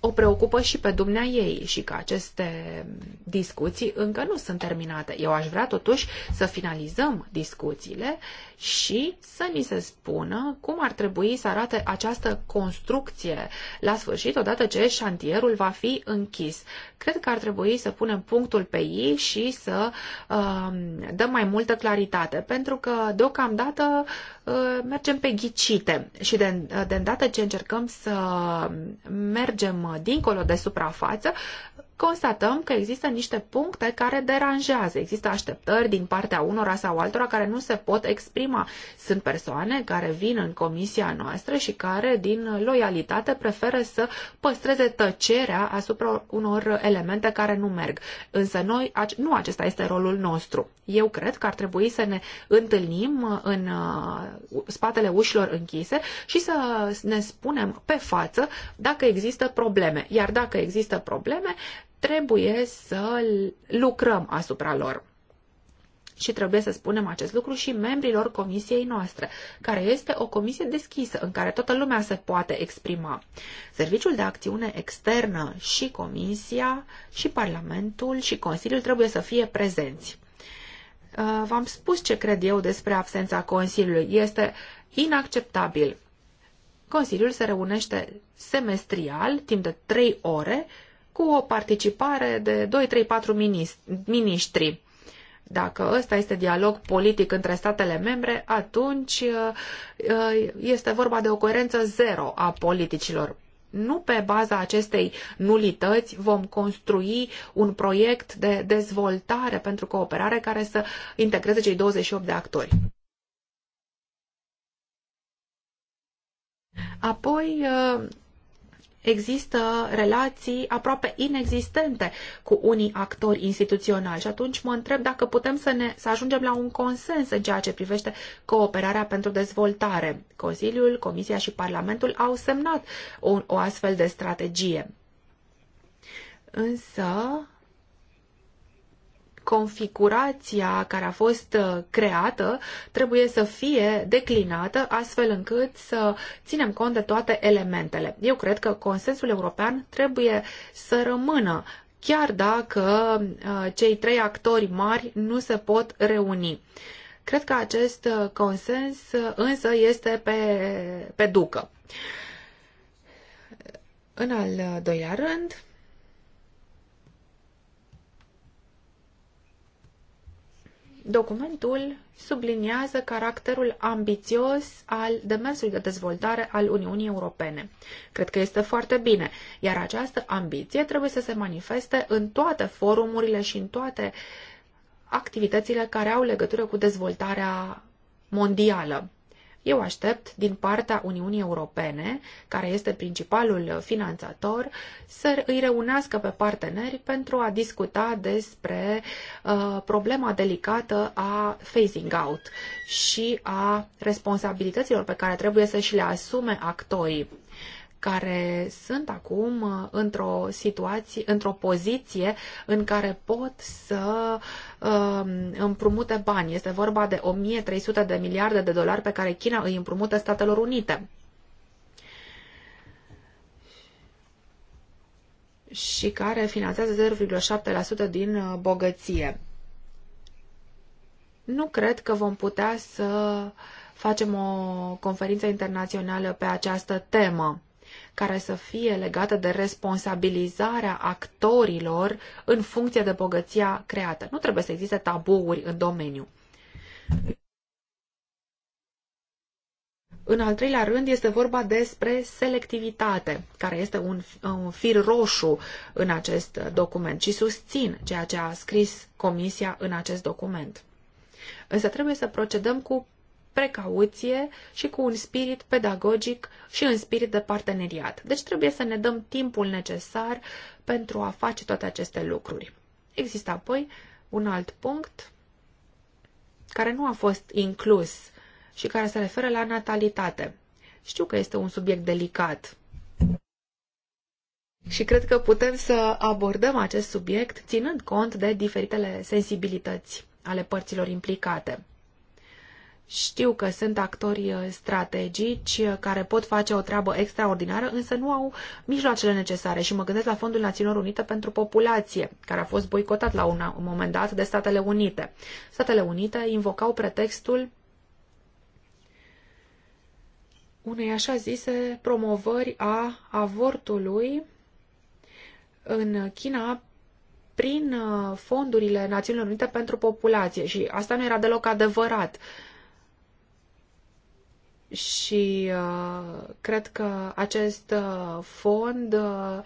o preocupă și pe dumnea ei și că aceste discuții încă nu sunt terminate. Eu aș vrea totuși să finalizăm discuțiile și să ni se spună cum ar trebui să arate această construcție la sfârșit, odată ce șantierul va fi închis. Cred că ar trebui să punem punctul pe ei și să uh, dăm mai multă claritate, pentru că deocamdată uh, Uh, mergem pe ghicite și de, uh, de îndată ce încercăm să mergem uh, dincolo de suprafață, constatăm că există niște puncte care deranjează. Există așteptări din partea unora sau altora care nu se pot exprima. Sunt persoane care vin în comisia noastră și care, din loialitate, preferă să păstreze tăcerea asupra unor elemente care nu merg. Însă noi, nu acesta este rolul nostru. Eu cred că ar trebui să ne întâlnim în uh, spatele ușilor închise și să ne spunem pe față dacă există probleme. Iar dacă există probleme, trebuie să lucrăm asupra lor. Și trebuie să spunem acest lucru și membrilor comisiei noastre, care este o comisie deschisă în care toată lumea se poate exprima. Serviciul de acțiune externă și comisia și Parlamentul și Consiliul trebuie să fie prezenți. Uh, v-am spus ce cred eu despre absența Consiliului. Este inacceptabil. Consiliul se reunește semestrial, timp de trei ore, cu o participare de 2, 3, 4 ministri. Dacă ăsta este dialog politic între statele membre, atunci uh, uh, este vorba de o coerență zero a politicilor. Nu pe baza acestei nulități vom construi un proiect de dezvoltare pentru cooperare care să integreze cei 28 de actori. Apoi, uh, există relații aproape inexistente cu unii actori instituționali și atunci mă întreb dacă putem să, ne, să ajungem la un consens în ceea ce privește cooperarea pentru dezvoltare. Consiliul, Comisia și Parlamentul au semnat o, o astfel de strategie. Însă, configurația care a fost uh, creată trebuie să fie declinată astfel încât să ținem cont de toate elementele. Eu cred că consensul european trebuie să rămână chiar dacă uh, cei trei actori mari nu se pot reuni. Cred că acest uh, consens însă este pe, pe ducă. În al doilea rând, Documentul subliniază caracterul ambițios al demersului de dezvoltare al Uniunii Europene. Cred că este foarte bine, iar această ambiție trebuie să se manifeste în toate forumurile și în toate activitățile care au legătură cu dezvoltarea mondială. Eu aștept din partea Uniunii Europene, care este principalul finanțator, să îi reunească pe parteneri pentru a discuta despre uh, problema delicată a phasing out și a responsabilităților pe care trebuie să și le asume actorii care sunt acum uh, într-o situație, într-o poziție în care pot să um, împrumute bani. Este vorba de 1300 de miliarde de dolari pe care China îi împrumută Statelor Unite. și care finanțează 0,7% din uh, bogăție. Nu cred că vom putea să facem o conferință internațională pe această temă care să fie legată de responsabilizarea actorilor în funcție de bogăția creată. Nu trebuie să existe tabuuri în domeniu. În al treilea rând este vorba despre selectivitate, care este un, un fir roșu în acest document și susțin ceea ce a scris Comisia în acest document. Însă trebuie să procedăm cu precauție și cu un spirit pedagogic și în spirit de parteneriat. Deci trebuie să ne dăm timpul necesar pentru a face toate aceste lucruri. Există apoi un alt punct care nu a fost inclus și care se referă la natalitate. Știu că este un subiect delicat, și cred că putem să abordăm acest subiect ținând cont de diferitele sensibilități ale părților implicate. Știu că sunt actori uh, strategici uh, care pot face o treabă extraordinară, însă nu au mijloacele necesare și mă gândesc la Fondul Națiunilor Unite pentru Populație, care a fost boicotat la un moment dat de Statele Unite. Statele Unite invocau pretextul unei așa zise promovări a avortului în China prin uh, fondurile Națiunilor Unite pentru Populație și asta nu era deloc adevărat și uh, cred că acest uh, fond uh,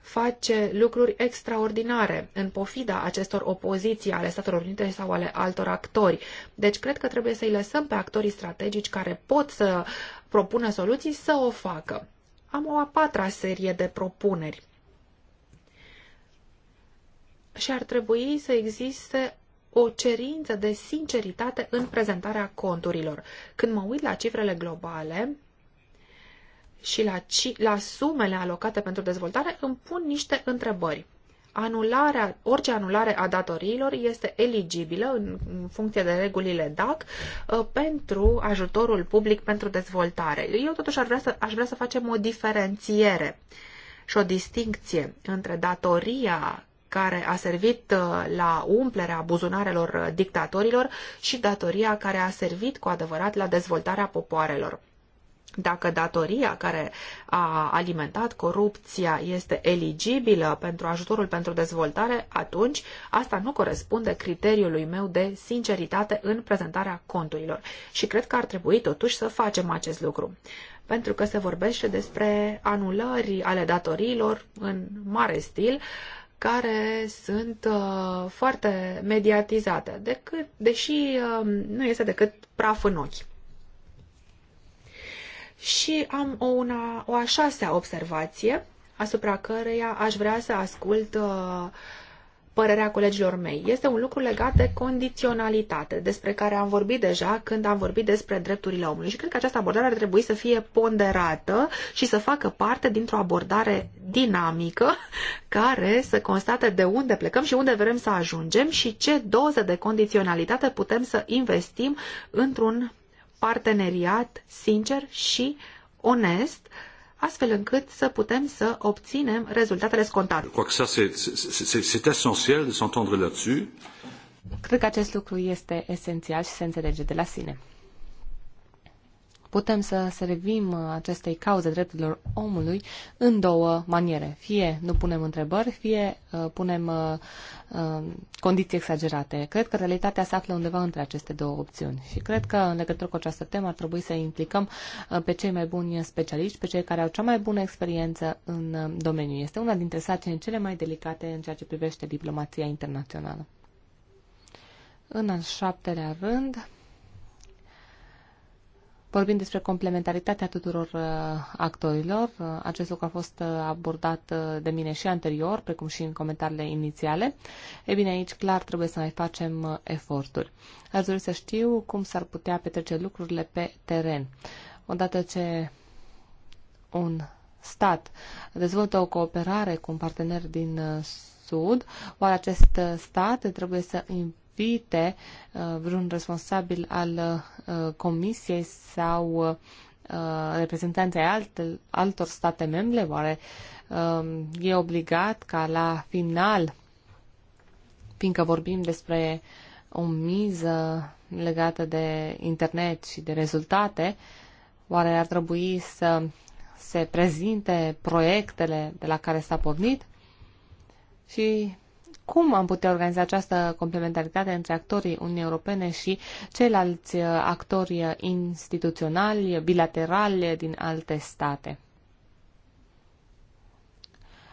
face lucruri extraordinare în pofida acestor opoziții ale Statelor Unite sau ale altor actori. Deci cred că trebuie să-i lăsăm pe actorii strategici care pot să propună soluții să o facă. Am o a patra serie de propuneri. Și ar trebui să existe o cerință de sinceritate în prezentarea conturilor. Când mă uit la cifrele globale și la, ci, la sumele alocate pentru dezvoltare, îmi pun niște întrebări. Anularea, orice anulare a datoriilor este eligibilă în, în funcție de regulile DAC uh, pentru ajutorul public pentru dezvoltare. Eu totuși ar vrea să, aș vrea să facem o diferențiere și o distincție între datoria care a servit uh, la umplerea buzunarelor dictatorilor și datoria care a servit cu adevărat la dezvoltarea popoarelor. Dacă datoria care a alimentat corupția este eligibilă pentru ajutorul pentru dezvoltare, atunci asta nu corespunde criteriului meu de sinceritate în prezentarea conturilor. Și cred că ar trebui totuși să facem acest lucru. Pentru că se vorbește despre anulări ale datoriilor în mare stil, care sunt uh, foarte mediatizate, decât, deși um, nu este decât praf în ochi. Și am o, una, o a șasea observație asupra căreia aș vrea să ascult uh, părerea colegilor mei. Este un lucru legat de condiționalitate, despre care am vorbit deja când am vorbit despre drepturile omului. Și cred că această abordare ar trebui să fie ponderată și să facă parte dintr-o abordare dinamică care să constate de unde plecăm și unde vrem să ajungem și ce doză de condiționalitate putem să investim într-un parteneriat sincer și onest uh, astfel încât să putem să obținem rezultatele scontate. Cred că acest lucru este esențial și se înțelege de la sine putem să servim uh, acestei cauze drepturilor omului în două maniere. Fie nu punem întrebări, fie uh, punem uh, uh, condiții exagerate. Cred că realitatea se află undeva între aceste două opțiuni și cred că în legătură cu această temă ar trebui să implicăm uh, pe cei mai buni specialiști, pe cei care au cea mai bună experiență în uh, domeniu. Este una dintre sacele cele mai delicate în ceea ce privește diplomația internațională. În al șaptelea rând, Vorbim despre complementaritatea tuturor uh, actorilor. Uh, acest lucru a fost uh, abordat de mine și anterior, precum și în comentariile inițiale. E bine, aici clar trebuie să mai facem eforturi. Aș dori să știu cum s-ar putea petrece lucrurile pe teren. Odată ce un stat dezvoltă o cooperare cu un partener din Sud, oare acest stat trebuie să evite uh, vreun responsabil al uh, Comisiei sau uh, reprezentanții altor state membre? Oare um, e obligat ca la final, fiindcă vorbim despre o miză legată de internet și de rezultate, oare ar trebui să se prezinte proiectele de la care s-a pornit? Și cum am putea organiza această complementaritate între actorii Uniunii Europene și ceilalți uh, actori uh, instituționali, bilaterali uh, din alte state?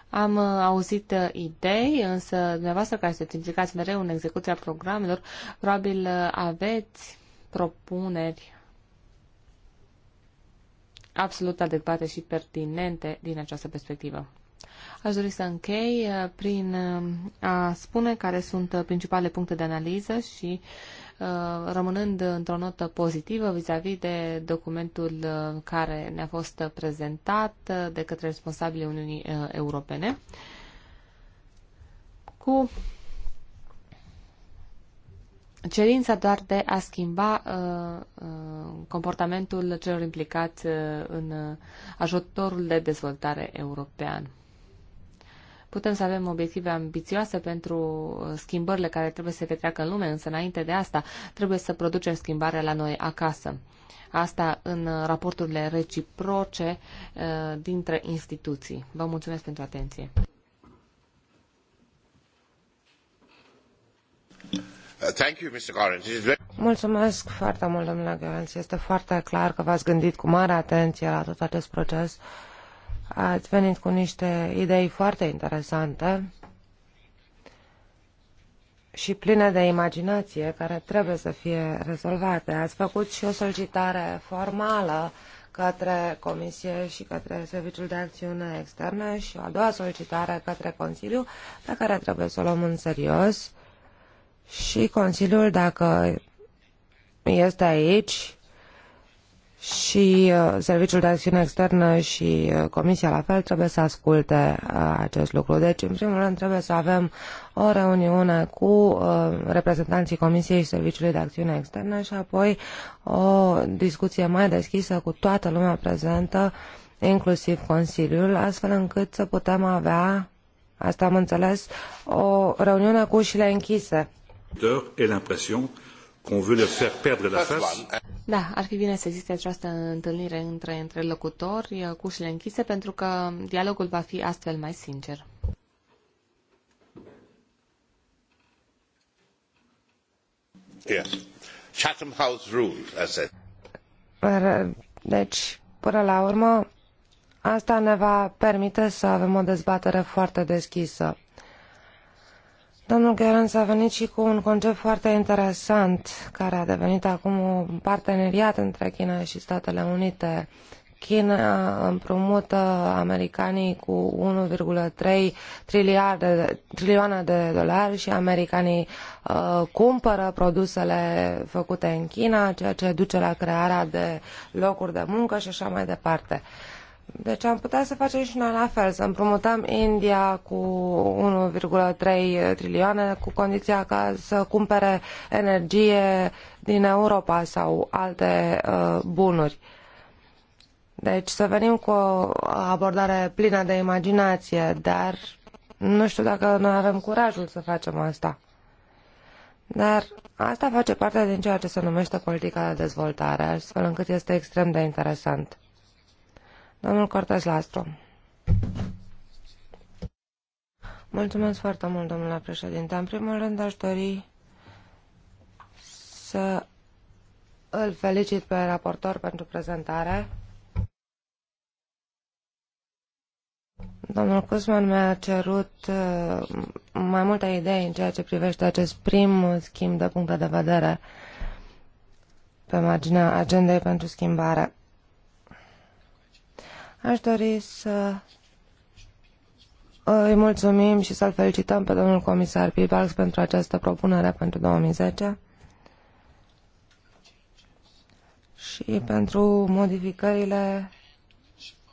Am auzit idei, însă dumneavoastră care sunteți implicați mereu în execuția programelor, probabil aveți propuneri absolut adecvate și pertinente din această perspectivă. Aș dori să închei uh, prin uh, a spune care sunt uh, principalele puncte de analiză și rămânând într-o notă pozitivă vis-a-vis -vis de documentul care ne-a fost prezentat de către responsabilii Uniunii Europene cu cerința doar de a schimba uh, uh, comportamentul celor implicați uh, în ajutorul de dezvoltare european. Putem să avem obiective ambițioase pentru uh, schimbările care trebuie să se petreacă în lume, însă înainte de asta trebuie să producem schimbarea la noi acasă. Asta în uh, raporturile reciproce uh, dintre instituții. Vă mulțumesc pentru atenție. Mulțumesc foarte mult, domnule Görans. Este foarte clar că v-ați gândit cu mare atenție la tot acest proces Ați venit cu niște idei foarte interesante și pline de imaginație care trebuie să fie rezolvate. Ați făcut și o solicitare formală către Comisie și către Serviciul de Acțiune Externă și o a doua solicitare către Consiliu pe care trebuie să o luăm în serios și Consiliul, dacă este aici, și uh, Serviciul de Acțiune Externă și uh, Comisia la fel trebuie să asculte uh, acest lucru. Deci, în primul rând, trebuie să avem o reuniune cu reprezentanții Comisiei și Serviciului de Acțiune Externă și apoi o discuție mai deschisă cu toată lumea prezentă, inclusiv Consiliul, astfel încât să putem avea, asta am înțeles, o reuniune cu ușile închise qu'on veut leur faire perdre la face. Da, ar fi bine să existe această întâlnire între interlocutori uh, cu ușile închise pentru că dialogul va fi astfel mai sincer. Yes. Chatham House I said. Deci, până la urmă, asta ne va permite să avem o dezbatere foarte deschisă. Domnul s a venit și cu un concept foarte interesant, care a devenit acum un parteneriat între China și Statele Unite. China împrumută americanii cu 1,3 trilioane de dolari și americanii uh, cumpără produsele făcute în China, ceea ce duce la crearea de locuri de muncă și așa mai departe. Uh, deci am putea să facem și noi la fel, să împrumutăm India cu 1,3 trilioane, cu condiția ca să cumpere energie din Europa sau alte uh, bunuri. Deci să venim cu o abordare plină de imaginație, dar nu știu dacă noi avem curajul să facem asta. Dar asta face parte din ceea ce se numește politica de dezvoltare, astfel încât este extrem de interesant. Domnul Cortez Lastro. Mulțumesc foarte mult, domnule președinte. În primul rând, aș dori să îl felicit pe raportor pentru prezentare. Domnul Cusman mi-a cerut uh, mai multe idei în ceea ce privește acest prim schimb de puncte de vedere pe marginea agendei pentru schimbare. Aș dori să îi mulțumim și să-l felicităm pe domnul comisar Pibalx pentru această propunere pentru 2010 și pentru modificările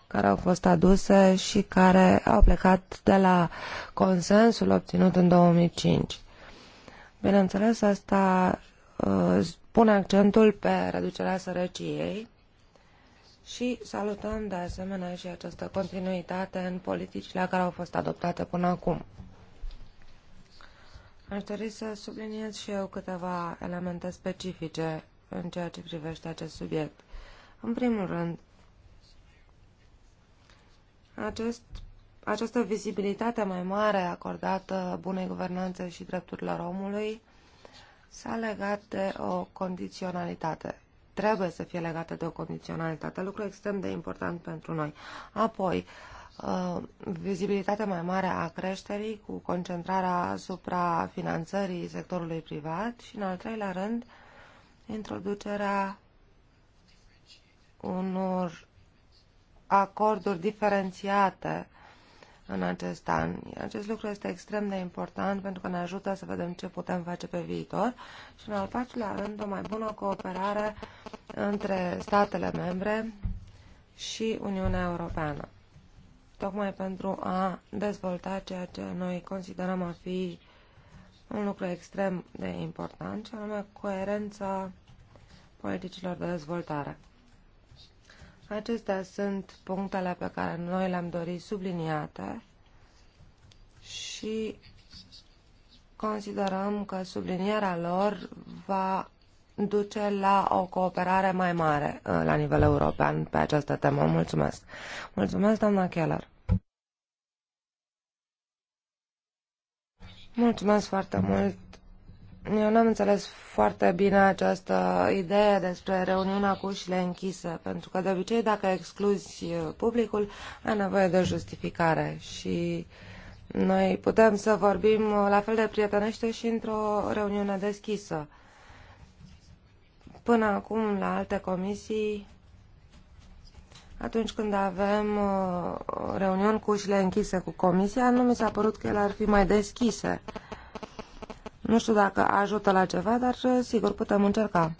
care au fost aduse și care au plecat de la consensul obținut în 2005. Bineînțeles, asta uh, pune accentul pe reducerea sărăciei și salutăm de asemenea și această continuitate în politicile care au fost adoptate până acum. Aș dori să subliniez și eu câteva elemente specifice în ceea ce privește acest subiect. În primul rând, acest, această vizibilitate mai mare acordată bunei guvernanțe și drepturilor omului s-a legat de o condiționalitate trebuie să fie legată de o condiționalitate, lucru extrem de important pentru noi. Apoi, uh, vizibilitatea mai mare a creșterii cu concentrarea asupra finanțării sectorului privat și, în al treilea rând, introducerea unor acorduri diferențiate în acest an. Acest lucru este extrem de important pentru că ne ajută să vedem ce putem face pe viitor și, în al patrulea rând, o mai bună cooperare între statele membre și Uniunea Europeană, tocmai pentru a dezvolta ceea ce noi considerăm a fi un lucru extrem de important, și anume coerența politicilor de dezvoltare. Acestea sunt punctele pe care noi le-am dorit subliniate și considerăm că sublinierea lor va duce la o cooperare mai mare uh, la nivel european pe această temă. Mulțumesc. Mulțumesc, doamna Keller. Mulțumesc foarte mult, eu n-am înțeles foarte bine această idee despre reuniunea cu ușile închise, pentru că de obicei dacă excluzi uh, publicul, ai nevoie de justificare și noi putem să vorbim uh, la fel de prietenește și într-o reuniune deschisă. Până acum, la alte comisii, atunci când avem uh, reuniuni cu ușile închise cu comisia, nu mi s-a părut că ele ar fi mai deschise nu știu dacă ajută la ceva, dar uh, sigur putem încerca.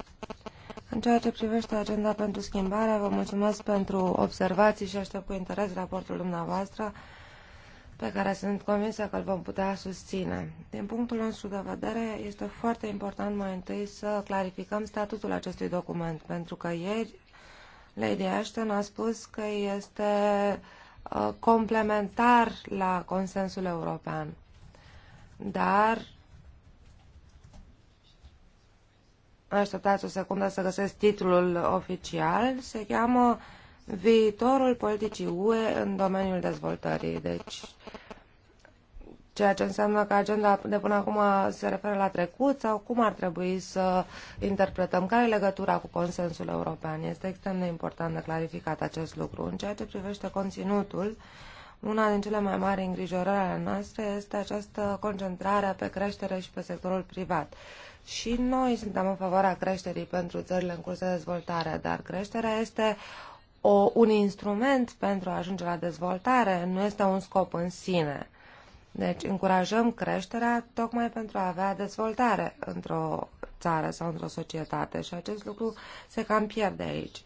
În ceea ce privește agenda pentru schimbare, vă mulțumesc pentru observații și aștept cu interes raportul dumneavoastră pe care sunt convinsă că îl vom putea susține. Din punctul nostru de vedere, este foarte important mai întâi să clarificăm statutul acestui document, pentru că ieri Lady Ashton a spus că este uh, complementar la consensul european. Dar așteptați o secundă să găsesc titlul oficial, se cheamă Viitorul politicii UE în domeniul dezvoltării. Deci, ceea ce înseamnă că agenda de până acum se referă la trecut sau cum ar trebui să interpretăm, care e legătura cu consensul european. Este extrem de important de clarificat acest lucru. În ceea ce privește conținutul, una din cele mai mari îngrijorări ale noastre este această concentrare pe creștere și pe sectorul privat. Și noi suntem în favoarea creșterii pentru țările în curs de dezvoltare, dar creșterea este o, un instrument pentru a ajunge la dezvoltare, nu este un scop în sine. Deci încurajăm creșterea tocmai pentru a avea dezvoltare într-o țară sau într-o societate și acest lucru se cam pierde aici.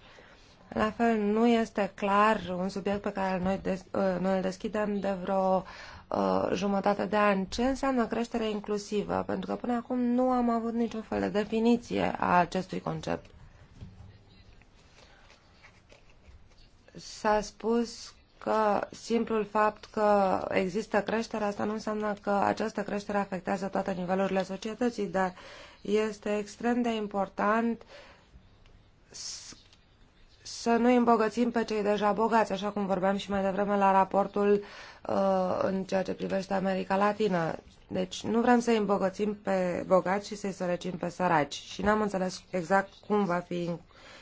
La fel, nu este clar un subiect pe care noi, des, noi îl deschidem de vreo uh, Uh, jumătate de an, Ce înseamnă creștere inclusivă? Pentru că până acum nu am avut niciun fel de definiție a acestui concept. S-a spus că simplul fapt că există creștere, asta nu înseamnă că această creștere afectează toate nivelurile societății, dar este extrem de important să nu îi îmbogățim pe cei deja bogați, așa cum vorbeam și mai devreme la raportul uh, în ceea ce privește America Latină. Deci nu vrem să îi îmbogățim pe bogați și să îi sărăcim pe săraci. Și n-am înțeles exact cum va fi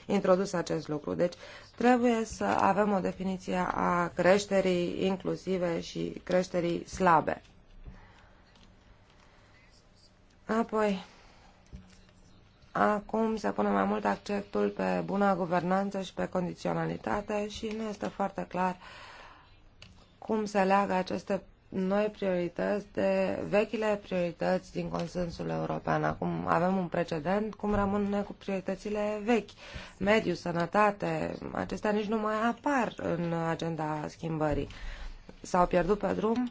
introdus acest lucru. Deci trebuie să avem o definiție a creșterii inclusive și creșterii slabe. Apoi, Acum se pune mai mult accentul pe buna guvernanță și pe condiționalitate și nu este foarte clar cum se leagă aceste noi priorități de vechile priorități din consensul european. Acum avem un precedent, cum rămâne cu prioritățile vechi, mediu, sănătate, acestea nici nu mai apar în agenda schimbării. S-au pierdut pe drum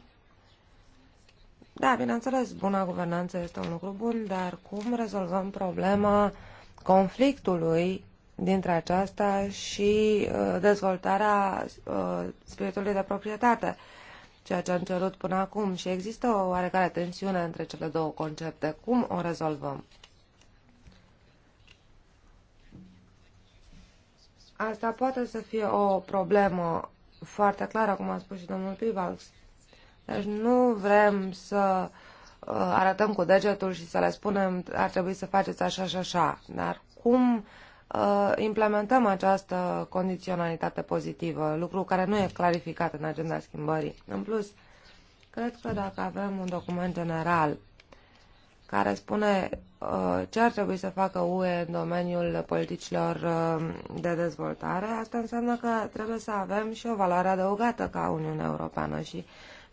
da, bineînțeles, buna guvernanță este un lucru bun, dar cum rezolvăm problema conflictului dintre aceasta și uh, dezvoltarea uh, spiritului de proprietate, ceea ce am cerut până acum și există o oarecare tensiune între cele două concepte. Cum o rezolvăm? Asta poate să fie o problemă foarte clară, cum a spus și domnul Pivax, deci nu vrem să uh, arătăm cu degetul și să le spunem ar trebui să faceți așa și așa, dar cum uh, implementăm această condiționalitate pozitivă, lucru care nu e clarificat în agenda schimbării. În plus, cred că dacă avem un document general care spune uh, ce ar trebui să facă UE în domeniul politicilor uh, de dezvoltare, asta înseamnă că trebuie să avem și o valoare adăugată ca Uniunea Europeană și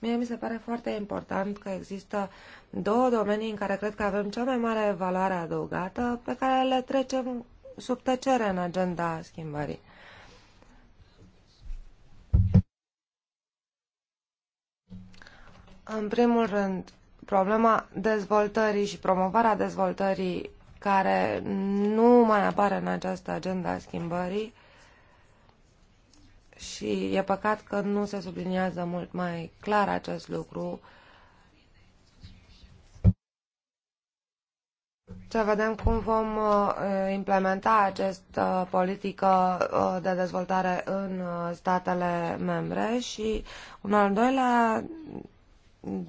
Mie mi se pare foarte important că există două domenii în care cred că avem cea mai mare valoare adăugată pe care le trecem sub tăcere în agenda schimbării. În primul rând, problema dezvoltării și promovarea dezvoltării care nu mai apare în această agenda schimbării și e păcat că nu se subliniază mult mai clar acest lucru. Să vedem cum vom uh, implementa această politică uh, de dezvoltare în uh, statele membre și un al doilea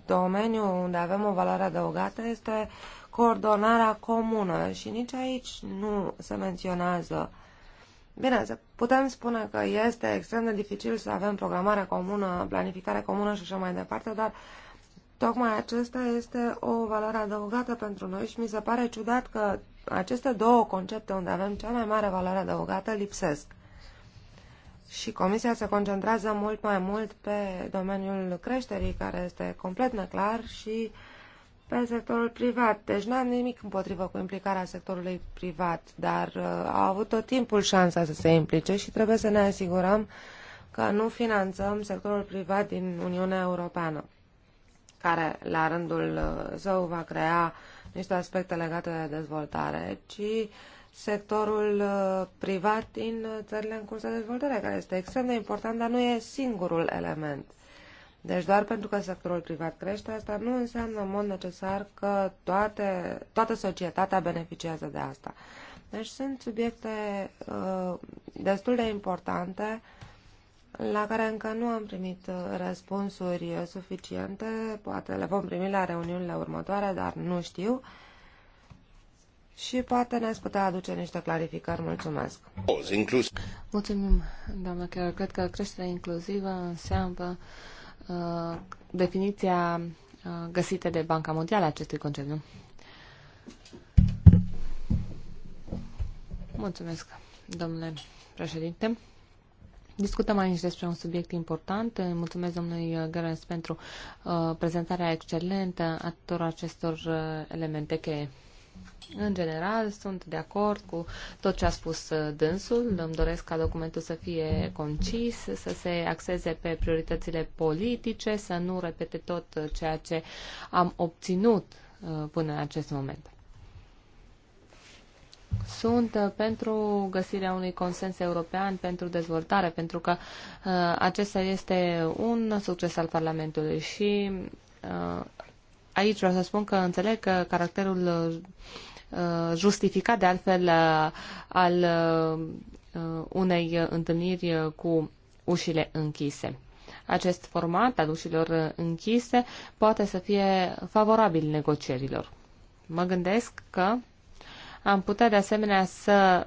domeniu unde avem o valoare adăugată este coordonarea comună și nici aici nu se menționează Bine, putem spune că este extrem de dificil să avem programare comună, planificare comună și așa mai departe, dar tocmai acesta este o valoare adăugată pentru noi și mi se pare ciudat că aceste două concepte unde avem cea mai mare valoare adăugată lipsesc. Și Comisia se concentrează mult mai mult pe domeniul creșterii, care este complet neclar și uh, pe sectorul privat. Deci n-am nimic împotrivă cu implicarea sectorului privat, dar uh, au avut tot timpul șansa să se implice și trebuie să ne asigurăm că nu finanțăm sectorul privat din Uniunea Europeană, care la rândul uh, său va crea niște aspecte legate de dezvoltare, ci sectorul uh, privat din uh, țările în curs de dezvoltare, care este extrem de important, dar nu e singurul element deci doar pentru că sectorul privat crește, asta nu înseamnă în mod necesar că toate, toată societatea beneficiază de asta. Deci sunt subiecte uh, destul de importante la care încă nu am primit uh, răspunsuri uh, suficiente, poate le vom primi la reuniunile următoare, dar nu știu. Și poate ne-ați putea aduce niște clarificări. Mulțumesc! Mulțumim, doamna Chiar. Cred că creșterea inclusivă înseamnă Uh, definiția uh, găsită de Banca Mondială a acestui concediu. Mulțumesc, domnule președinte. Discutăm aici despre un subiect important. Mulțumesc domnului Gărens pentru uh, prezentarea excelentă a tuturor acestor uh, elemente cheie. În general, sunt de acord cu tot ce a spus uh, dânsul. Îmi doresc ca documentul să fie concis, să se axeze pe prioritățile politice, să nu repete tot uh, ceea ce am obținut uh, până în acest moment. Sunt pentru găsirea unui consens european pentru dezvoltare, pentru că acesta este un succes al Parlamentului și aici vreau să spun că înțeleg că caracterul uh, justificat de altfel uh, al uh, unei întâlniri cu ușile închise. Acest format al ușilor închise poate să fie favorabil negocierilor. Mă gândesc că am putea de asemenea să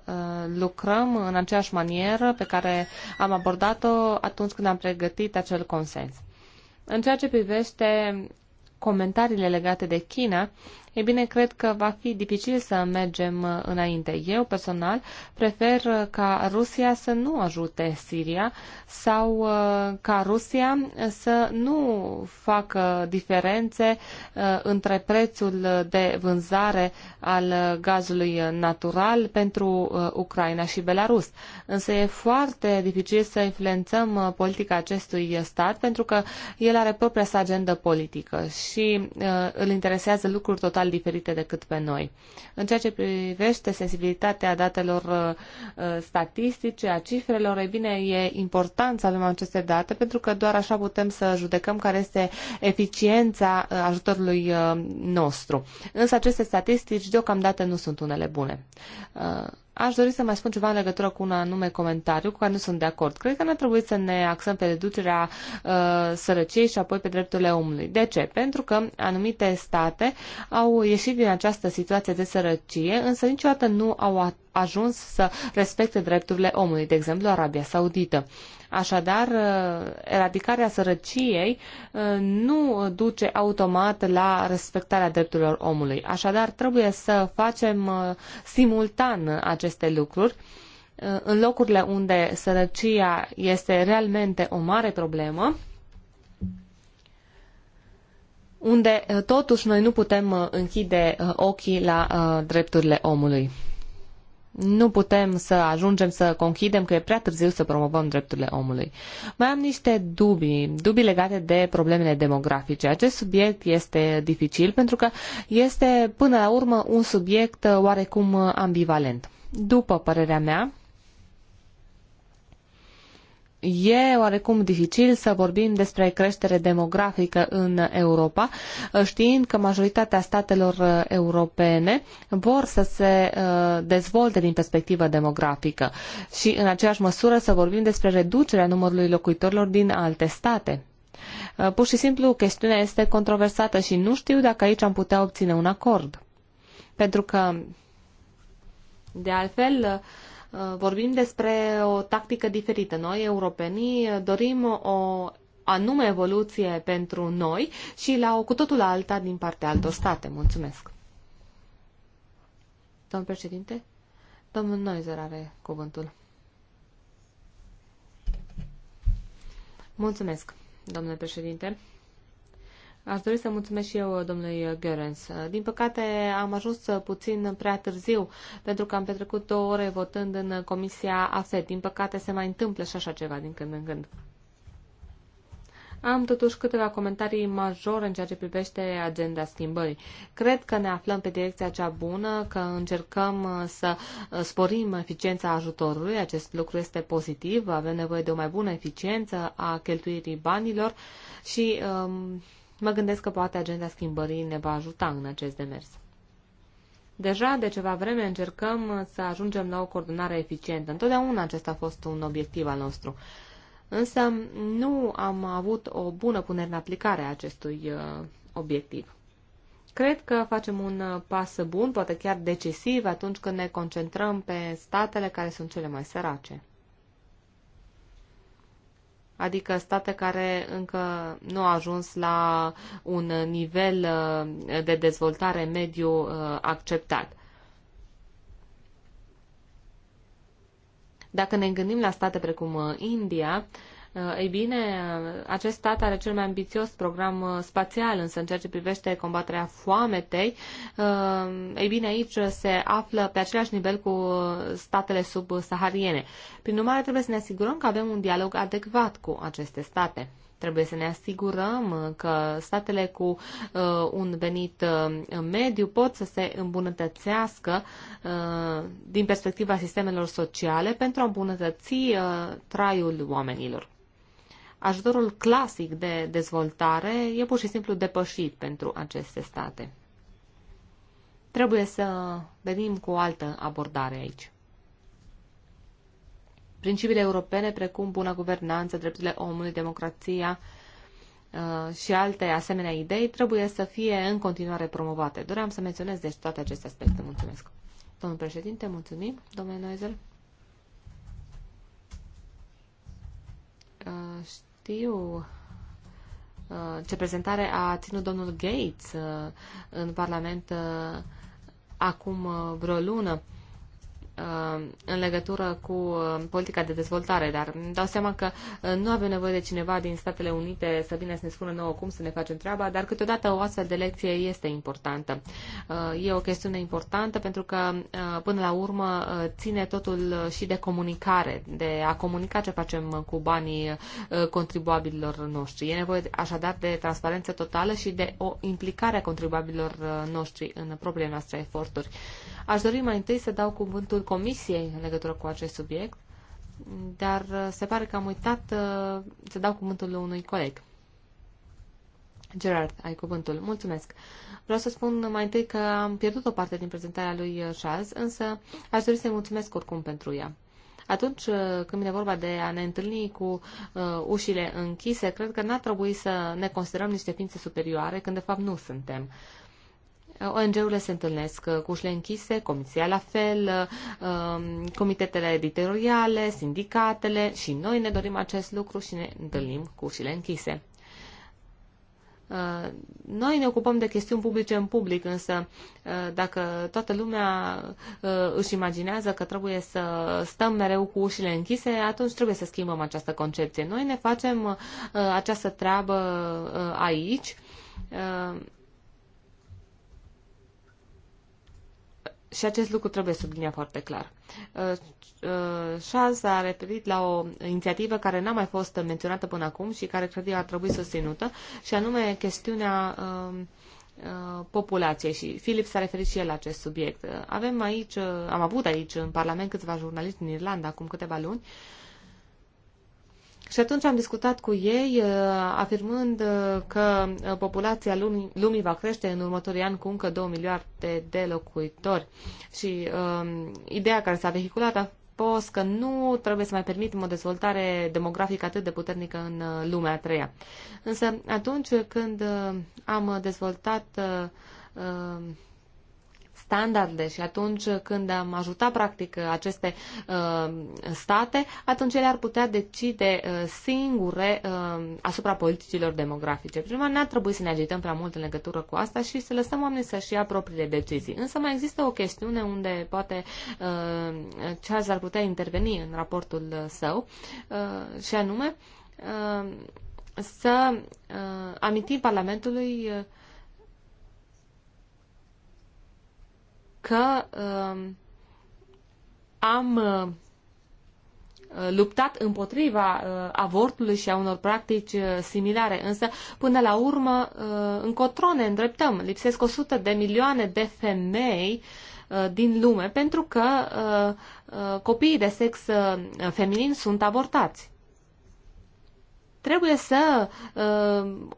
lucrăm în aceeași manieră pe care am abordat-o atunci când am pregătit acel consens. În ceea ce privește comentariile legate de China e bine, cred că va fi dificil să mergem uh, înainte. Eu, personal, prefer uh, ca Rusia să nu ajute Siria sau uh, ca Rusia să nu facă diferențe între prețul de vânzare al gazului natural pentru Ucraina și Belarus. Însă e foarte dificil să influențăm politica acestui stat pentru că el are propria sa agendă politică și îl interesează lucruri total total diferite decât pe noi. În ceea ce privește sensibilitatea datelor uh, statistice, a cifrelor, e bine, e important să avem aceste date pentru că doar așa putem să judecăm care este eficiența uh, ajutorului uh, nostru. Însă aceste statistici deocamdată nu sunt unele bune. Aș dori să mai spun ceva în legătură cu un anume comentariu cu care nu sunt de acord. Cred că ne trebuie să ne axăm pe reducerea uh, sărăciei și apoi pe drepturile omului. De ce? Pentru că anumite state au ieșit din această situație de sărăcie, însă niciodată nu au ajuns să respecte drepturile omului, de exemplu Arabia Saudită. Așadar, eh, eradicarea sărăciei eh, nu duce automat la respectarea drepturilor omului. Așadar, trebuie să facem eh, simultan aceste lucruri în locurile unde sărăcia este realmente o mare problemă, unde totuși noi nu putem închide ochii la drepturile omului. Nu putem să ajungem să conchidem că e prea târziu să promovăm drepturile omului. Mai am niște dubii, dubii legate de problemele demografice. Acest subiect este dificil pentru că este până la urmă un subiect uh, oarecum uh, ambivalent. După părerea mea, E oarecum dificil să vorbim despre creștere demografică în Europa, știind că majoritatea statelor uh, europene vor să se uh, dezvolte din perspectivă demografică și în aceeași măsură să vorbim despre reducerea numărului locuitorilor din alte state. Uh, pur și simplu, chestiunea este controversată și nu știu dacă aici am putea obține un acord. Pentru că, de altfel, uh, Uh, vorbim despre o tactică diferită. Noi, europenii, dorim o anume evoluție pentru noi și la o cu totul alta din partea altor state. Mulțumesc. Domnul președinte, domnul Noizer are cuvântul. Mulțumesc, domnule președinte. Aș dori să mulțumesc și eu domnului Görens. Din păcate am ajuns puțin prea târziu pentru că am petrecut două ore votând în Comisia AFET. Din păcate se mai întâmplă și așa ceva din când în când. Am totuși câteva comentarii majore în ceea ce privește agenda schimbării. Cred că ne aflăm pe direcția cea bună, că încercăm să sporim eficiența ajutorului. Acest lucru este pozitiv, avem nevoie de o mai bună eficiență a cheltuirii banilor și um, Mă gândesc că poate agenda schimbării ne va ajuta în acest demers. Deja de ceva vreme încercăm să ajungem la o coordonare eficientă. Întotdeauna acesta a fost un obiectiv al nostru. Însă nu am avut o bună punere în aplicare a acestui uh, obiectiv. Cred că facem un uh, pas bun, poate chiar decisiv, atunci când ne concentrăm pe statele care sunt cele mai sărace adică state care încă nu au ajuns la un nivel uh, de dezvoltare mediu uh, acceptat. Dacă ne gândim la state precum uh, India, uh, Uh, ei bine, uh, acest stat are cel mai ambițios program uh, spațial, însă în ceea ce privește combaterea foametei, ei bine, aici se află pe același nivel cu statele subsahariene. Prin urmare, trebuie să ne asigurăm că avem un dialog adecvat cu aceste state. Trebuie să ne asigurăm că statele cu uh, un venit uh, mediu pot să se îmbunătățească uh, din perspectiva sistemelor sociale pentru a îmbunătăți uh, traiul oamenilor ajutorul clasic de dezvoltare e pur și simplu depășit pentru aceste state. Trebuie să venim cu o altă abordare aici. Principiile europene, precum buna guvernanță, drepturile omului, democrația uh, și alte asemenea idei, trebuie să fie în continuare promovate. Doream să menționez deci toate aceste aspecte. Mulțumesc. Domnul președinte, mulțumim. Domnule Noizel. Uh, știu uh, ce prezentare a ținut domnul Gates uh, în Parlament uh, acum vreo lună. Uh, în legătură cu uh, politica de dezvoltare, dar îmi dau seama că uh, nu avem nevoie de cineva din Statele Unite să vină să ne spună nouă cum să ne facem treaba, dar câteodată o astfel de lecție este importantă. E o chestiune importantă pentru că, până la urmă, ține totul și de comunicare, de a comunica ce facem cu banii contribuabililor noștri. E nevoie așadar de transparență totală și de o implicare a contribuabililor noștri în propriile noastre eforturi. Aș dori mai întâi să dau cuvântul raportul comisiei în legătură cu acest subiect, dar uh, se pare că am uitat uh, să dau cuvântul unui coleg. Gerard, ai cuvântul. Mulțumesc. Vreau să spun mai întâi că am pierdut o parte din prezentarea lui uh, Charles, însă aș dori să-i mulțumesc oricum pentru ea. Atunci când vine vorba de a ne întâlni cu uh, ușile închise, cred că n-ar trebui să ne considerăm niște ființe superioare, când de fapt nu suntem. Uh, ONG-urile se întâlnesc uh, cu ușile închise, comisia la fel, uh, comitetele editoriale, sindicatele și noi ne dorim acest lucru și ne întâlnim cu ușile închise. Uh, noi ne ocupăm de chestiuni publice în public, însă dacă toată lumea își imaginează că trebuie să stăm mereu cu ușile închise, atunci trebuie să schimbăm această concepție. Noi ne facem această treabă aici și acest lucru trebuie subliniat foarte clar. Uh, uh, Charles a referit la o inițiativă care n-a mai fost menționată până acum și care cred că ar trebui susținută, și anume chestiunea um, uh, populației și Philip s-a referit și el la acest subiect. Avem aici, am avut aici în Parlament câțiva jurnaliști din Irlanda acum câteva luni și atunci am discutat cu ei, uh, afirmând uh, că uh, populația lumii, lumii va crește în următorii ani cu încă 2 miliarde de locuitori. Și um, ideea care s-a vehiculat a fost că nu trebuie să mai permitem o dezvoltare demografică atât de puternică în lumea a treia. Însă atunci când am dezvoltat uh, standarde și atunci când am ajutat practic aceste uh, state, atunci ele ar putea decide uh, singure uh, asupra politicilor demografice. Prin n-ar trebui să ne agităm prea mult în legătură cu asta și să lăsăm oamenii să-și ia propriile decizii. Însă mai există o chestiune unde poate Charles ar putea interveni în raportul său și anume să amintim Parlamentului că um, am uh, luptat împotriva uh, avortului și a unor practici uh, similare, însă până la urmă încotro ne îndreptăm. Lipsesc 100 de milioane de femei din lume pentru că copiii de sex feminin sunt avortați. Trebuie să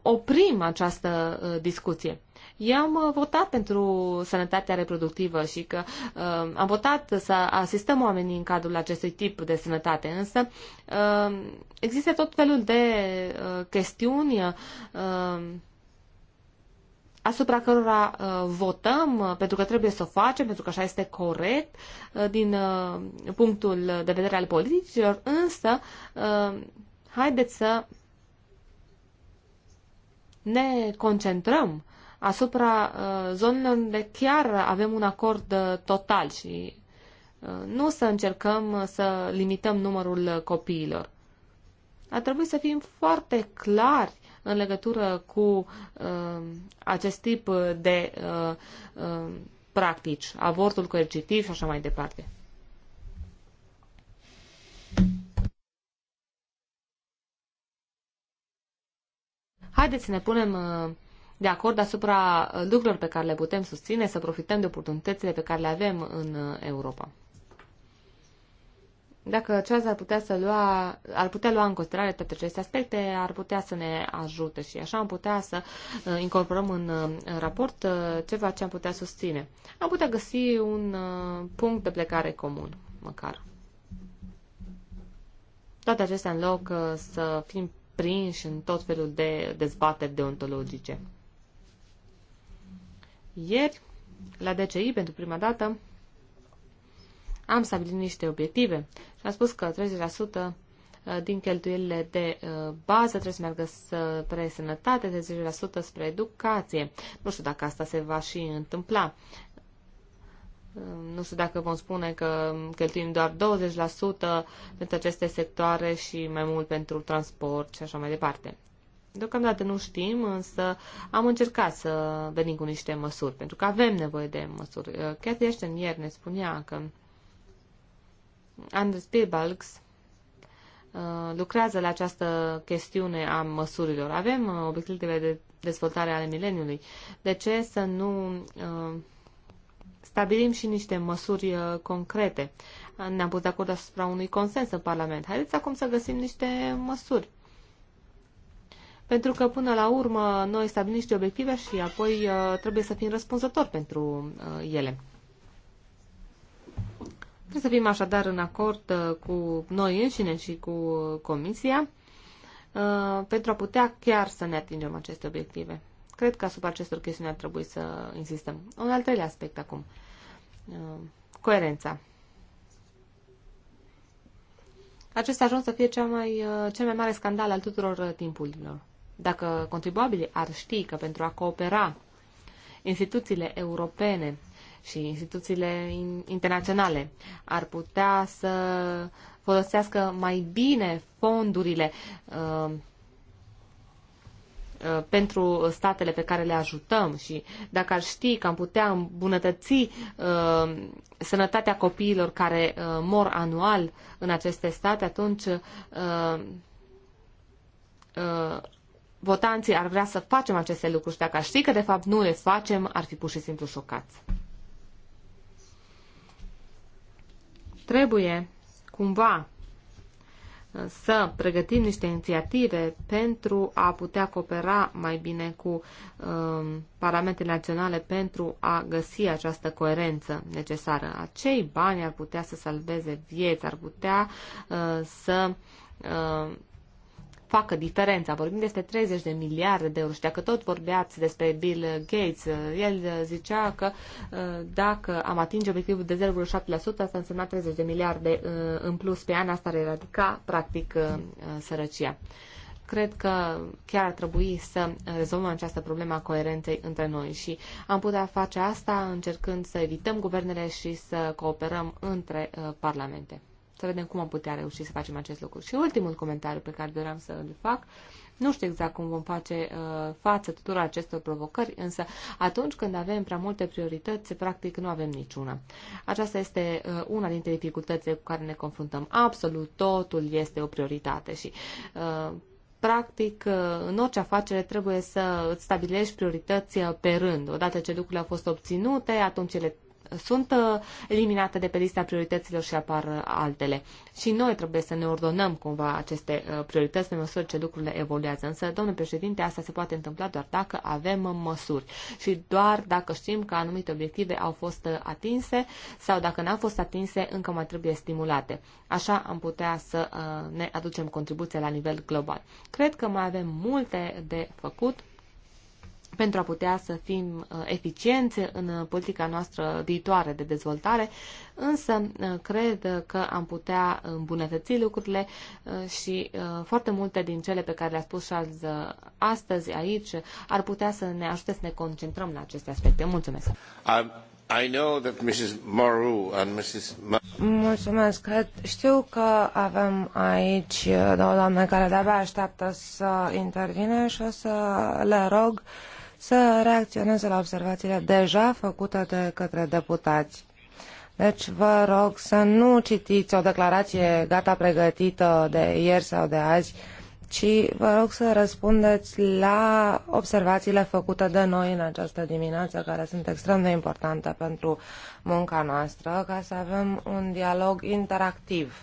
oprim această discuție. Eu am uh, votat pentru sănătatea reproductivă și că uh, am votat să asistăm oamenii în cadrul acestui tip de sănătate, însă uh, există tot felul de uh, chestiuni uh, asupra cărora uh, votăm, uh, pentru că trebuie să o facem, pentru că așa este corect uh, din uh, punctul de vedere al politicilor, însă uh, haideți să ne concentrăm asupra uh, zonelor unde chiar avem un acord uh, total și uh, nu să încercăm să limităm numărul copiilor. Ar trebui să fim foarte clari în legătură cu acest tip de practici, avortul coercitiv și așa mai departe. Haideți să ne punem uh, de acord asupra lucrurilor pe care le putem susține, să profităm de oportunitățile pe care le avem în uh, Europa. Dacă aceasta ar putea, să lua, ar putea lua în considerare toate aceste aspecte, ar putea să ne ajute și așa am putea să uh, incorporăm în uh, raport ceva ce am putea susține. Am putea găsi un punct de plecare comun, măcar. Toate acestea în loc să fim prinși în tot felul de dezbateri deontologice. Ieri, la DCI, pentru prima dată, am stabilit niște obiective și am spus că 30% uh, din cheltuielile de uh, bază trebuie să meargă spre sănătate, 30% spre educație. Nu știu dacă asta se va și întâmpla. Uh, nu știu dacă vom spune că cheltuim doar 20% pentru aceste sectoare și mai mult pentru transport și așa mai departe. Deocamdată nu știm, însă am încercat să venim cu niște măsuri, pentru că avem nevoie de măsuri. Uh, Chiar de ieri ne spunea că Anders Spielbalgs uh, lucrează la această chestiune a măsurilor. Avem uh, obiectivele de dezvoltare ale mileniului. De ce să nu stabilim și niște măsuri concrete? Ne-am pus de acord asupra unui consens în Parlament. Haideți acum să găsim niște măsuri pentru că până la urmă noi stabilim niște obiective și apoi uh, trebuie să fim răspunzători pentru uh, ele. Trebuie să fim așadar în acord uh, cu noi înșine și cu Comisia pentru a putea chiar să ne atingem aceste obiective. Cred că asupra acestor chestiuni ar trebui să insistăm. Un al treilea aspect acum. Coerența. Acesta a ajuns să fie cea mai, cel mai mare scandal al tuturor timpurilor. Dacă contribuabilii ar ști că pentru a coopera instituțiile europene și instituțiile internaționale ar putea să folosească mai bine fondurile uh, uh, pentru statele pe care le ajutăm și dacă ar ști că am putea îmbunătăți uh, sănătatea copiilor care uh, mor anual în aceste state, atunci votanții ar vrea să facem aceste lucruri și dacă ar ști că de fapt nu le facem, ar fi pur și simplu șocați. Trebuie cumva să pregătim niște inițiative pentru a putea coopera mai bine cu um, parametrele naționale pentru a găsi această coerență necesară. Acei bani ar putea să salveze vieți, ar putea uh, să uh, facă diferența. Vorbim despre 30 de miliarde de euro. Și dacă tot vorbeați despre Bill Gates, el zicea că uh, dacă am atinge obiectivul de 0,7%, asta însemna 30 de miliarde uh, în plus pe an, asta ar eradica, practic, uh, sărăcia cred că chiar ar trebui să rezolvăm această problemă a coerenței între noi și am putea face asta încercând să evităm guvernele și să cooperăm între parlamente să vedem cum am putea reuși să facem acest lucru. Și ultimul comentariu pe care doream să îl fac, nu știu exact cum vom face uh, față tuturor acestor provocări, însă atunci când avem prea multe priorități, practic nu avem niciuna. Aceasta este uh, una dintre dificultățile cu care ne confruntăm. Absolut totul este o prioritate și uh, practic, uh, în orice afacere trebuie să îți stabilești priorități uh, pe rând. Odată ce lucrurile au fost obținute, atunci ele sunt uh, eliminate de pe lista priorităților și apar uh, altele. Și noi trebuie să ne ordonăm cumva aceste uh, priorități pe măsură ce lucrurile evoluează. Însă, domnule președinte, asta se poate întâmpla doar dacă avem măsuri și doar dacă știm că anumite obiective au fost atinse sau dacă n-au fost atinse, încă mai trebuie stimulate. Așa am putea să ne aducem contribuția la nivel global. Cred că mai avem multe de făcut pentru a putea să fim uh, eficienți în uh, politica noastră viitoare de dezvoltare, însă uh, cred că am putea îmbunătăți lucrurile și foarte multe din cele pe care le-a spus Charles astăzi aici ar putea să ne ajute să ne concentrăm la aceste aspecte. Mulțumesc! Mulțumesc. I know that Mrs. And Mrs. Mulțumesc. Știu că avem aici două doamne care de-abia așteaptă să intervine și o să le rog uh, să reacționeze la observațiile deja făcute de către deputați. Deci vă rog să nu citiți o declarație gata pregătită de ieri sau de azi, ci vă rog să răspundeți la observațiile făcute de noi în această dimineață, care sunt extrem de importante pentru munca noastră, ca să avem un dialog interactiv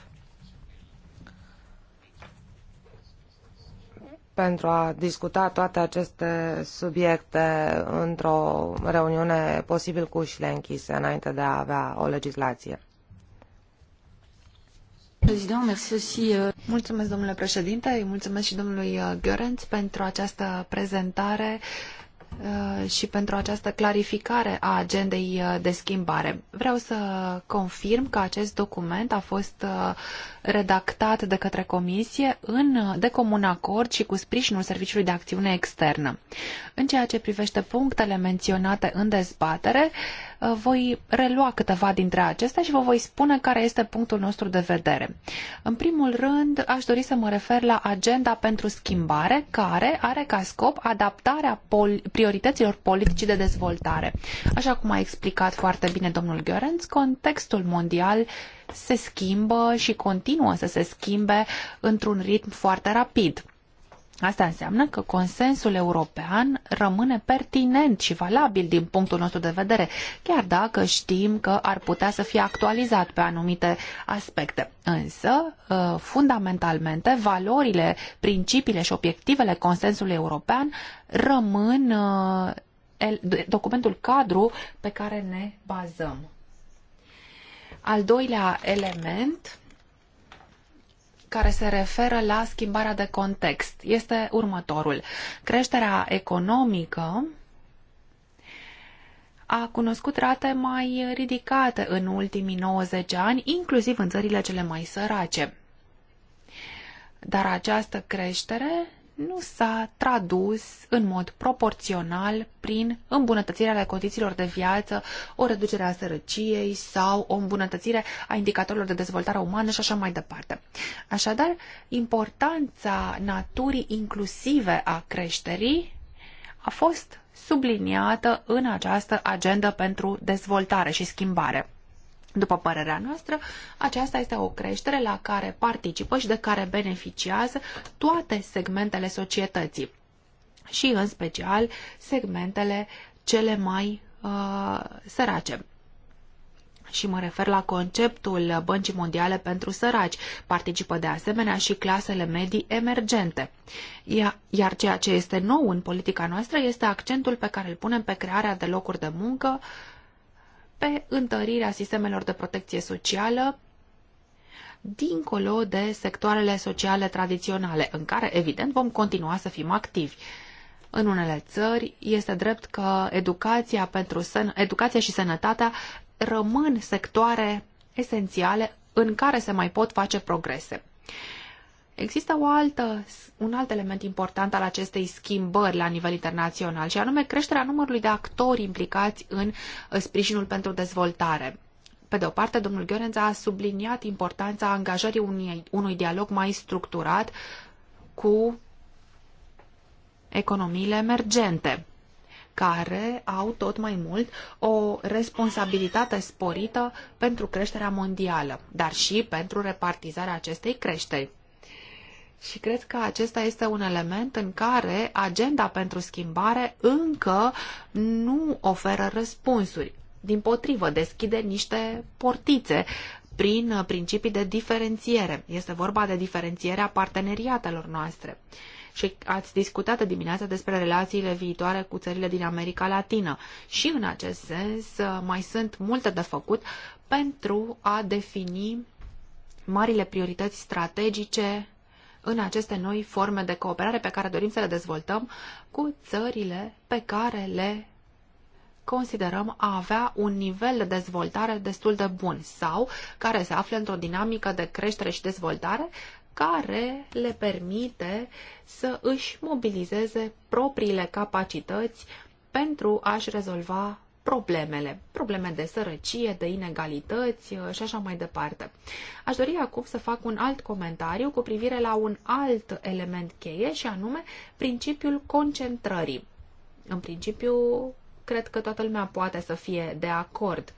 pentru a discuta toate aceste subiecte într-o reuniune posibil cu ușile închise înainte de a avea o legislație. Euh, mulțumesc, domnule președinte, mulțumesc și domnului uh, Gheorenț pentru această prezentare Uh, și pentru această clarificare a agendei uh, de schimbare. Vreau să confirm că acest document a fost uh, redactat de către Comisie în, de comun acord și cu sprijinul Serviciului de Acțiune Externă. În ceea ce privește punctele menționate în dezbatere, Uh, voi relua câteva dintre acestea și vă voi spune care este punctul nostru de vedere. În primul rând, aș dori să mă refer la agenda pentru schimbare, care are ca scop adaptarea pol- priorităților politicii de dezvoltare. Așa cum a explicat foarte bine domnul Gheorenț, contextul mondial se schimbă și continuă să se schimbe într-un ritm foarte rapid. Asta înseamnă că consensul european rămâne pertinent și valabil din punctul nostru de vedere, chiar dacă știm că ar putea să fie actualizat pe anumite aspecte. Însă, ă, fundamentalmente, valorile, principiile și obiectivele consensului european rămân ă, documentul cadru pe care ne bazăm. Al doilea element care se referă la schimbarea de context este următorul. Creșterea economică a cunoscut rate mai ridicate în ultimii 90 ani, inclusiv în țările cele mai sărace. Dar această creștere nu s-a tradus în mod proporțional prin îmbunătățirea condițiilor de viață, o reducere a sărăciei sau o îmbunătățire a indicatorilor de dezvoltare umană și așa mai departe. Așadar, importanța naturii inclusive a creșterii a fost subliniată în această agendă pentru dezvoltare și schimbare. După părerea noastră, aceasta este o creștere la care participă și de care beneficiază toate segmentele societății și în special segmentele cele mai uh, sărace și mă refer la conceptul Băncii Mondiale pentru Săraci. Participă de asemenea și clasele medii emergente. Iar ceea ce este nou în politica noastră este accentul pe care îl punem pe crearea de locuri de muncă pe întărirea sistemelor de protecție socială, dincolo de sectoarele sociale tradiționale, în care, evident, vom continua să fim activi. În unele țări este drept că educația, pentru sen- educația și sănătatea rămân sectoare esențiale în care se mai pot face progrese. Există o altă, un alt element important al acestei schimbări la nivel internațional și anume creșterea numărului de actori implicați în uh, sprijinul pentru dezvoltare. Pe de o parte, domnul Gheorenț a subliniat importanța angajării unui, unui dialog mai structurat cu economiile emergente, care au tot mai mult o responsabilitate sporită pentru creșterea mondială, dar și pentru repartizarea acestei creșteri. Și cred că acesta este un element în care agenda pentru schimbare încă nu oferă răspunsuri. Din potrivă, deschide niște portițe prin principii de diferențiere. Este vorba de diferențierea parteneriatelor noastre. Și ați discutat dimineața despre relațiile viitoare cu țările din America Latină. Și în acest sens mai sunt multe de făcut pentru a defini marile priorități strategice în aceste noi forme de cooperare pe care dorim să le dezvoltăm cu țările pe care le considerăm a avea un nivel de dezvoltare destul de bun sau care se află într-o dinamică de creștere și dezvoltare care le permite să își mobilizeze propriile capacități pentru a-și rezolva problemele, probleme de sărăcie, de inegalități uh, și așa mai departe. Aș dori acum să fac un alt comentariu cu privire la un alt element cheie și anume principiul concentrării. În principiu, cred că toată lumea poate să fie de acord,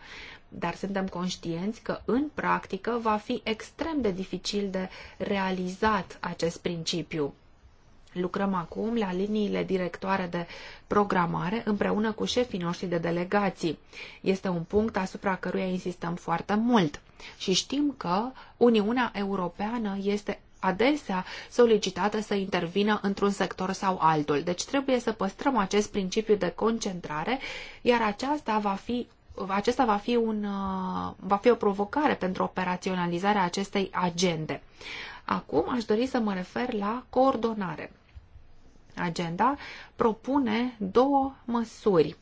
dar suntem conștienți că în practică va fi extrem de dificil de realizat acest principiu Lucrăm acum la liniile directoare de programare împreună cu șefii noștri de delegații. Este un punct asupra căruia insistăm foarte mult și știm că Uniunea Europeană este adesea solicitată să intervină într-un sector sau altul. Deci trebuie să păstrăm acest principiu de concentrare, iar aceasta va fi acesta va fi, un, uh, va fi o provocare pentru operaționalizarea acestei agende. Acum aș dori să mă refer la coordonare agenda propune două măsuri.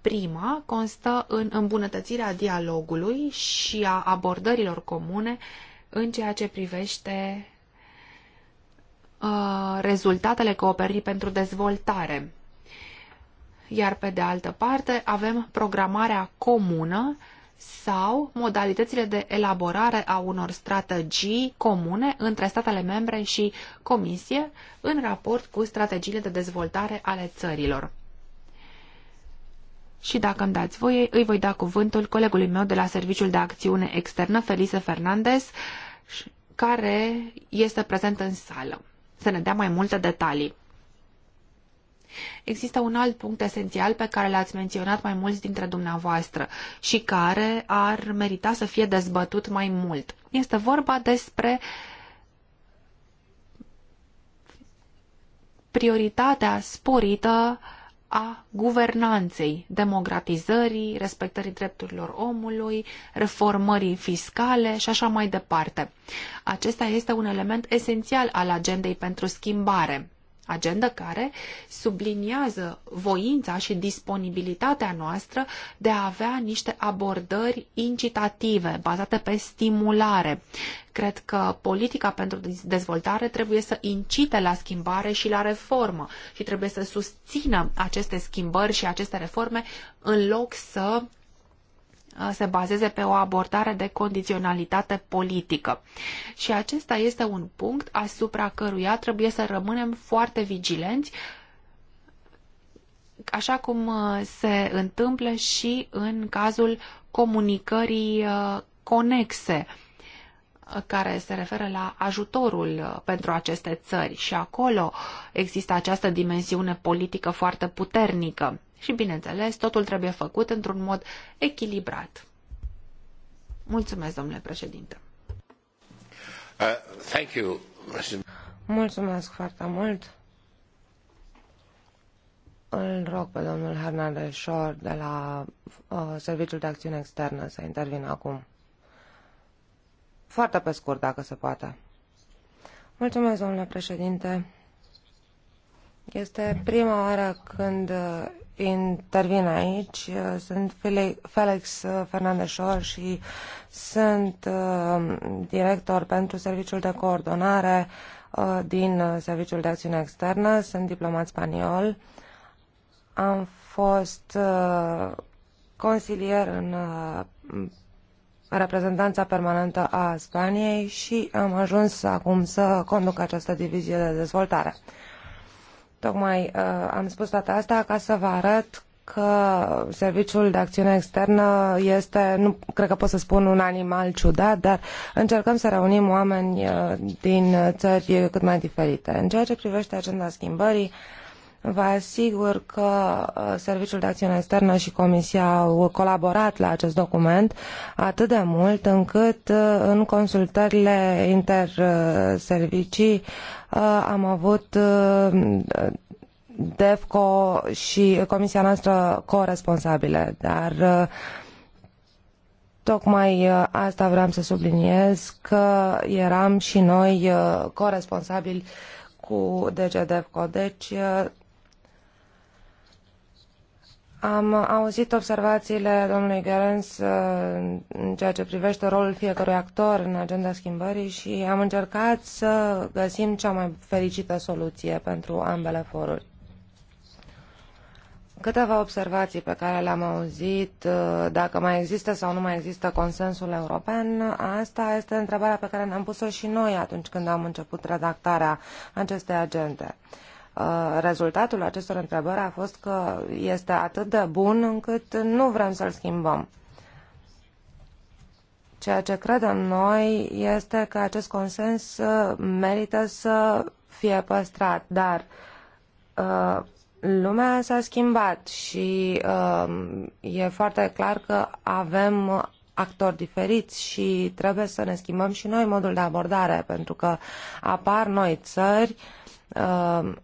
Prima constă în îmbunătățirea dialogului și a abordărilor comune în ceea ce privește uh, rezultatele cooperării pentru dezvoltare. Iar pe de altă parte avem programarea comună sau modalitățile de elaborare a unor strategii comune între statele membre și Comisie în raport cu strategiile de dezvoltare ale țărilor. Și dacă îmi dați voie, îi voi da cuvântul colegului meu de la Serviciul de Acțiune Externă, Felice Fernandez, care este prezent în sală, să ne dea mai multe detalii. Există un alt punct esențial pe care l-ați menționat mai mulți dintre dumneavoastră și care ar merita să fie dezbătut mai mult. Este vorba despre prioritatea sporită a guvernanței, democratizării, respectării drepturilor omului, reformării fiscale și așa mai departe. Acesta este un element esențial al agendei pentru schimbare agenda care subliniază voința și disponibilitatea noastră de a avea niște abordări incitative, bazate pe stimulare. Cred că politica pentru dezvoltare trebuie să incite la schimbare și la reformă și trebuie să susțină aceste schimbări și aceste reforme în loc să se bazeze pe o abordare de condiționalitate politică. Și acesta este un punct asupra căruia trebuie să rămânem foarte vigilenți așa cum uh, se întâmplă și în cazul comunicării uh, conexe uh, care se referă la ajutorul pentru aceste țări și acolo există această dimensiune politică foarte puternică. Și, bineînțeles, totul trebuie făcut într-un mod echilibrat. Mulțumesc, domnule președinte. Uh, thank you. Mulțumesc foarte mult. Îl rog pe domnul Hernandez Șor de la uh, Serviciul de Acțiune Externă să intervină acum. Foarte pe scurt, dacă se poate. Mulțumesc, domnule președinte. Este prima oară când intervin aici. Uh, sunt Felix Fernandez Șor și sunt uh, director pentru Serviciul de Coordonare uh, din Serviciul de Acțiune Externă. Sunt diplomat spaniol. Am fost consilier în reprezentanța permanentă a Spaniei și am ajuns acum să conduc această divizie de dezvoltare. Tocmai uh, am spus toată asta ca să vă arăt că Serviciul de Acțiune Externă este, nu cred că pot să spun un animal ciudat, dar încercăm să reunim oameni uh, din țări cât mai diferite. În ceea ce privește agenda schimbării, uh, Vă asigur că uh, Serviciul de Acțiune Externă și Comisia au colaborat la acest document atât de mult încât uh, în consultările interservicii uh, am avut DEFCO și Comisia noastră corresponsabile, dar tocmai asta vreau să subliniez că eram și noi corresponsabili cu DGDEFCO. Deci am auzit observațiile domnului Gerens uh, în ceea ce privește rolul fiecărui actor în agenda schimbării și am încercat să găsim cea mai fericită soluție pentru ambele foruri. Câteva observații pe care le-am auzit, uh, dacă mai există sau nu mai există consensul european, asta este întrebarea pe care ne-am pus-o și noi atunci când am început redactarea acestei agende. Uh, Uh, rezultatul acestor întrebări a fost că este atât de bun încât nu vrem să-l schimbăm. Ceea ce credem noi este că acest consens uh, merită să fie păstrat, dar uh, lumea s-a schimbat și uh, e foarte clar că avem actori diferiți și trebuie să ne schimbăm și noi modul de abordare, pentru că apar noi țări, uh,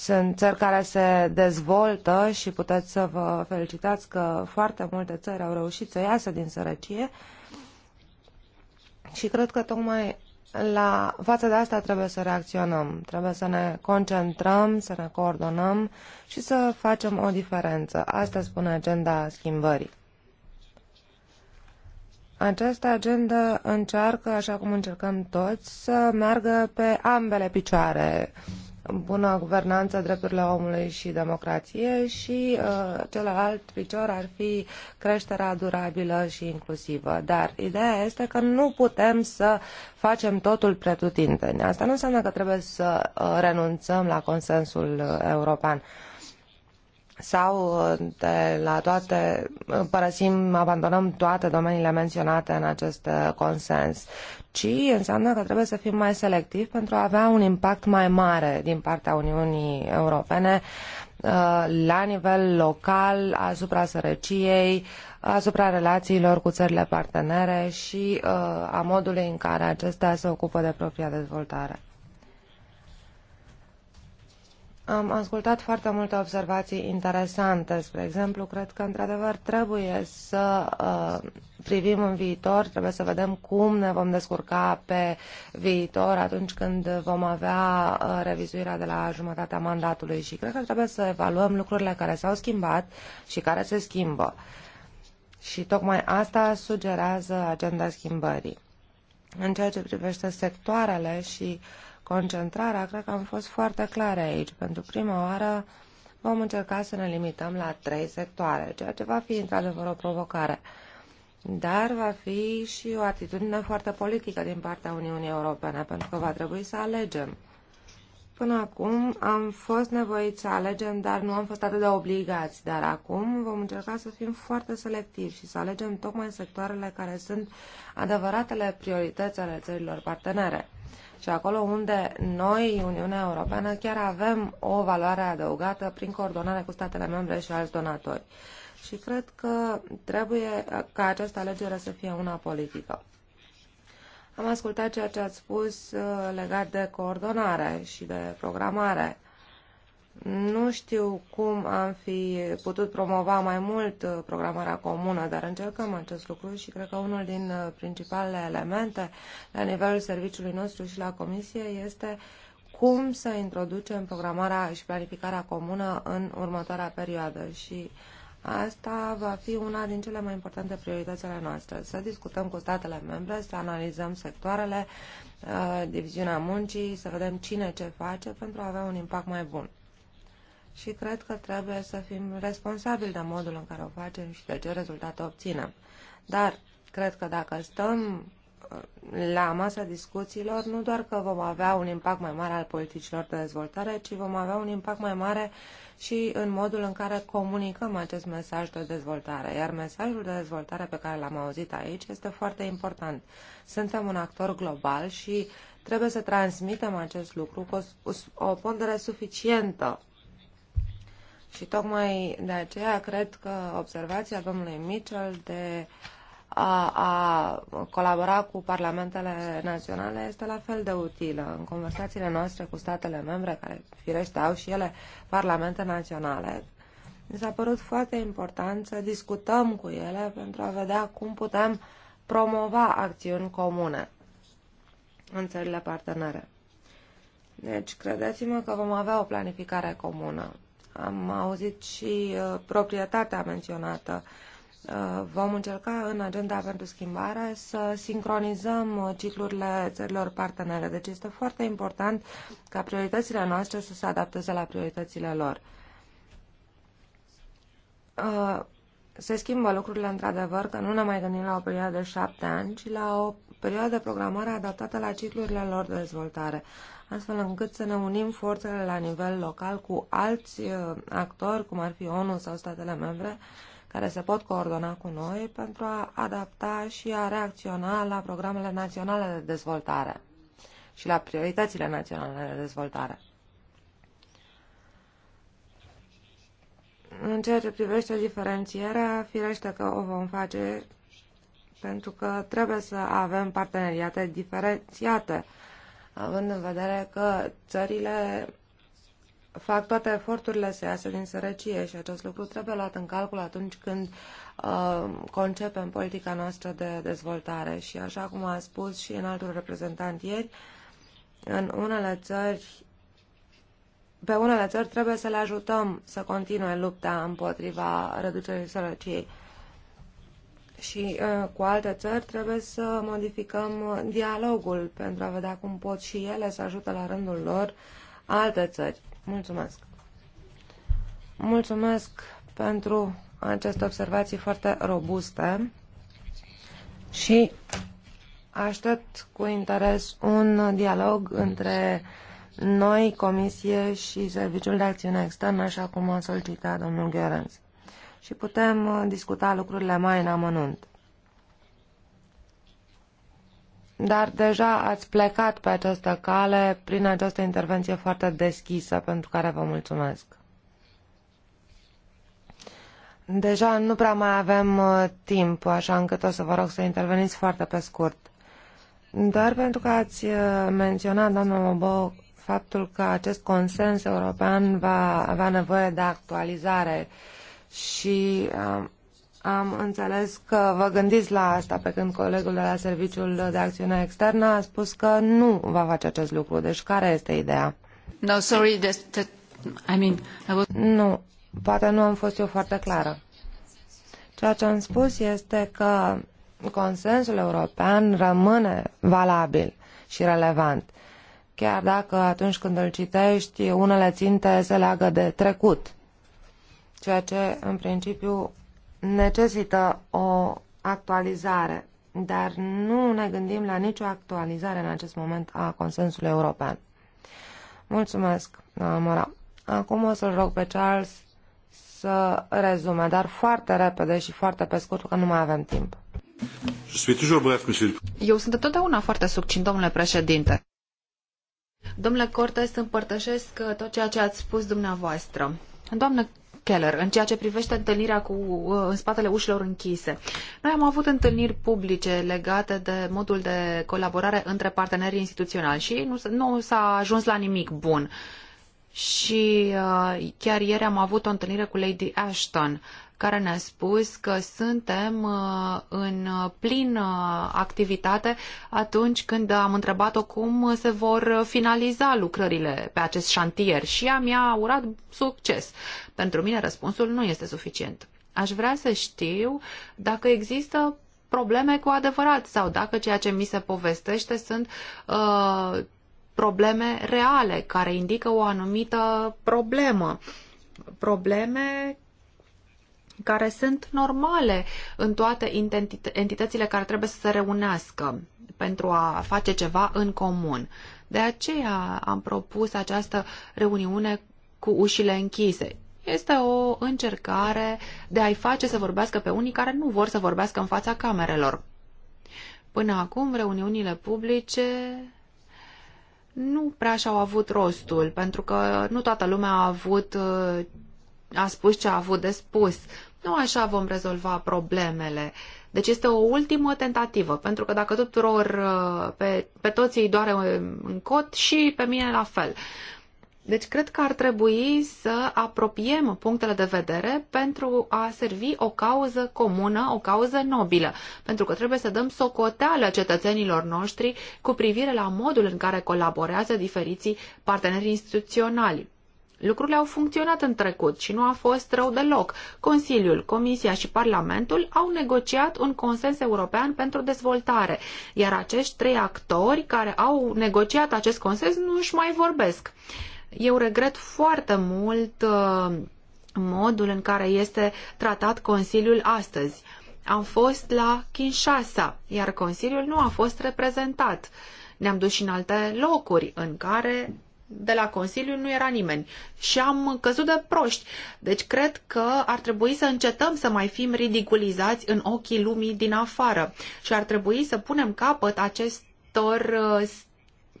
sunt țări care se dezvoltă și puteți să vă felicitați că foarte multe țări au reușit să iasă din sărăcie și cred că tocmai la față de asta trebuie să reacționăm, trebuie să ne concentrăm, să ne coordonăm și să facem o diferență. Asta spune agenda schimbării. Această agendă încearcă, așa cum încercăm toți, să meargă pe ambele picioare bună guvernanță, drepturile omului și democrație și uh, celălalt picior ar fi creșterea durabilă și inclusivă. Dar ideea este că nu putem să facem totul pretutindeni. Asta nu înseamnă că trebuie să uh, renunțăm la consensul uh, european sau uh, de la toate, uh, părăsim, abandonăm toate domeniile menționate în acest consens ci înseamnă că trebuie să fim mai selectivi pentru a avea un impact mai mare din partea Uniunii Europene uh, la nivel local asupra sărăciei, asupra relațiilor cu țările partenere și uh, a modului în care acestea se ocupă de propria dezvoltare. Am ascultat foarte multe observații interesante. Spre exemplu, cred că, într-adevăr, trebuie să uh, privim în viitor, trebuie să vedem cum ne vom descurca pe viitor atunci când vom avea uh, revizuirea de la jumătatea mandatului și cred că trebuie să evaluăm lucrurile care s-au schimbat și care se schimbă. Și tocmai asta sugerează agenda schimbării. În ceea ce privește sectoarele și uh, concentrarea, cred că am fost foarte clare aici. Pentru prima oară vom încerca să ne limităm la trei sectoare, ceea ce va fi într-adevăr o provocare. Dar va fi și o atitudine foarte politică din partea Uniunii Europene, pentru că va trebui să alegem. Până acum am fost nevoiți să alegem, dar nu am fost atât de obligați. Dar acum vom încerca să fim foarte selectivi și să alegem tocmai sectoarele care sunt adevăratele priorități ale țărilor partenere și acolo unde noi, Uniunea Europeană, chiar avem o valoare adăugată prin coordonare cu statele membre și alți donatori. Și cred că trebuie uh, ca această alegere să fie una politică. Am ascultat ceea ce ați spus uh, legat de coordonare și de programare nu știu cum am fi putut promova mai mult uh, programarea comună, dar încercăm acest lucru și cred că unul din uh, principalele elemente la nivelul serviciului nostru și la comisie este cum să introducem programarea și planificarea comună în următoarea perioadă și asta va fi una din cele mai importante priorități ale noastre. Să discutăm cu statele membre, să analizăm sectoarele, uh, diviziunea muncii, să vedem cine ce face pentru a avea un impact mai bun și cred că trebuie să fim responsabili de modul în care o facem și de ce rezultate obținem. Dar cred că dacă stăm uh, la masa discuțiilor, nu doar că vom avea un impact mai mare al politicilor de dezvoltare, ci vom avea un impact mai mare și în modul în care comunicăm acest mesaj de dezvoltare. Iar mesajul de dezvoltare pe care l-am auzit aici este foarte important. Suntem un actor global și trebuie să transmitem acest lucru cu o pondere suficientă și tocmai de aceea cred că observația domnului Mitchell de a, a colabora cu parlamentele naționale este la fel de utilă. În conversațiile noastre cu statele membre, care firește au și ele parlamente naționale, mi s-a părut foarte important să discutăm cu ele pentru a vedea cum putem promova acțiuni comune în țările partenere. Deci, credeți-mă că vom avea o planificare comună. Am auzit și uh, proprietatea menționată. Uh, vom încerca în agenda pentru schimbare să sincronizăm uh, ciclurile țărilor partenere. Deci este foarte important ca prioritățile noastre să se adapteze la prioritățile lor. Se schimbă lucrurile într-adevăr că nu ne mai gândim la o perioadă de șapte ani, ci la o perioadă de programare adaptată la ciclurile lor de dezvoltare astfel încât să ne unim forțele la nivel local cu alți uh, actori, cum ar fi ONU sau statele membre, care se pot coordona cu noi pentru a adapta și a reacționa la programele naționale de dezvoltare și la prioritățile naționale de dezvoltare. În ceea ce privește diferențierea, firește că o vom face pentru că trebuie să avem parteneriate diferențiate având în vedere că țările fac toate eforturile să iasă din sărăcie și acest lucru trebuie luat în calcul atunci când uh, concepem politica noastră de dezvoltare. Și așa cum a spus și în altul reprezentant ieri, în unele țări, pe unele țări trebuie să le ajutăm să continue lupta împotriva reducerii sărăciei și uh, cu alte țări trebuie să modificăm uh, dialogul pentru a vedea cum pot și ele să ajute la rândul lor alte țări. Mulțumesc! Mulțumesc pentru aceste observații foarte robuste și aștept cu interes un dialog între noi, Comisie și Serviciul de Acțiune Externă, așa cum a solicitat domnul Gheorenț și putem uh, discuta lucrurile mai în amănunt. Dar deja ați plecat pe această cale prin această intervenție foarte deschisă, pentru care vă mulțumesc. Deja nu prea mai avem uh, timp, așa încât o să vă rog să interveniți foarte pe scurt. Doar pentru că ați uh, menționat, doamnă Mobo, faptul că acest consens european va avea nevoie de actualizare uh, și uh, am înțeles că vă gândiți la asta pe când colegul de la Serviciul de Acțiune Externă a spus că nu va face acest lucru. Deci care este ideea? No, sorry, that, that, I mean, I was... Nu, poate nu am fost eu foarte clară. Ceea ce am spus este că consensul european rămâne valabil și relevant. Chiar dacă atunci când îl citești, unele ținte se leagă de trecut ceea ce în principiu necesită o actualizare, dar nu ne gândim la nicio actualizare în acest moment a consensului european. Mulțumesc, Mora. Acum o să-l rog pe Charles să rezume, dar foarte repede și foarte pe scurt, că nu mai avem timp. Eu sunt întotdeauna foarte succint, domnule președinte. Domnule Cortes, împărtășesc tot ceea ce ați spus dumneavoastră. Doamnă Keller în ceea ce privește întâlnirea cu, uh, în spatele ușilor închise. Noi am avut întâlniri publice legate de modul de colaborare între partenerii instituționali și nu, nu s-a ajuns la nimic bun și uh, chiar ieri am avut o întâlnire cu Lady Ashton, care ne-a spus că suntem uh, în plină uh, activitate atunci când am întrebat-o cum se vor finaliza lucrările pe acest șantier și ea mi-a urat succes. Pentru mine răspunsul nu este suficient. Aș vrea să știu dacă există probleme cu adevărat sau dacă ceea ce mi se povestește sunt uh, probleme reale care indică o anumită problemă. Probleme care sunt normale în toate entitățile care trebuie să se reunească pentru a face ceva în comun. De aceea am propus această reuniune cu ușile închise. Este o încercare de a-i face să vorbească pe unii care nu vor să vorbească în fața camerelor. Până acum, reuniunile publice nu prea și-au avut rostul, pentru că nu toată lumea a avut uh, a spus ce a avut de spus. Nu așa vom rezolva problemele. Deci este o ultimă tentativă, pentru că dacă tuturor uh, pe, pe toți îi doare în cot și pe mine la fel. Deci cred că ar trebui să apropiem punctele de vedere pentru a servi o cauză comună, o cauză nobilă, pentru că trebuie să dăm socoteală cetățenilor noștri cu privire la modul în care colaborează diferiții parteneri instituționali. Lucrurile au funcționat în trecut și nu a fost rău deloc. Consiliul, Comisia și Parlamentul au negociat un consens european pentru dezvoltare, iar acești trei actori care au negociat acest consens nu își mai vorbesc. Eu regret foarte mult uh, modul în care este tratat Consiliul astăzi. Am fost la Kinshasa, iar Consiliul nu a fost reprezentat. Ne-am dus și în alte locuri în care de la Consiliu nu era nimeni și am căzut de proști. Deci cred că ar trebui să încetăm să mai fim ridiculizați în ochii lumii din afară și ar trebui să punem capăt acestor uh,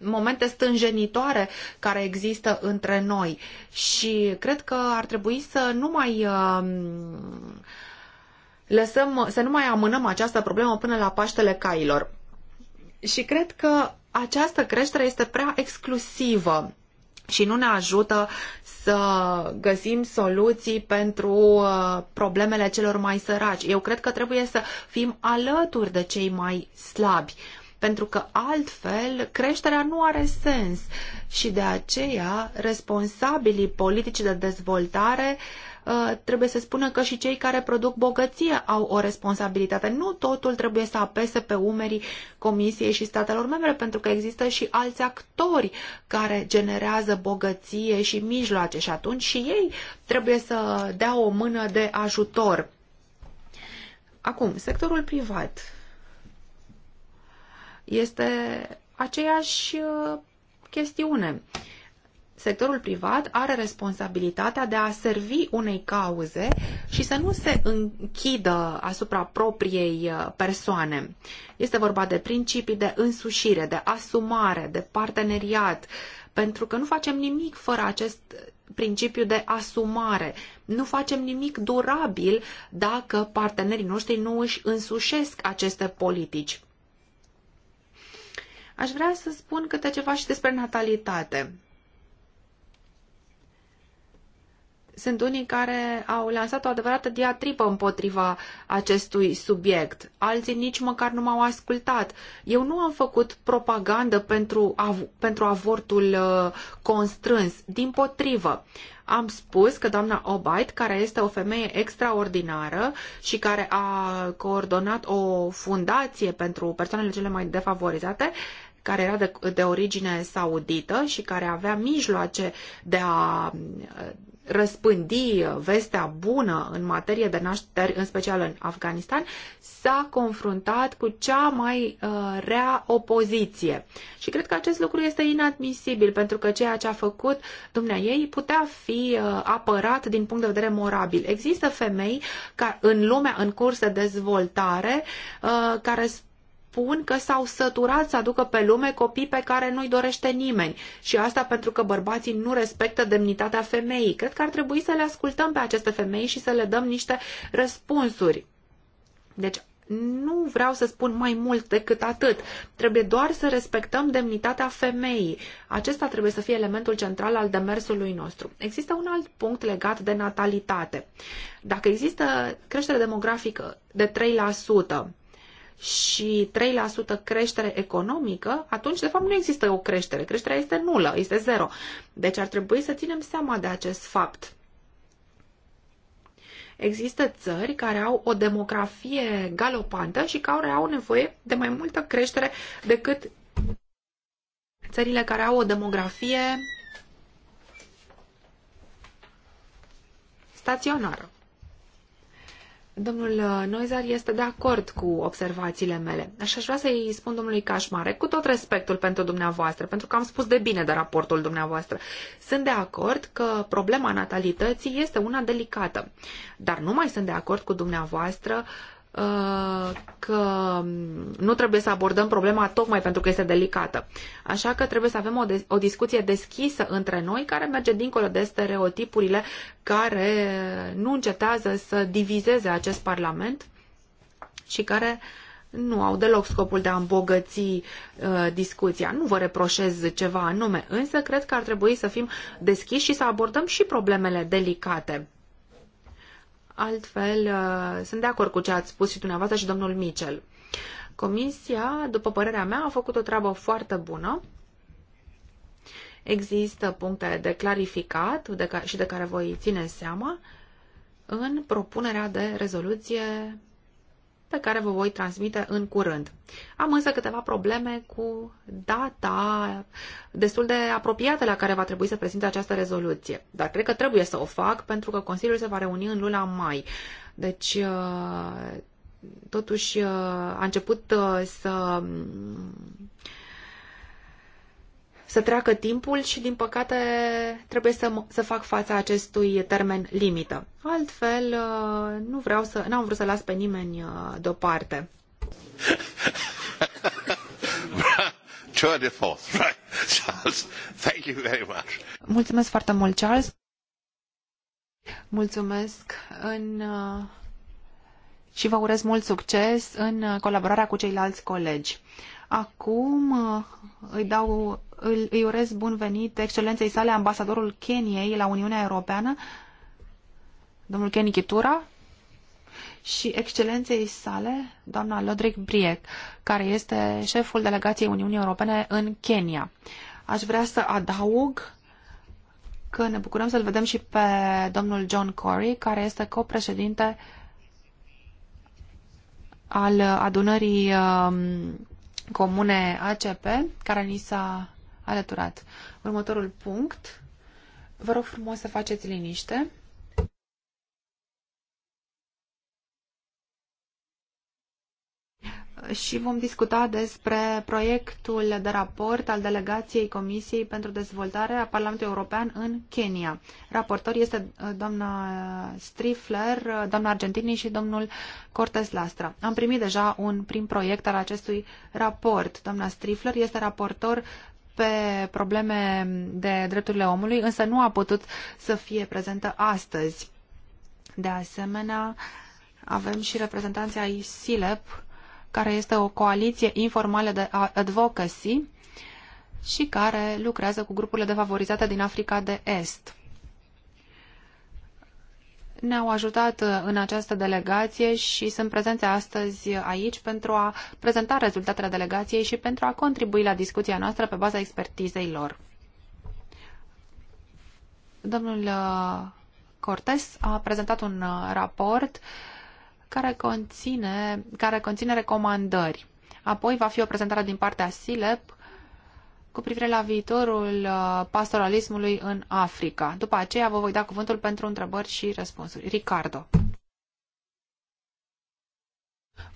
momente stânjenitoare care există între noi și cred că ar trebui să nu mai um, lăsăm, să nu mai amânăm această problemă până la Paștele Cailor. Și cred că această creștere este prea exclusivă și nu ne ajută să găsim soluții pentru uh, problemele celor mai săraci. Eu cred că trebuie să fim alături de cei mai slabi pentru că altfel creșterea nu are sens și de aceea responsabilii politici de dezvoltare uh, trebuie să spună că și cei care produc bogăție au o responsabilitate. Nu totul trebuie să apese pe umerii Comisiei și statelor membre, pentru că există și alți actori care generează bogăție și mijloace și atunci și ei trebuie să dea o mână de ajutor. Acum, sectorul privat este aceeași uh, chestiune. Sectorul privat are responsabilitatea de a servi unei cauze și să nu se închidă asupra propriei uh, persoane. Este vorba de principii de însușire, de asumare, de parteneriat, pentru că nu facem nimic fără acest principiu de asumare. Nu facem nimic durabil dacă partenerii noștri nu își însușesc aceste politici. Aș vrea să spun câte ceva și despre natalitate. Sunt unii care au lansat o adevărată diatribă împotriva acestui subiect. Alții nici măcar nu m-au ascultat. Eu nu am făcut propagandă pentru, av- pentru avortul uh, constrâns. Din potrivă, am spus că doamna Obait, care este o femeie extraordinară și care a coordonat o fundație pentru persoanele cele mai defavorizate, care era de, de origine saudită și care avea mijloace de a uh, răspândi vestea bună în materie de nașteri, în special în Afganistan, s-a confruntat cu cea mai uh, rea opoziție. Și cred că acest lucru este inadmisibil, pentru că ceea ce a făcut dumnea ei putea fi uh, apărat din punct de vedere morabil. Există femei ca, în lumea în curs de dezvoltare uh, care spun că s-au săturat să aducă pe lume copii pe care nu-i dorește nimeni și asta pentru că bărbații nu respectă demnitatea femeii. Cred că ar trebui să le ascultăm pe aceste femei și să le dăm niște răspunsuri. Deci nu vreau să spun mai mult decât atât. Trebuie doar să respectăm demnitatea femeii. Acesta trebuie să fie elementul central al demersului nostru. Există un alt punct legat de natalitate. Dacă există creștere demografică de 3%, și 3% creștere economică, atunci, de fapt, nu există o creștere. Creșterea este nulă, este zero. Deci ar trebui să ținem seama de acest fapt. Există țări care au o demografie galopantă și care au nevoie de mai multă creștere decât țările care au o demografie staționară. Domnul uh, Noizar este de acord cu observațiile mele. Așa aș vrea să-i spun domnului Cașmare, cu tot respectul pentru dumneavoastră, pentru că am spus de bine de raportul dumneavoastră. Sunt de acord că problema natalității este una delicată, dar nu mai sunt de acord cu dumneavoastră uh, Uh, că nu trebuie să abordăm problema tocmai pentru că este delicată. Așa că trebuie să avem o, de- o discuție deschisă între noi care merge dincolo de stereotipurile care nu încetează să divizeze acest Parlament și care nu au deloc scopul de a îmbogăți uh, discuția. Nu vă reproșez ceva anume, însă cred că ar trebui să fim deschiși și să abordăm și problemele delicate Altfel, uh, sunt de acord cu ce ați spus și dumneavoastră și domnul Michel. Comisia, după părerea mea, a făcut o treabă foarte bună. Există puncte de clarificat de ca- și de care voi ține seama în propunerea de rezoluție pe care vă voi transmite în curând. Am însă câteva probleme cu data destul de apropiată la care va trebui să prezint această rezoluție. Dar cred că trebuie să o fac pentru că Consiliul se va reuni în luna mai. Deci, uh, totuși, uh, a început uh, să să treacă timpul și, din păcate, trebuie să, să fac fața acestui termen limită. Altfel, uh, nu vreau să, n-am vrut să las pe nimeni uh, deoparte. Tour de force, right. Charles, thank you very much. Mulțumesc foarte mult, Charles. Mulțumesc în, uh, și vă urez mult succes în colaborarea cu ceilalți colegi. Acum îi dau îl, îi urez bun venit excelenței sale ambasadorul Keniei la Uniunea Europeană, domnul Kenny Chitura, și excelenței sale, doamna Lodric Briec, care este șeful delegației Uniunii Europene în Kenya. Aș vrea să adaug că ne bucurăm să-l vedem și pe domnul John Corey, care este copreședinte al adunării um, comune ACP, care ni s-a alăturat. Următorul punct. Vă rog frumos să faceți liniște. și vom discuta despre proiectul de raport al delegației Comisiei pentru Dezvoltare a Parlamentului European în Kenya. Raportor este uh, doamna Strifler, uh, doamna Argentini și domnul Cortes Lastra. Am primit deja un prim proiect al acestui raport. Doamna Strifler este raportor pe probleme de drepturile omului, însă nu a putut să fie prezentă astăzi. De asemenea, avem și reprezentanția ai SILEP, care este o coaliție informală de advocacy și care lucrează cu grupurile defavorizate din Africa de Est ne-au ajutat uh, în această delegație și sunt prezenți astăzi aici pentru a prezenta rezultatele delegației și pentru a contribui la discuția noastră pe baza expertizei lor. Domnul uh, Cortes a prezentat un uh, raport care conține, care conține recomandări. Apoi va fi o prezentare din partea SILEP cu privire la viitorul uh, pastoralismului în Africa. După aceea vă voi da cuvântul pentru întrebări și răspunsuri. Ricardo.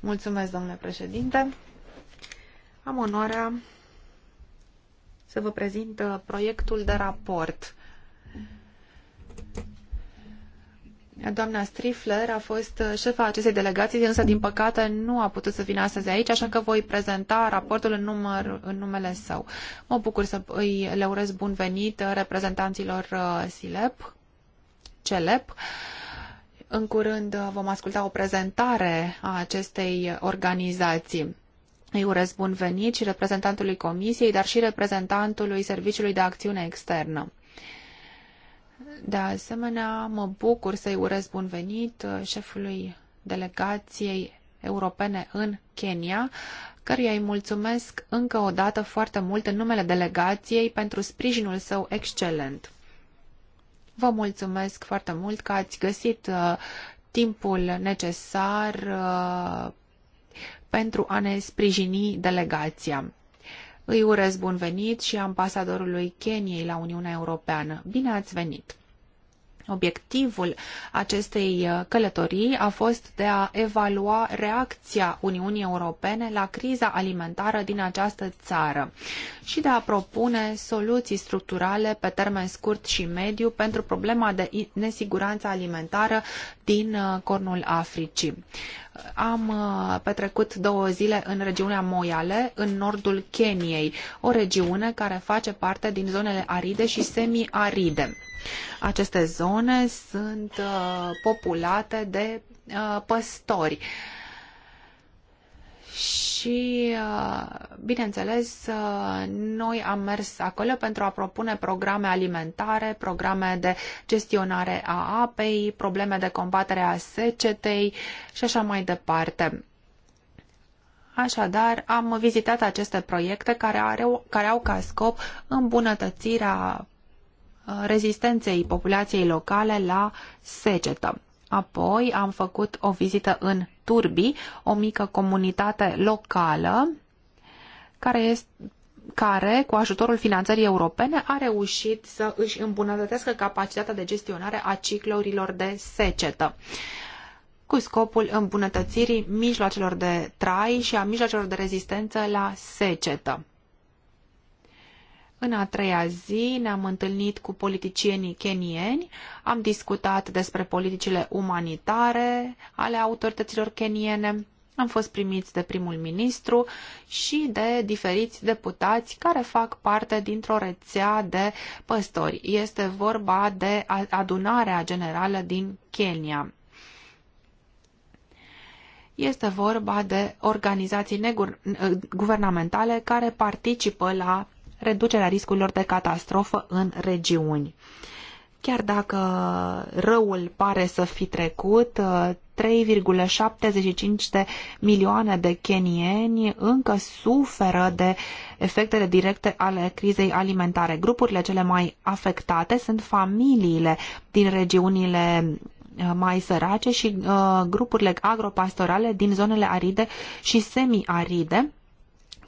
Mulțumesc, domnule președinte. Am onoarea să vă prezint uh, proiectul de raport Doamna Strifler a fost șefa acestei delegații, însă din păcate nu a putut să vină astăzi aici, așa că voi prezenta raportul în, număr, în numele său. Mă bucur să îi le urez bun venit reprezentanților SILEP, uh, CELEP. În curând uh, vom asculta o prezentare a acestei organizații. Îi urez bun venit și reprezentantului Comisiei, dar și reprezentantului Serviciului de Acțiune Externă. De asemenea, mă bucur să-i urez bun venit uh, șefului delegației europene în Kenya, căruia îi mulțumesc încă o dată foarte mult în numele delegației pentru sprijinul său excelent. Vă mulțumesc foarte mult că ați găsit uh, timpul necesar uh, pentru a ne sprijini delegația. Îi urez bun venit și ambasadorului Keniei la Uniunea Europeană. Bine ați venit! Obiectivul acestei uh, călătorii a fost de a evalua reacția Uniunii Europene la criza alimentară din această țară și de a propune soluții structurale pe termen scurt și mediu pentru problema de nesiguranță alimentară din uh, cornul Africii. Uh, am petrecut două zile în regiunea Moyale, în nordul Keniei, o regiune care face parte din zonele aride și semi-aride. Aceste zone sunt uh, populate de uh, păstori. Și, uh, bineînțeles, noi am mers acolo pentru a propune programe alimentare, programe de gestionare a apei, probleme de combatere a secetei și așa mai departe. Așadar, am vizitat aceste proiecte care, are, care au ca scop îmbunătățirea Uh, rezistenței populației locale la secetă. Apoi am făcut o vizită în Turbi, o mică comunitate locală care, este, care, cu ajutorul finanțării europene, a reușit să își îmbunătățească capacitatea de gestionare a ciclurilor de secetă cu scopul îmbunătățirii mijloacelor de trai și a mijloacelor de rezistență la secetă. În a treia zi ne-am întâlnit cu politicienii kenieni, am discutat despre politicile umanitare ale autorităților keniene, am fost primiți de primul ministru și de diferiți deputați care fac parte dintr-o rețea de păstori. Este vorba de adunarea generală din Kenya. Este vorba de organizații neguvernamentale eh, care participă la reducerea riscurilor de catastrofă în regiuni. Chiar dacă răul pare să fi trecut, 3,75 de milioane de kenieni încă suferă de efectele directe ale crizei alimentare. Grupurile cele mai afectate sunt familiile din regiunile uh, mai sărace și uh, grupurile agropastorale din zonele aride și semi-aride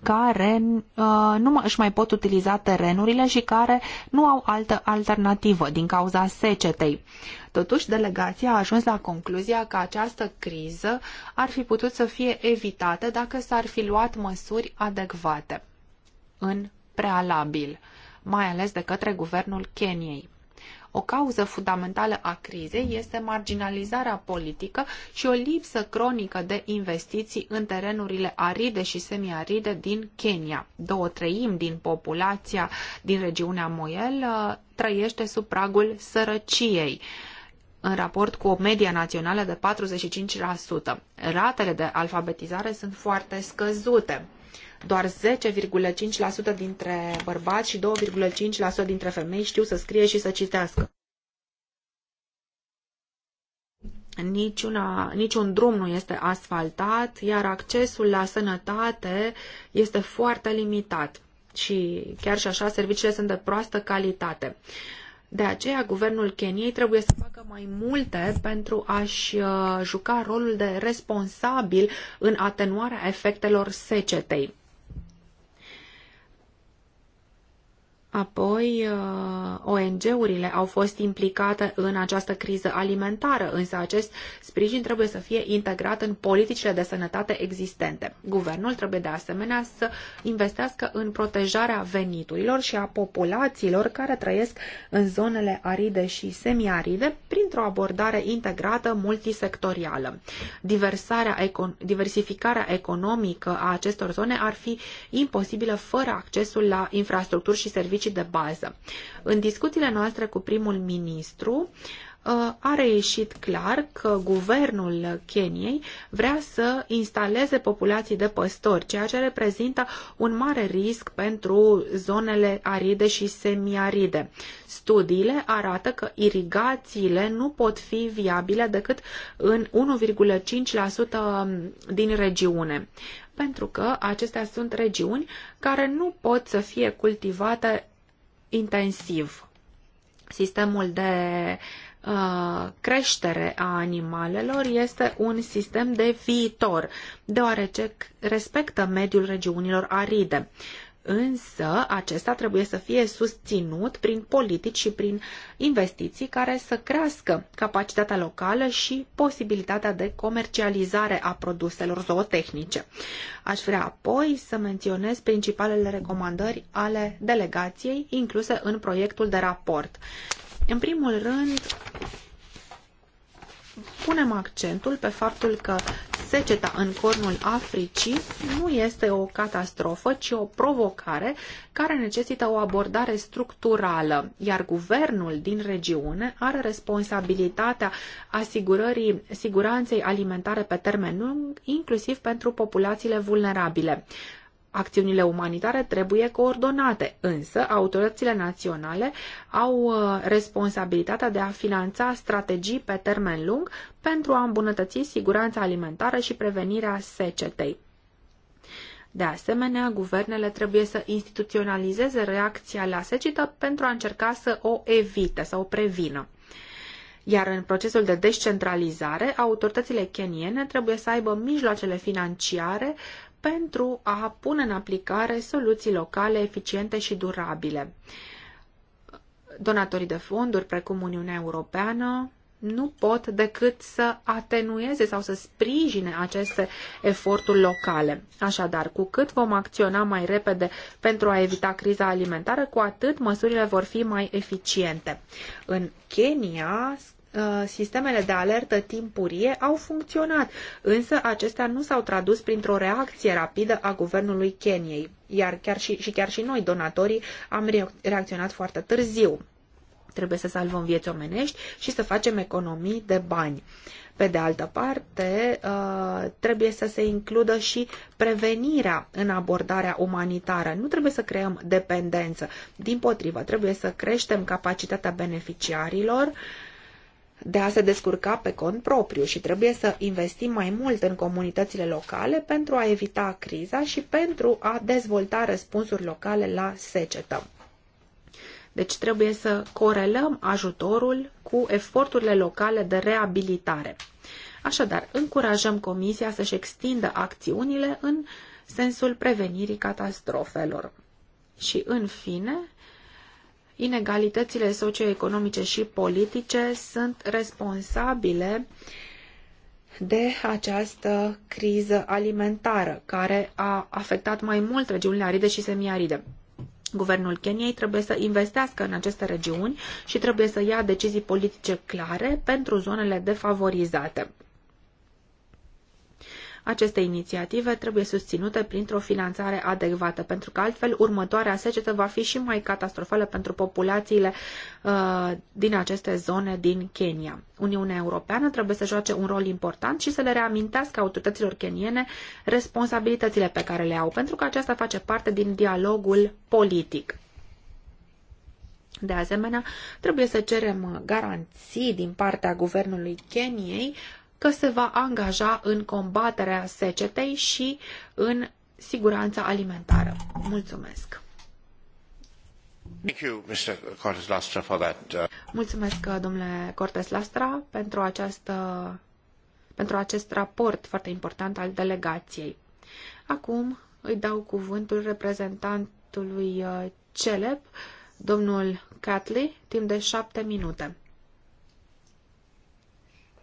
care uh, nu își mai pot utiliza terenurile și care nu au altă alternativă din cauza secetei. Totuși, delegația a ajuns la concluzia că această criză ar fi putut să fie evitată dacă s-ar fi luat măsuri adecvate în prealabil, mai ales de către guvernul Keniei. O cauză fundamentală a crizei este marginalizarea politică și o lipsă cronică de investiții în terenurile aride și semiaride din Kenya. Două treimi din populația din regiunea Moel uh, trăiește sub pragul sărăciei în raport cu o medie națională de 45%. Ratele de alfabetizare sunt foarte scăzute doar 10,5% dintre bărbați și 2,5% dintre femei știu să scrie și să citească. Niciuna, niciun drum nu este asfaltat, iar accesul la sănătate este foarte limitat și chiar și așa serviciile sunt de proastă calitate. De aceea, guvernul Keniei trebuie să facă mai multe pentru a-și uh, juca rolul de responsabil în atenuarea efectelor secetei. Apoi, uh, ONG-urile au fost implicate în această criză alimentară, însă acest sprijin trebuie să fie integrat în politicile de sănătate existente. Guvernul trebuie de asemenea să investească în protejarea veniturilor și a populațiilor care trăiesc în zonele aride și semiaride printr-o abordare integrată multisectorială. Diversarea diversificarea economică a acestor zone ar fi imposibilă fără accesul la infrastructuri și servicii servicii de bază. În discuțiile noastre cu primul ministru, uh, a reieșit clar că guvernul Keniei vrea să instaleze populații de păstori, ceea ce reprezintă un mare risc pentru zonele aride și semiaride. Studiile arată că irigațiile nu pot fi viabile decât în 1,5% din regiune pentru că acestea sunt regiuni care nu pot să fie cultivate intensiv. Sistemul de uh, creștere a animalelor este un sistem de viitor, deoarece respectă mediul regiunilor aride însă acesta trebuie să fie susținut prin politici și prin investiții care să crească capacitatea locală și posibilitatea de comercializare a produselor zootehnice. Aș vrea apoi să menționez principalele recomandări ale delegației incluse în proiectul de raport. În primul rând, punem accentul pe faptul că seceta în cornul Africii nu este o catastrofă, ci o provocare care necesită o abordare structurală, iar guvernul din regiune are responsabilitatea asigurării siguranței alimentare pe termen lung, inclusiv pentru populațiile vulnerabile. Acțiunile umanitare trebuie coordonate, însă autoritățile naționale au uh, responsabilitatea de a finanța strategii pe termen lung pentru a îmbunătăți siguranța alimentară și prevenirea secetei. De asemenea, guvernele trebuie să instituționalizeze reacția la secetă pentru a încerca să o evite sau o prevină. Iar în procesul de descentralizare, autoritățile keniene trebuie să aibă mijloacele financiare pentru a pune în aplicare soluții locale eficiente și durabile. Donatorii de fonduri, precum Uniunea Europeană, nu pot decât să atenueze sau să sprijine aceste eforturi locale. Așadar, cu cât vom acționa mai repede pentru a evita criza alimentară, cu atât măsurile vor fi mai eficiente. În Kenya, Uh, sistemele de alertă timpurie au funcționat, însă acestea nu s-au tradus printr-o reacție rapidă a guvernului Keniei, iar chiar și, și chiar și noi, donatorii, am reacționat foarte târziu. Trebuie să salvăm vieți omenești și să facem economii de bani. Pe de altă parte, uh, trebuie să se includă și prevenirea în abordarea umanitară. Nu trebuie să creăm dependență. Din potrivă, trebuie să creștem capacitatea beneficiarilor de a se descurca pe cont propriu și trebuie să investim mai mult în comunitățile locale pentru a evita criza și pentru a dezvolta răspunsuri locale la secetă. Deci trebuie să corelăm ajutorul cu eforturile locale de reabilitare. Așadar, încurajăm Comisia să-și extindă acțiunile în sensul prevenirii catastrofelor. Și, în fine, inegalitățile socioeconomice și politice sunt responsabile de această criză alimentară care a afectat mai mult regiunile aride și semiaride. Guvernul Keniei trebuie să investească în aceste regiuni și trebuie să ia decizii politice clare pentru zonele defavorizate. Aceste inițiative trebuie susținute printr-o finanțare adecvată, pentru că altfel următoarea secetă va fi și mai catastrofală pentru populațiile uh, din aceste zone din Kenya. Uniunea Europeană trebuie să joace un rol important și să le reamintească autorităților keniene responsabilitățile pe care le au, pentru că aceasta face parte din dialogul politic. De asemenea, trebuie să cerem garanții din partea guvernului Keniei că se va angaja în combaterea secetei și în siguranța alimentară. Mulțumesc! Uh, Mulțumesc, domnule Cortes Lastra, pentru, această, pentru acest raport foarte important al delegației. Acum îi dau cuvântul reprezentantului uh, celeb, domnul Catley, timp de șapte minute.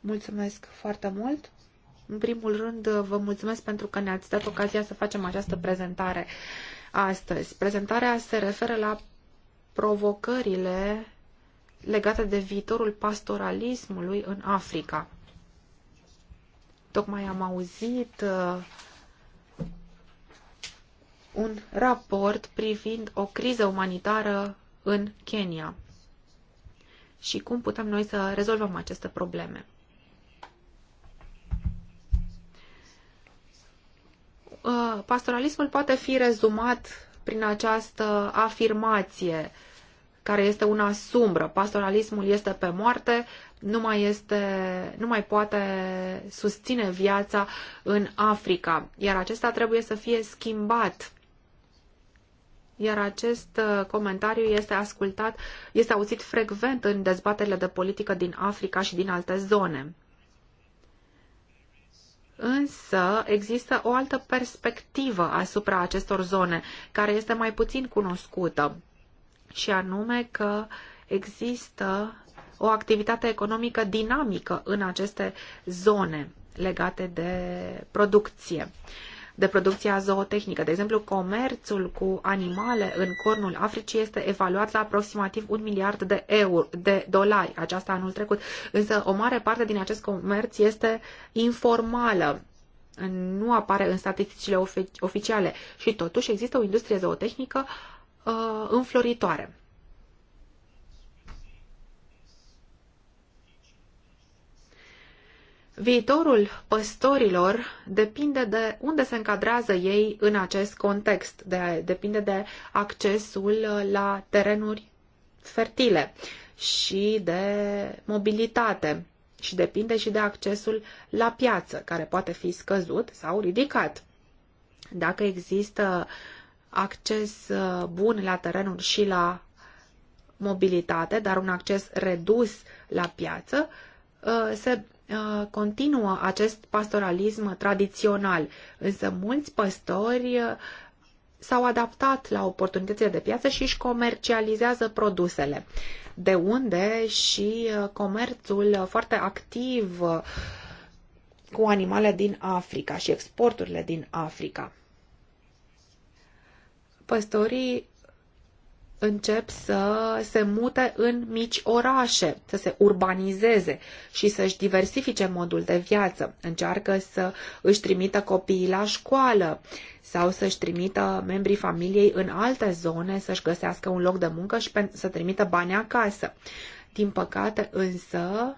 Mulțumesc foarte mult! În primul rând, vă mulțumesc pentru că ne-ați dat ocazia să facem această prezentare astăzi. Prezentarea se referă la provocările legate de viitorul pastoralismului în Africa. Tocmai am auzit uh, un raport privind o criză umanitară în Kenya și cum putem noi să rezolvăm aceste probleme. Uh, pastoralismul poate fi rezumat prin această afirmație care este una sumbră. Pastoralismul este pe moarte, nu mai, este, nu mai poate susține viața în Africa, iar acesta trebuie să fie schimbat. Iar acest uh, comentariu este ascultat, este auzit frecvent în dezbaterile de politică din Africa și din alte zone. Însă există o altă perspectivă asupra acestor zone, care este mai puțin cunoscută, și anume că există o activitate economică dinamică în aceste zone legate de producție. Uh, de producția zootehnică. De exemplu, comerțul cu animale în cornul Africii este evaluat la aproximativ un miliard de euro, de dolari, aceasta anul trecut. Însă o mare parte din acest comerț este informală nu apare în statisticile ofi oficiale și totuși există o industrie zootehnică uh, înfloritoare. Viitorul păstorilor depinde de unde se încadrează ei în acest context, de, depinde de accesul uh, la terenuri fertile și de mobilitate și depinde și de accesul la piață, care poate fi scăzut sau ridicat. Dacă există acces uh, bun la terenuri și la mobilitate, dar un acces redus la piață, uh, se Uh, continuă acest pastoralism tradițional, însă mulți păstori uh, s-au adaptat la oportunitățile de piață și își comercializează produsele. De unde și uh, comerțul foarte activ cu animale din Africa și exporturile din Africa. Păstorii încep să se mute în mici orașe, să se urbanizeze și să-și diversifice modul de viață. Încearcă să își trimită copiii la școală sau să-și trimită membrii familiei în alte zone să-și găsească un loc de muncă și să trimită bani acasă. Din păcate însă,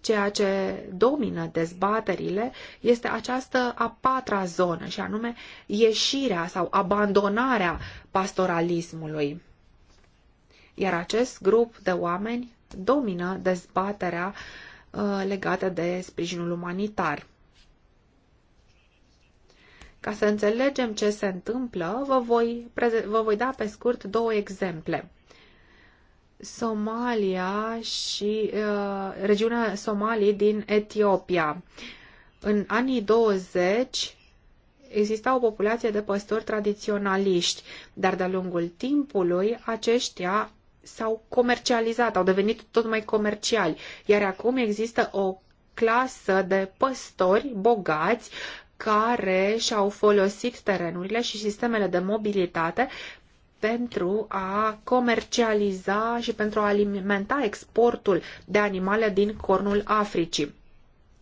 Ceea ce domină dezbaterile este această a patra zonă, și anume ieșirea sau abandonarea pastoralismului. Iar acest grup de oameni domină dezbaterea uh, legată de sprijinul umanitar. Ca să înțelegem ce se întâmplă, vă voi, vă voi da pe scurt două exemple. Somalia și uh, regiunea Somalii din Etiopia. În anii 20 exista o populație de păstori tradiționaliști, dar de-a lungul timpului aceștia s-au comercializat, au devenit tot mai comerciali, iar acum există o clasă de păstori bogați care și-au folosit terenurile și sistemele de mobilitate pentru a comercializa și pentru a alimenta exportul de animale din cornul Africii.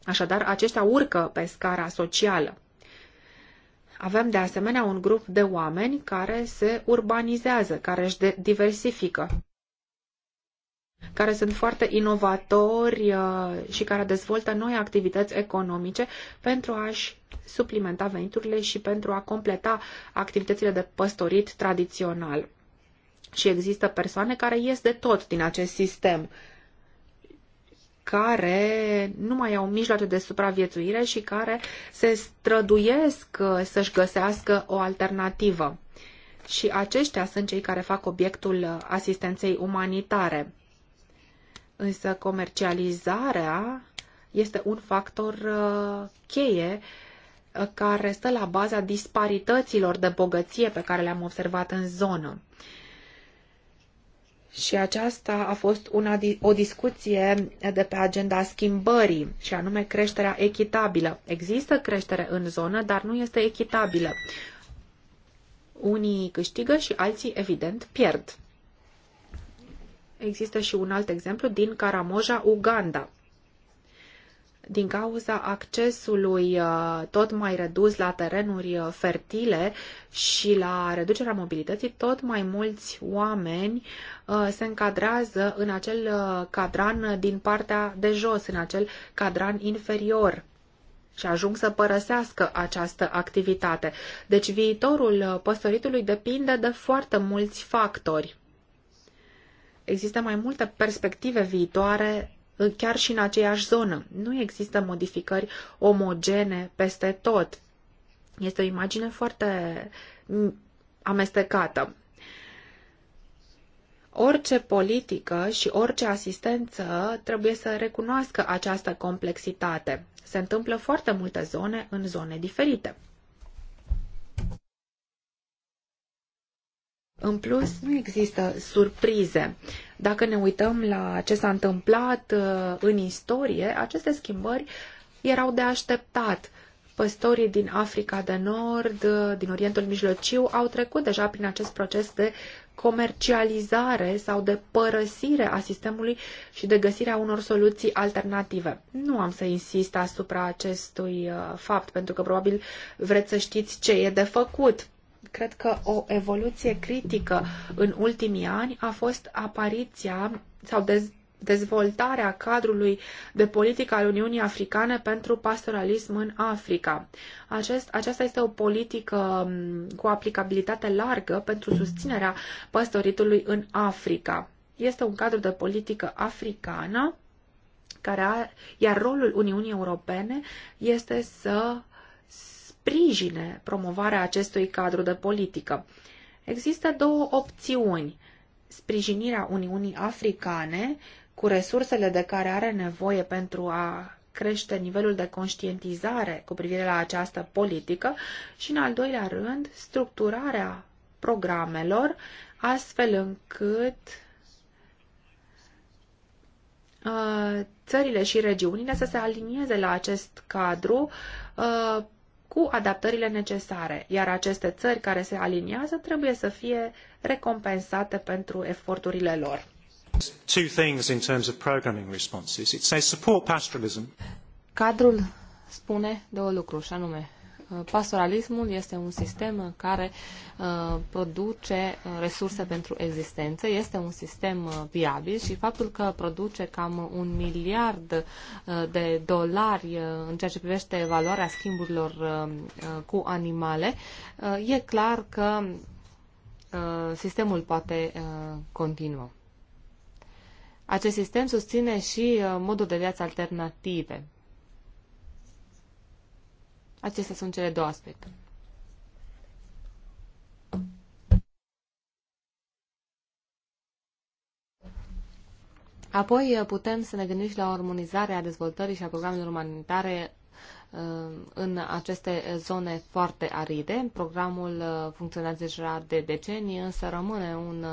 Așadar, aceștia urcă pe scara socială. Avem de asemenea un grup de oameni care se urbanizează, care își diversifică care sunt foarte inovatori uh, și care dezvoltă noi activități economice pentru a-și suplimenta veniturile și pentru a completa activitățile de păstorit tradițional. Și există persoane care ies de tot din acest sistem, care nu mai au mijloace de supraviețuire și care se străduiesc uh, să-și găsească o alternativă. Și aceștia sunt cei care fac obiectul uh, asistenței umanitare Însă comercializarea este un factor uh, cheie uh, care stă la baza disparităților de bogăție pe care le-am observat în zonă. Și aceasta a fost una, o discuție de pe agenda schimbării, și anume creșterea echitabilă. Există creștere în zonă, dar nu este echitabilă. Unii câștigă și alții, evident, pierd. Există și un alt exemplu din Karamoja, Uganda. Din cauza accesului uh, tot mai redus la terenuri uh, fertile și la reducerea mobilității, tot mai mulți oameni uh, se încadrează în acel cadran din partea de jos, în acel cadran inferior și ajung să părăsească această activitate. Deci viitorul păstoritului depinde de foarte mulți factori există mai multe perspective viitoare chiar și în aceeași zonă. Nu există modificări omogene peste tot. Este o imagine foarte amestecată. Orice politică și orice asistență trebuie să recunoască această complexitate. Se întâmplă foarte multe zone în zone diferite. În plus, nu există surprize. Dacă ne uităm la ce s-a întâmplat uh, în istorie, aceste schimbări erau de așteptat. Păstorii din Africa de Nord, uh, din Orientul Mijlociu, au trecut deja prin acest proces de comercializare sau de părăsire a sistemului și de găsirea unor soluții alternative. Nu am să insist asupra acestui uh, fapt, pentru că probabil vreți să știți ce e de făcut cred că o evoluție critică în ultimii ani a fost apariția sau dez, dezvoltarea cadrului de politică al Uniunii Africane pentru pastoralism în Africa. Acest, aceasta este o politică cu aplicabilitate largă pentru susținerea păstoritului în Africa. Este un cadru de politică africană, care iar rolul Uniunii Europene este să uh, sprijine promovarea acestui cadru de politică. Există două opțiuni. Sprijinirea Uniunii Africane cu resursele de care are nevoie pentru a crește nivelul de conștientizare cu privire la această politică și, în al doilea rând, structurarea programelor astfel încât uh, țările și regiunile să se alinieze la acest cadru uh, cu adaptările necesare, iar aceste țări care se aliniază trebuie să fie recompensate pentru eforturile lor. Two things in terms of programming responses. It says support pastoralism. Cadrul spune două lucruri, și anume Uh, pastoralismul este un sistem care uh, produce uh, resurse pentru existență, este un sistem viabil și faptul că produce cam un miliard de dolari în ceea ce privește valoarea schimburilor cu animale, e clar că sistemul poate continua. Acest sistem susține și modul de viață alternative, Acestea sunt cele două aspecte. Apoi uh, putem să ne gândim și la armonizarea dezvoltării și a programelor umanitare uh, în aceste zone foarte aride. Programul uh, funcționează deja de decenii, însă rămâne un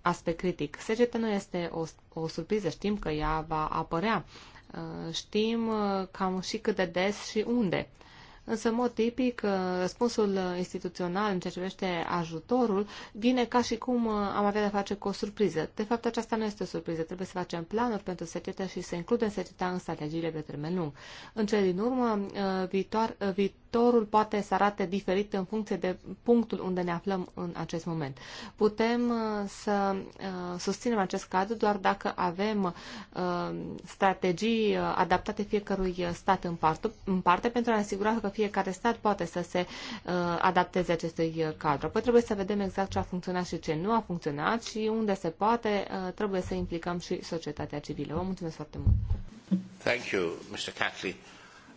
aspect critic. Segeta nu este o, o surpriză, știm că ea va apărea Uh, știm uh, cam și cât de des și unde. Însă, în mod tipic, uh, răspunsul instituțional în ceea ce privește ajutorul vine ca și cum am avea de face cu o surpriză. De fapt, aceasta nu este o surpriză. Trebuie să facem planuri pentru seceta și să includem seceta în strategiile pe termen lung. În cele din urmă, viitor viitor, viitorul poate să arate diferit în funcție de punctul unde ne aflăm în acest moment. Putem uh, să uh, susținem acest cadru doar dacă avem uh, strategii adaptate fiecărui stat în parte, în parte pentru a ne asigura că fiecare stat poate să se adapteze acestui cadru. Apoi trebuie să vedem exact ce a funcționat și ce nu a funcționat și unde se poate trebuie să implicăm și societatea civilă. Vă mulțumesc foarte mult! Thank you, Mr. Catley.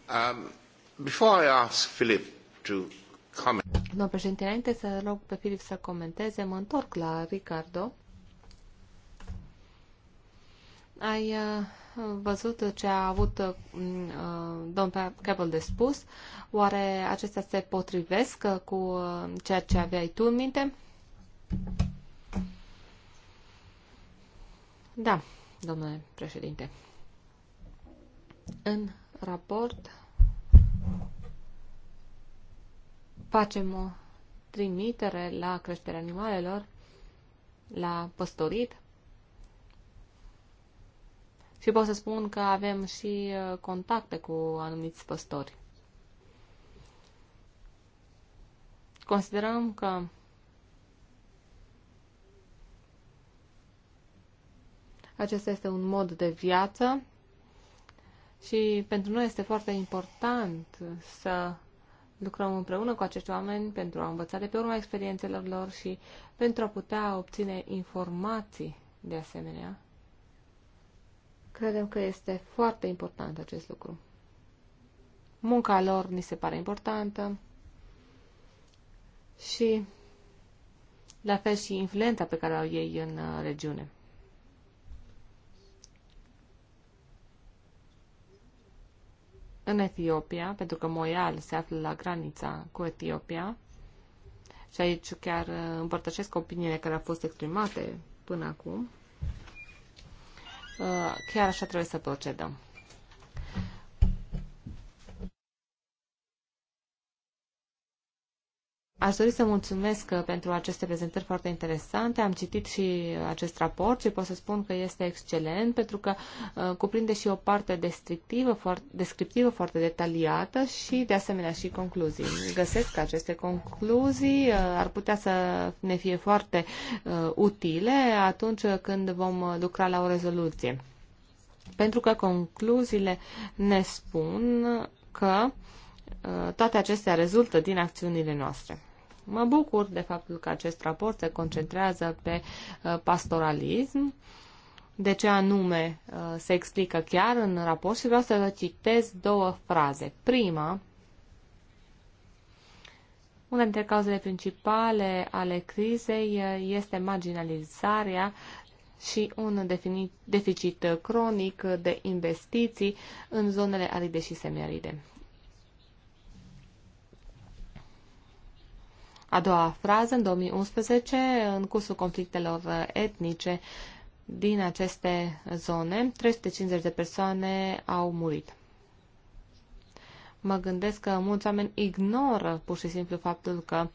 Um, Domnul președinte, înainte să rog pe Filip să comenteze, mă întorc la Ricardo. Ai uh, văzut ce a avut uh, domnul Capel de spus? Oare acestea se potrivesc uh, cu ceea ce aveai tu în minte? Da, domnule președinte. În raport facem o trimitere la creșterea animalelor, la păstorit. Și pot să spun că avem și uh, contacte cu anumiți păstori. Considerăm că acesta este un mod de viață și pentru noi este foarte important să lucrăm împreună cu acești oameni pentru a învăța de pe urma experiențelor lor și pentru a putea obține informații de asemenea. Credem că este foarte important acest lucru. Munca lor ni se pare importantă și la fel și influența pe care au ei în uh, regiune. în Etiopia, pentru că Moial se află la granița cu Etiopia. Și aici chiar uh, împărtășesc opiniile care au fost exprimate până acum. Uh, chiar așa trebuie să procedăm. Aș dori să mulțumesc uh, pentru aceste prezentări foarte interesante. Am citit și uh, acest raport și pot să spun că este excelent pentru că uh, cuprinde și o parte descriptivă foarte, descriptivă foarte detaliată și de asemenea și concluzii. Găsesc că aceste concluzii uh, ar putea să ne fie foarte uh, utile atunci când vom uh, lucra la o rezoluție. Pentru că concluziile ne spun că toate acestea rezultă din acțiunile noastre. Mă bucur de faptul că acest raport se concentrează pe uh, pastoralism, de ce anume uh, se explică chiar în raport și vreau să vă citez două fraze. Prima, una dintre cauzele principale ale crizei uh, este marginalizarea și un deficit cronic de investiții în zonele aride și semiaride. A doua frază, în 2011, în cursul conflictelor etnice din aceste zone, 350 de persoane au murit. Mă gândesc că mulți oameni ignoră pur și simplu faptul că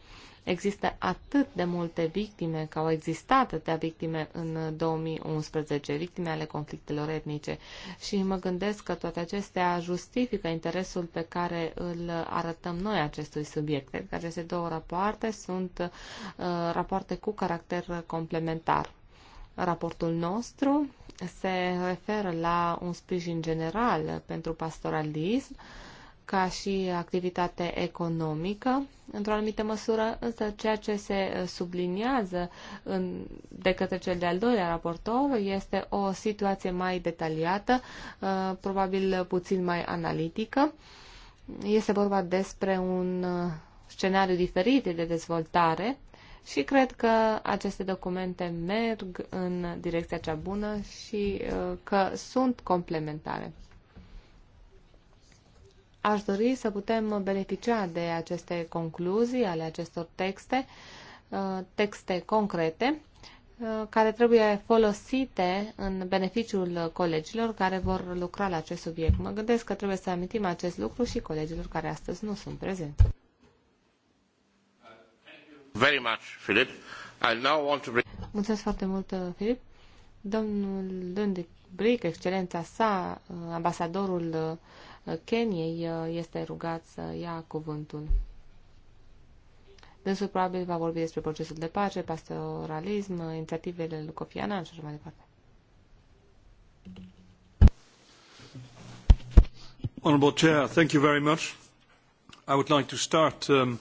există atât de multe victime, că au existat atâtea victime în 2011, victime ale conflictelor etnice. Și mă gândesc că toate acestea justifică interesul pe care îl arătăm noi acestui subiect. Cred că aceste două rapoarte sunt uh, rapoarte cu caracter complementar. Raportul nostru se referă la un sprijin general pentru pastoralism, uh, ca și activitate economică, într-o anumită măsură, însă ceea ce se uh, subliniază în, de către cel de-al doilea raportor este o situație mai detaliată, uh, probabil puțin mai analitică. Este vorba despre un uh, scenariu diferit de dezvoltare și cred că aceste documente merg în direcția cea bună și că sunt complementare. Aș dori să putem beneficia de aceste concluzii ale acestor texte, uh, texte concrete, uh, care trebuie folosite în beneficiul colegilor care vor lucra la acest subiect. Mă gândesc că trebuie să amintim acest lucru și colegilor care astăzi nu sunt prezenți. Very much, Philip. I now want to bring... Mulțumesc foarte mult, Filip. Uh, Domnul Dundic Bric, excelența sa, ambasadorul Keniei uh, este rugat să ia cuvântul. Dânsul probabil va vorbi despre procesul de pace, pastoralism, uh, inițiativele lui Kofi Annan și așa mai departe. Honorable Chair, thank you very much. I would like to start um,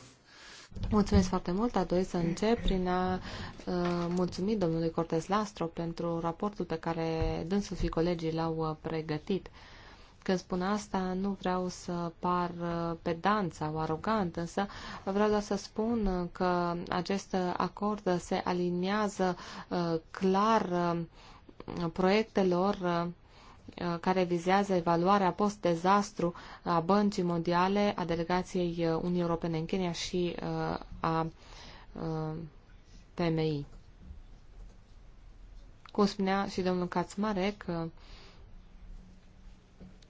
Mulțumesc foarte mult. A doi să încep prin a uh, mulțumi domnului Cortez Lastro pentru raportul pe care dânsul și colegii l-au uh, pregătit. Uh, când spun asta, nu vreau să par uh, pedant sau arogant, însă vreau doar să spun că acest acord se aliniază uh, clar uh, proiectelor care vizează evaluarea post-dezastru a Băncii Mondiale, a Delegației Uniunii Europene în Kenya și a PMI. Cum spunea și domnul Cațmarec,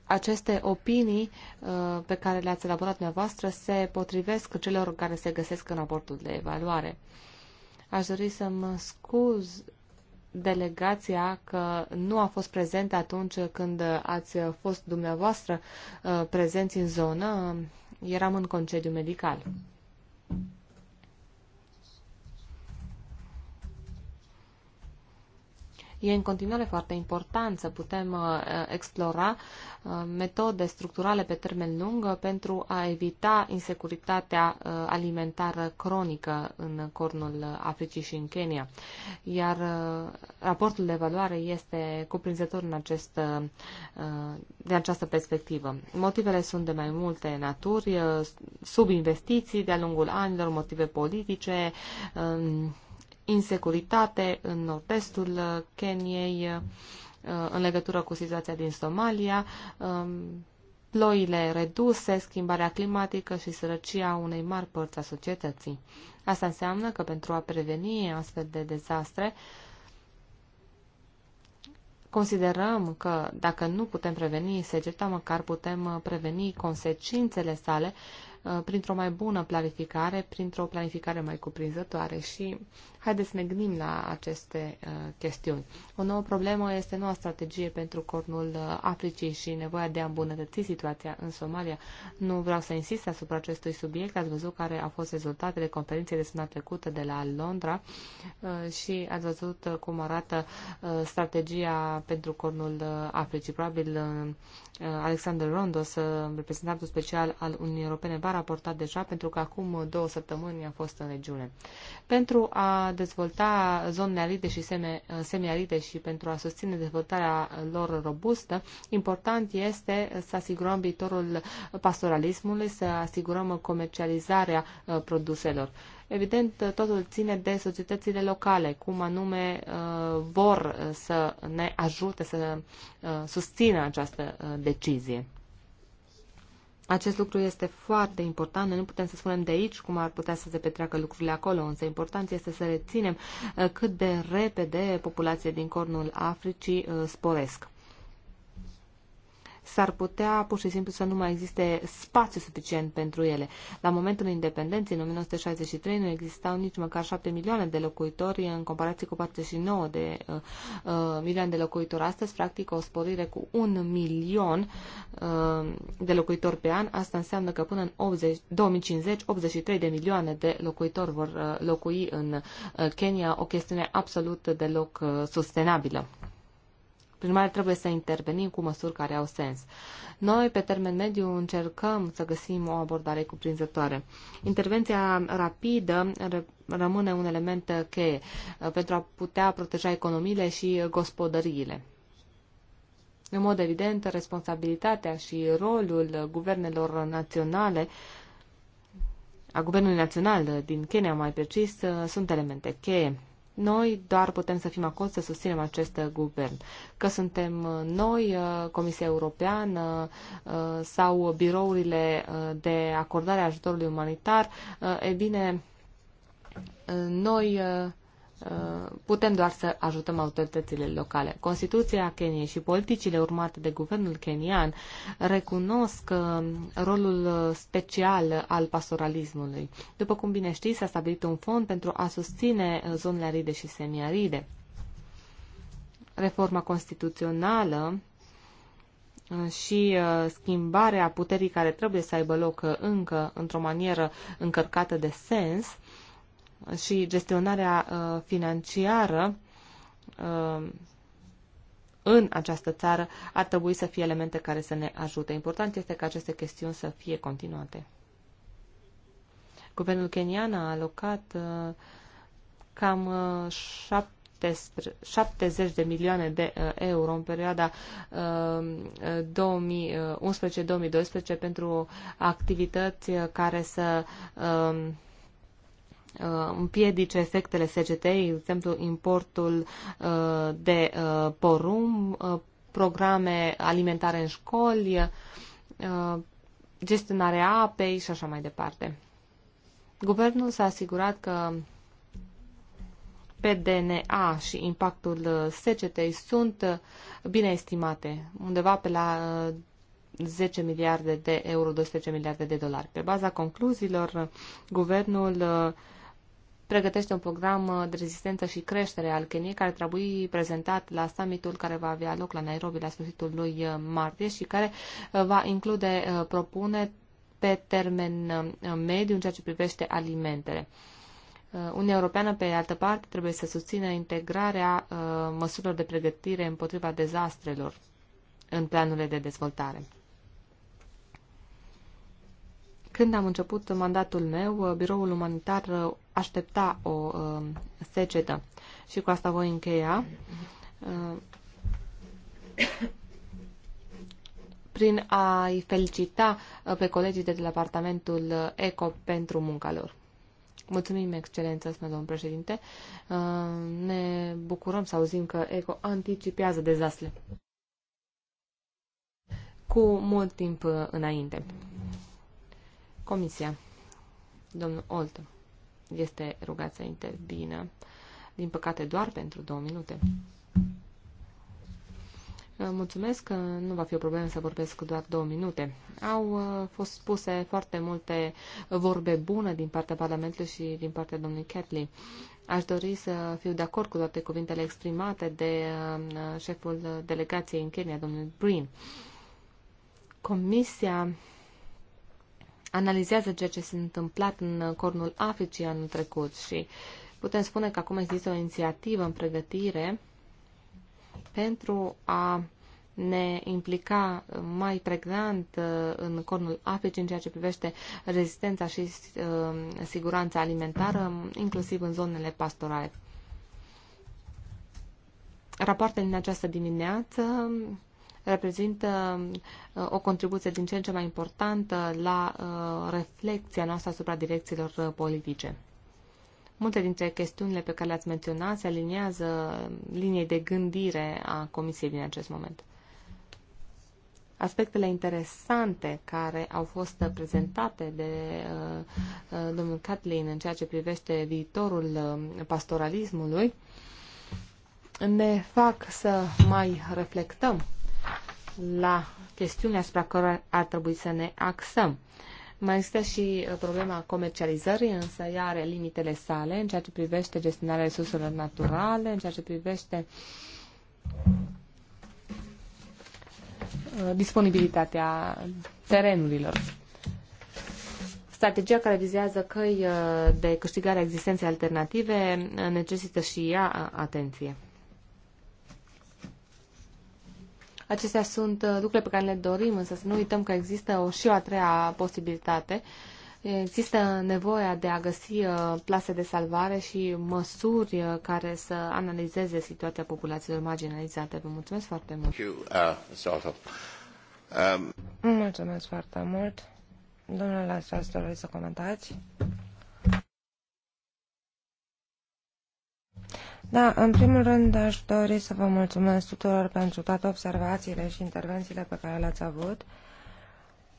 aceste opinii uh, pe care le-ați elaborat dumneavoastră se potrivesc celor care se găsesc în raportul de evaluare. Aș dori să mă scuz delegația că nu a fost prezent atunci când ați fost dumneavoastră uh, prezenți în zonă. Eram în concediu medical. E în continuare foarte important să putem uh, explora uh, metode structurale pe termen lung uh, pentru a evita insecuritatea alimentară cronică în cornul Africii și în Kenya. Iar raportul de evaluare este cuprinzător în acest, din această perspectivă. Motivele sunt de mai multe naturi, subinvestiții de-a lungul anilor, motive politice, um, insecuritate în nord-estul uh, Keniei, uh, în legătură cu situația din Somalia, um, ploile reduse, schimbarea climatică și sărăcia unei mari părți a societății. Asta înseamnă că pentru a preveni astfel de dezastre, considerăm că dacă nu putem preveni segeta, măcar putem uh, preveni consecințele sale Uh, printr-o mai bună planificare, printr-o planificare mai cuprinzătoare și haideți să ne gândim la aceste uh, chestiuni. O nouă problemă este noua strategie pentru cornul uh, Africii și nevoia de a îmbunătăți situația în Somalia. Nu vreau să insist asupra acestui subiect, ați văzut care au fost rezultatele conferinței de săptămâna trecută de la Londra și ați văzut cum arată strategia pentru cornul Africii. Probabil Alexander Rondos, reprezentantul special al Uniunii Europene, va raportat deja, pentru că acum două săptămâni a fost în regiune. Pentru a dezvolta zonele aride și semiaride și pentru a susține dezvoltarea lor robustă, important este să asigurăm viitorul pastoralismului, să asigurăm comercializarea uh, produselor. Evident, totul ține de societățile locale, cum anume uh, vor să ne ajute să uh, susțină această decizie. Acest lucru este foarte important. Noi nu putem să spunem de aici cum ar putea să se petreacă lucrurile acolo, însă important este să reținem uh, cât de repede populația din cornul Africii uh, sporesc s-ar putea pur și simplu să nu mai existe spațiu suficient pentru ele. La momentul independenței, în 1963, nu existau nici măcar 7 milioane de locuitori în comparație cu 49 de uh, uh, milioane de locuitori. Astăzi, practic, o sporire cu un milion uh, de locuitori pe an. Asta înseamnă că până în 80, 2050, 83 de milioane de locuitori vor uh, locui în uh, Kenya, o chestiune absolut deloc uh, sustenabilă. Prin trebuie să intervenim cu măsuri care au sens. Noi, pe termen mediu, încercăm să găsim o abordare cuprinzătoare. Intervenția rapidă rămâne un element cheie uh, pentru a putea proteja economiile și gospodăriile. În mod evident, responsabilitatea și rolul guvernelor naționale a Guvernului Național din Kenya, mai precis, uh, sunt elemente cheie. Noi doar putem să fim acolo să susținem acest guvern. Că suntem noi, uh, Comisia Europeană uh, sau birourile uh, de acordare a ajutorului umanitar, e bine, noi putem doar să ajutăm autoritățile locale. Constituția Keniei și politicile urmate de guvernul kenian recunosc uh, rolul uh, special al pastoralismului. După cum bine știți, s-a stabilit un fond pentru a susține uh, zonele aride și semiaride. Reforma constituțională și schimbarea puterii care trebuie să aibă loc încă într-o manieră încărcată de sens și gestionarea uh, financiară uh, în această țară ar trebui să fie elemente care să ne ajute. Important este ca aceste chestiuni să fie continuate. Guvernul kenian a alocat uh, cam 70 de milioane de euro în perioada 2011-2012 pentru activități care să Uh, împiedice efectele secetei, de exemplu importul uh, de uh, porum, programe alimentare în școli, gestionarea apei și așa mai departe. Guvernul s-a asigurat că PDNA și impactul secetei sunt bine estimate, undeva pe la 10 miliarde de euro, 12 miliarde de dolari. Pe baza concluziilor, guvernul pregătește un program uh, de rezistență și creștere al Keniei care trebuie prezentat la summitul care va avea loc la Nairobi la sfârșitul lui uh, martie și care uh, va include propune pe termen mediu în ceea ce privește alimentele. Uniunea Europeană, pe altă parte, trebuie să susțină integrarea măsurilor de pregătire împotriva dezastrelor în planurile de dezvoltare. Când am început mandatul meu, Biroul Umanitar aștepta o uh, secetă. Și cu asta voi încheia. Uh, prin a-i felicita uh, pe colegii de la departamentul uh, ECO pentru munca lor. Mulțumim, excelență, spune domnul președinte. Uh, ne bucurăm să auzim că ECO anticipează dezastre cu mult timp înainte. Comisia. Domnul Oltă este rugat să intervină, din păcate doar pentru două minute. Uh, mulțumesc că uh, nu va fi o problemă să vorbesc doar două minute. Au uh, fost spuse foarte multe vorbe bune din partea Parlamentului și din partea domnului Catley. Aș dori să fiu de acord cu toate cuvintele exprimate de șeful delegației în Kenya, domnul Breen. Comisia analizează ceea ce s-a întâmplat în cornul Africii anul trecut și putem spune că acum există o inițiativă în pregătire pentru a ne implica mai pregnant uh, în cornul Africii în ceea ce privește rezistența și uh, siguranța alimentară, inclusiv în zonele pastorale. Rapoartele din această dimineață reprezintă uh, o contribuție din ce în ce mai importantă la uh, reflexia noastră asupra direcțiilor uh, politice. Multe dintre chestiunile pe care le-ați menționat se aliniază liniei de gândire a Comisiei din acest moment. Aspectele interesante care au fost prezentate de uh, domnul Catlin în ceea ce privește viitorul uh, pastoralismului ne fac să mai reflectăm la chestiunea asupra care ar trebui să ne axăm. Mai există și uh, problema comercializării, însă ea are limitele sale în ceea ce privește gestionarea resurselor naturale, în ceea ce privește uh, disponibilitatea terenurilor. Strategia care vizează căi uh, de câștigare a existenței alternative necesită și ea atenție. Acestea sunt uh, lucrurile pe care le dorim, însă să nu uităm că există o, și o a treia posibilitate. Există nevoia de a găsi uh, plase de salvare și măsuri uh, care să analizeze situația populațiilor marginalizate. Vă mulțumesc foarte mult! Um, mulțumesc foarte mult! Domnule vreți să comentați? Da, în primul rând aș dori să vă mulțumesc tuturor pentru toate observațiile și intervențiile pe care le-ați avut.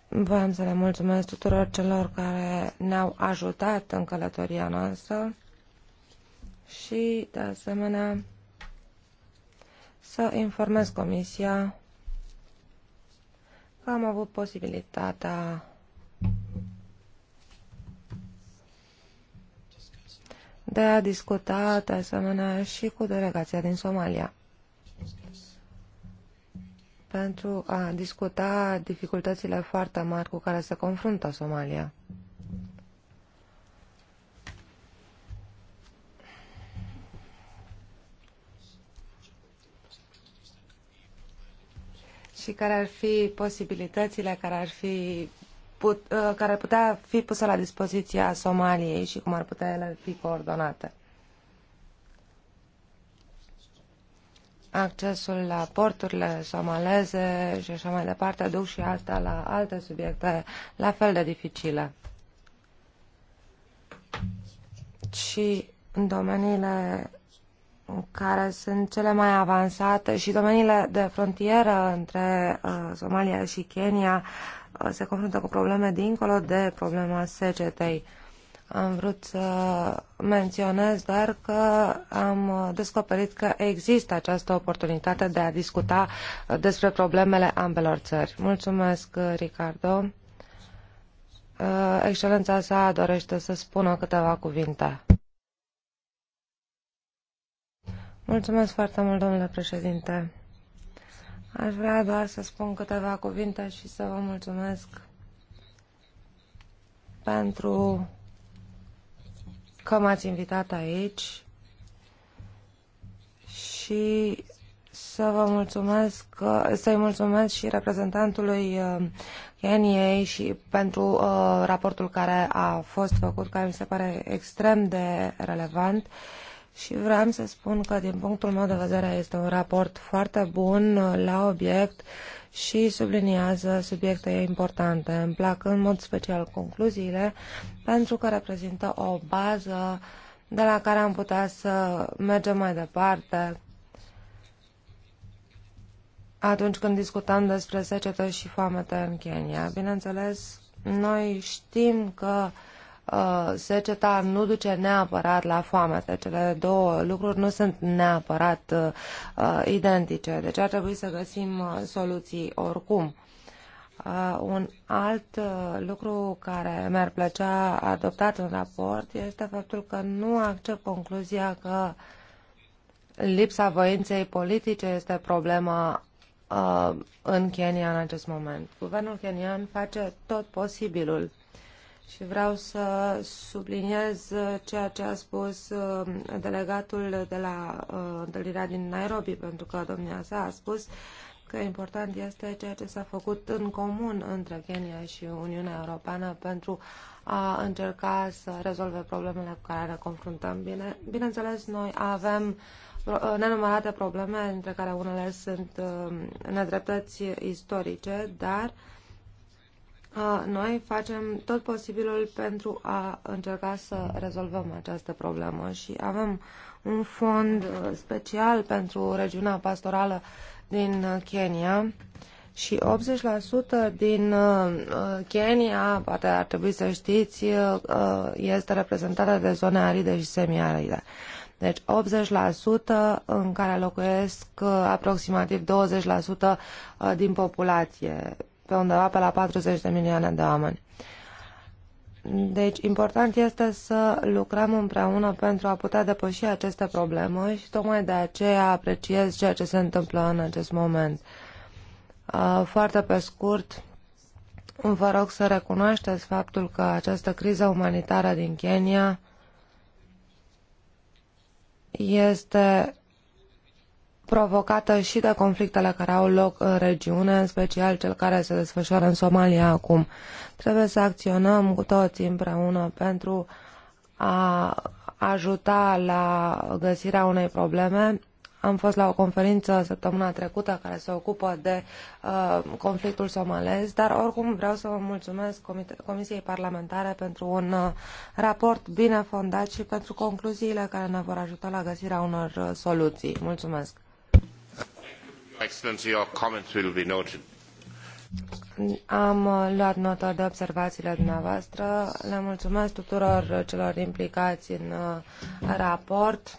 Vreau să le mulțumesc tuturor celor care ne-au ajutat în călătoria noastră și, de asemenea, să informez Comisia că am avut posibilitatea de a discuta, de asemenea, și cu delegația din Somalia pentru a discuta dificultățile foarte mari cu care se confruntă Somalia. și care ar fi posibilitățile, care ar fi put, uh, care ar putea fi pusă la dispoziția Somaliei și cum ar putea ele fi coordonate. Accesul la porturile somaleze și așa mai departe aduc și asta la alte subiecte la fel de dificile. Și în domeniile care sunt cele mai avansate și domeniile de frontieră între uh, Somalia și Kenya uh, se confruntă cu probleme dincolo de problema secetei. Am vrut să menționez doar că am descoperit că există această oportunitate de a discuta despre problemele ambelor țări. Mulțumesc, Ricardo. Uh, excelența sa dorește să spună câteva cuvinte. Mulțumesc foarte mult, domnule președinte. Aș vrea doar să spun câteva cuvinte și să vă mulțumesc pentru că m-ați invitat aici și să vă mulțumesc, să-i mulțumesc și reprezentantului uh, NEA și pentru uh, raportul care a fost făcut, care mi se pare extrem de relevant. Uh, și vreau să spun că, din punctul meu de vedere, este un raport foarte bun uh, la obiect și subliniază subiecte importante. Îmi plac în mod special concluziile, pentru că reprezintă o bază de la care am putea să mergem mai departe atunci când discutam despre secetă și foamete în Kenya. Bineînțeles, noi știm că uh, Uh, seceta nu duce neapărat la foame. Deci, cele două lucruri nu sunt neapărat uh, uh identice, deci ar trebui să găsim uh, soluții oricum. Uh, un alt uh, lucru care mi-ar plăcea adoptat în raport este faptul că nu accept concluzia că lipsa voinței politice este problema uh, în Kenya în acest moment. Guvernul kenian face tot posibilul și vreau să subliniez uh, ceea ce a spus uh, delegatul de la uh, întâlnirea din Nairobi, pentru că domnia sa a spus că important este ceea ce s-a făcut în comun între Kenya și Uniunea Europeană pentru a încerca să rezolve problemele cu care ne confruntăm. Bine, bineînțeles, noi avem nenumărate probleme, între care unele sunt nedreptăți istorice, dar uh, noi facem tot posibilul pentru a încerca să rezolvăm această problemă și avem un fond uh, special pentru regiunea pastorală din uh, Kenya și 80% din uh, Kenya, poate ar trebui să știți, este reprezentată de zone aride și semiaride. Deci 80% în care locuiesc aproximativ 20% din populație pe undeva pe la 40 de milioane de oameni. Deci, important este să lucrăm împreună pentru a putea depăși aceste probleme și tocmai de aceea apreciez ceea ce se întâmplă în acest moment. Uh, foarte pe scurt, vă rog să recunoașteți faptul că această criză umanitară din Kenya este provocată și de conflictele care au loc în regiune, în special cel care se desfășoară în Somalia acum. Trebuie să acționăm cu toții împreună pentru a ajuta la găsirea unei probleme. Am fost la o conferință săptămâna trecută care se ocupă de uh, conflictul somalez, dar oricum vreau să vă mulțumesc Comisiei Parlamentare pentru un uh, raport bine fondat și pentru concluziile care ne vor ajuta la găsirea unor uh, soluții. Mulțumesc! Am uh, luat notă de observațiile dumneavoastră. Le mulțumesc tuturor celor implicați în uh, raport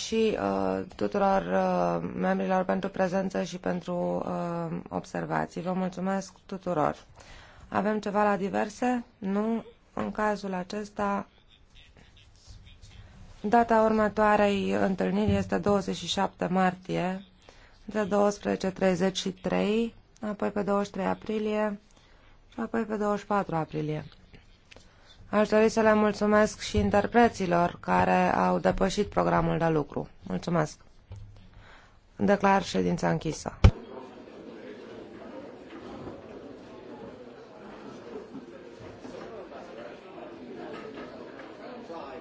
și uh, tuturor uh, membrilor pentru prezență și pentru uh, observații. Vă mulțumesc tuturor. Avem ceva la diverse? Nu? În cazul acesta Data următoarei întâlniri este 27 martie, între 12.30 și 3, apoi pe 23 aprilie și apoi pe 24 aprilie. Aș dori să le mulțumesc și interpreților care au depășit programul de lucru. Mulțumesc! Declar ședința închisă.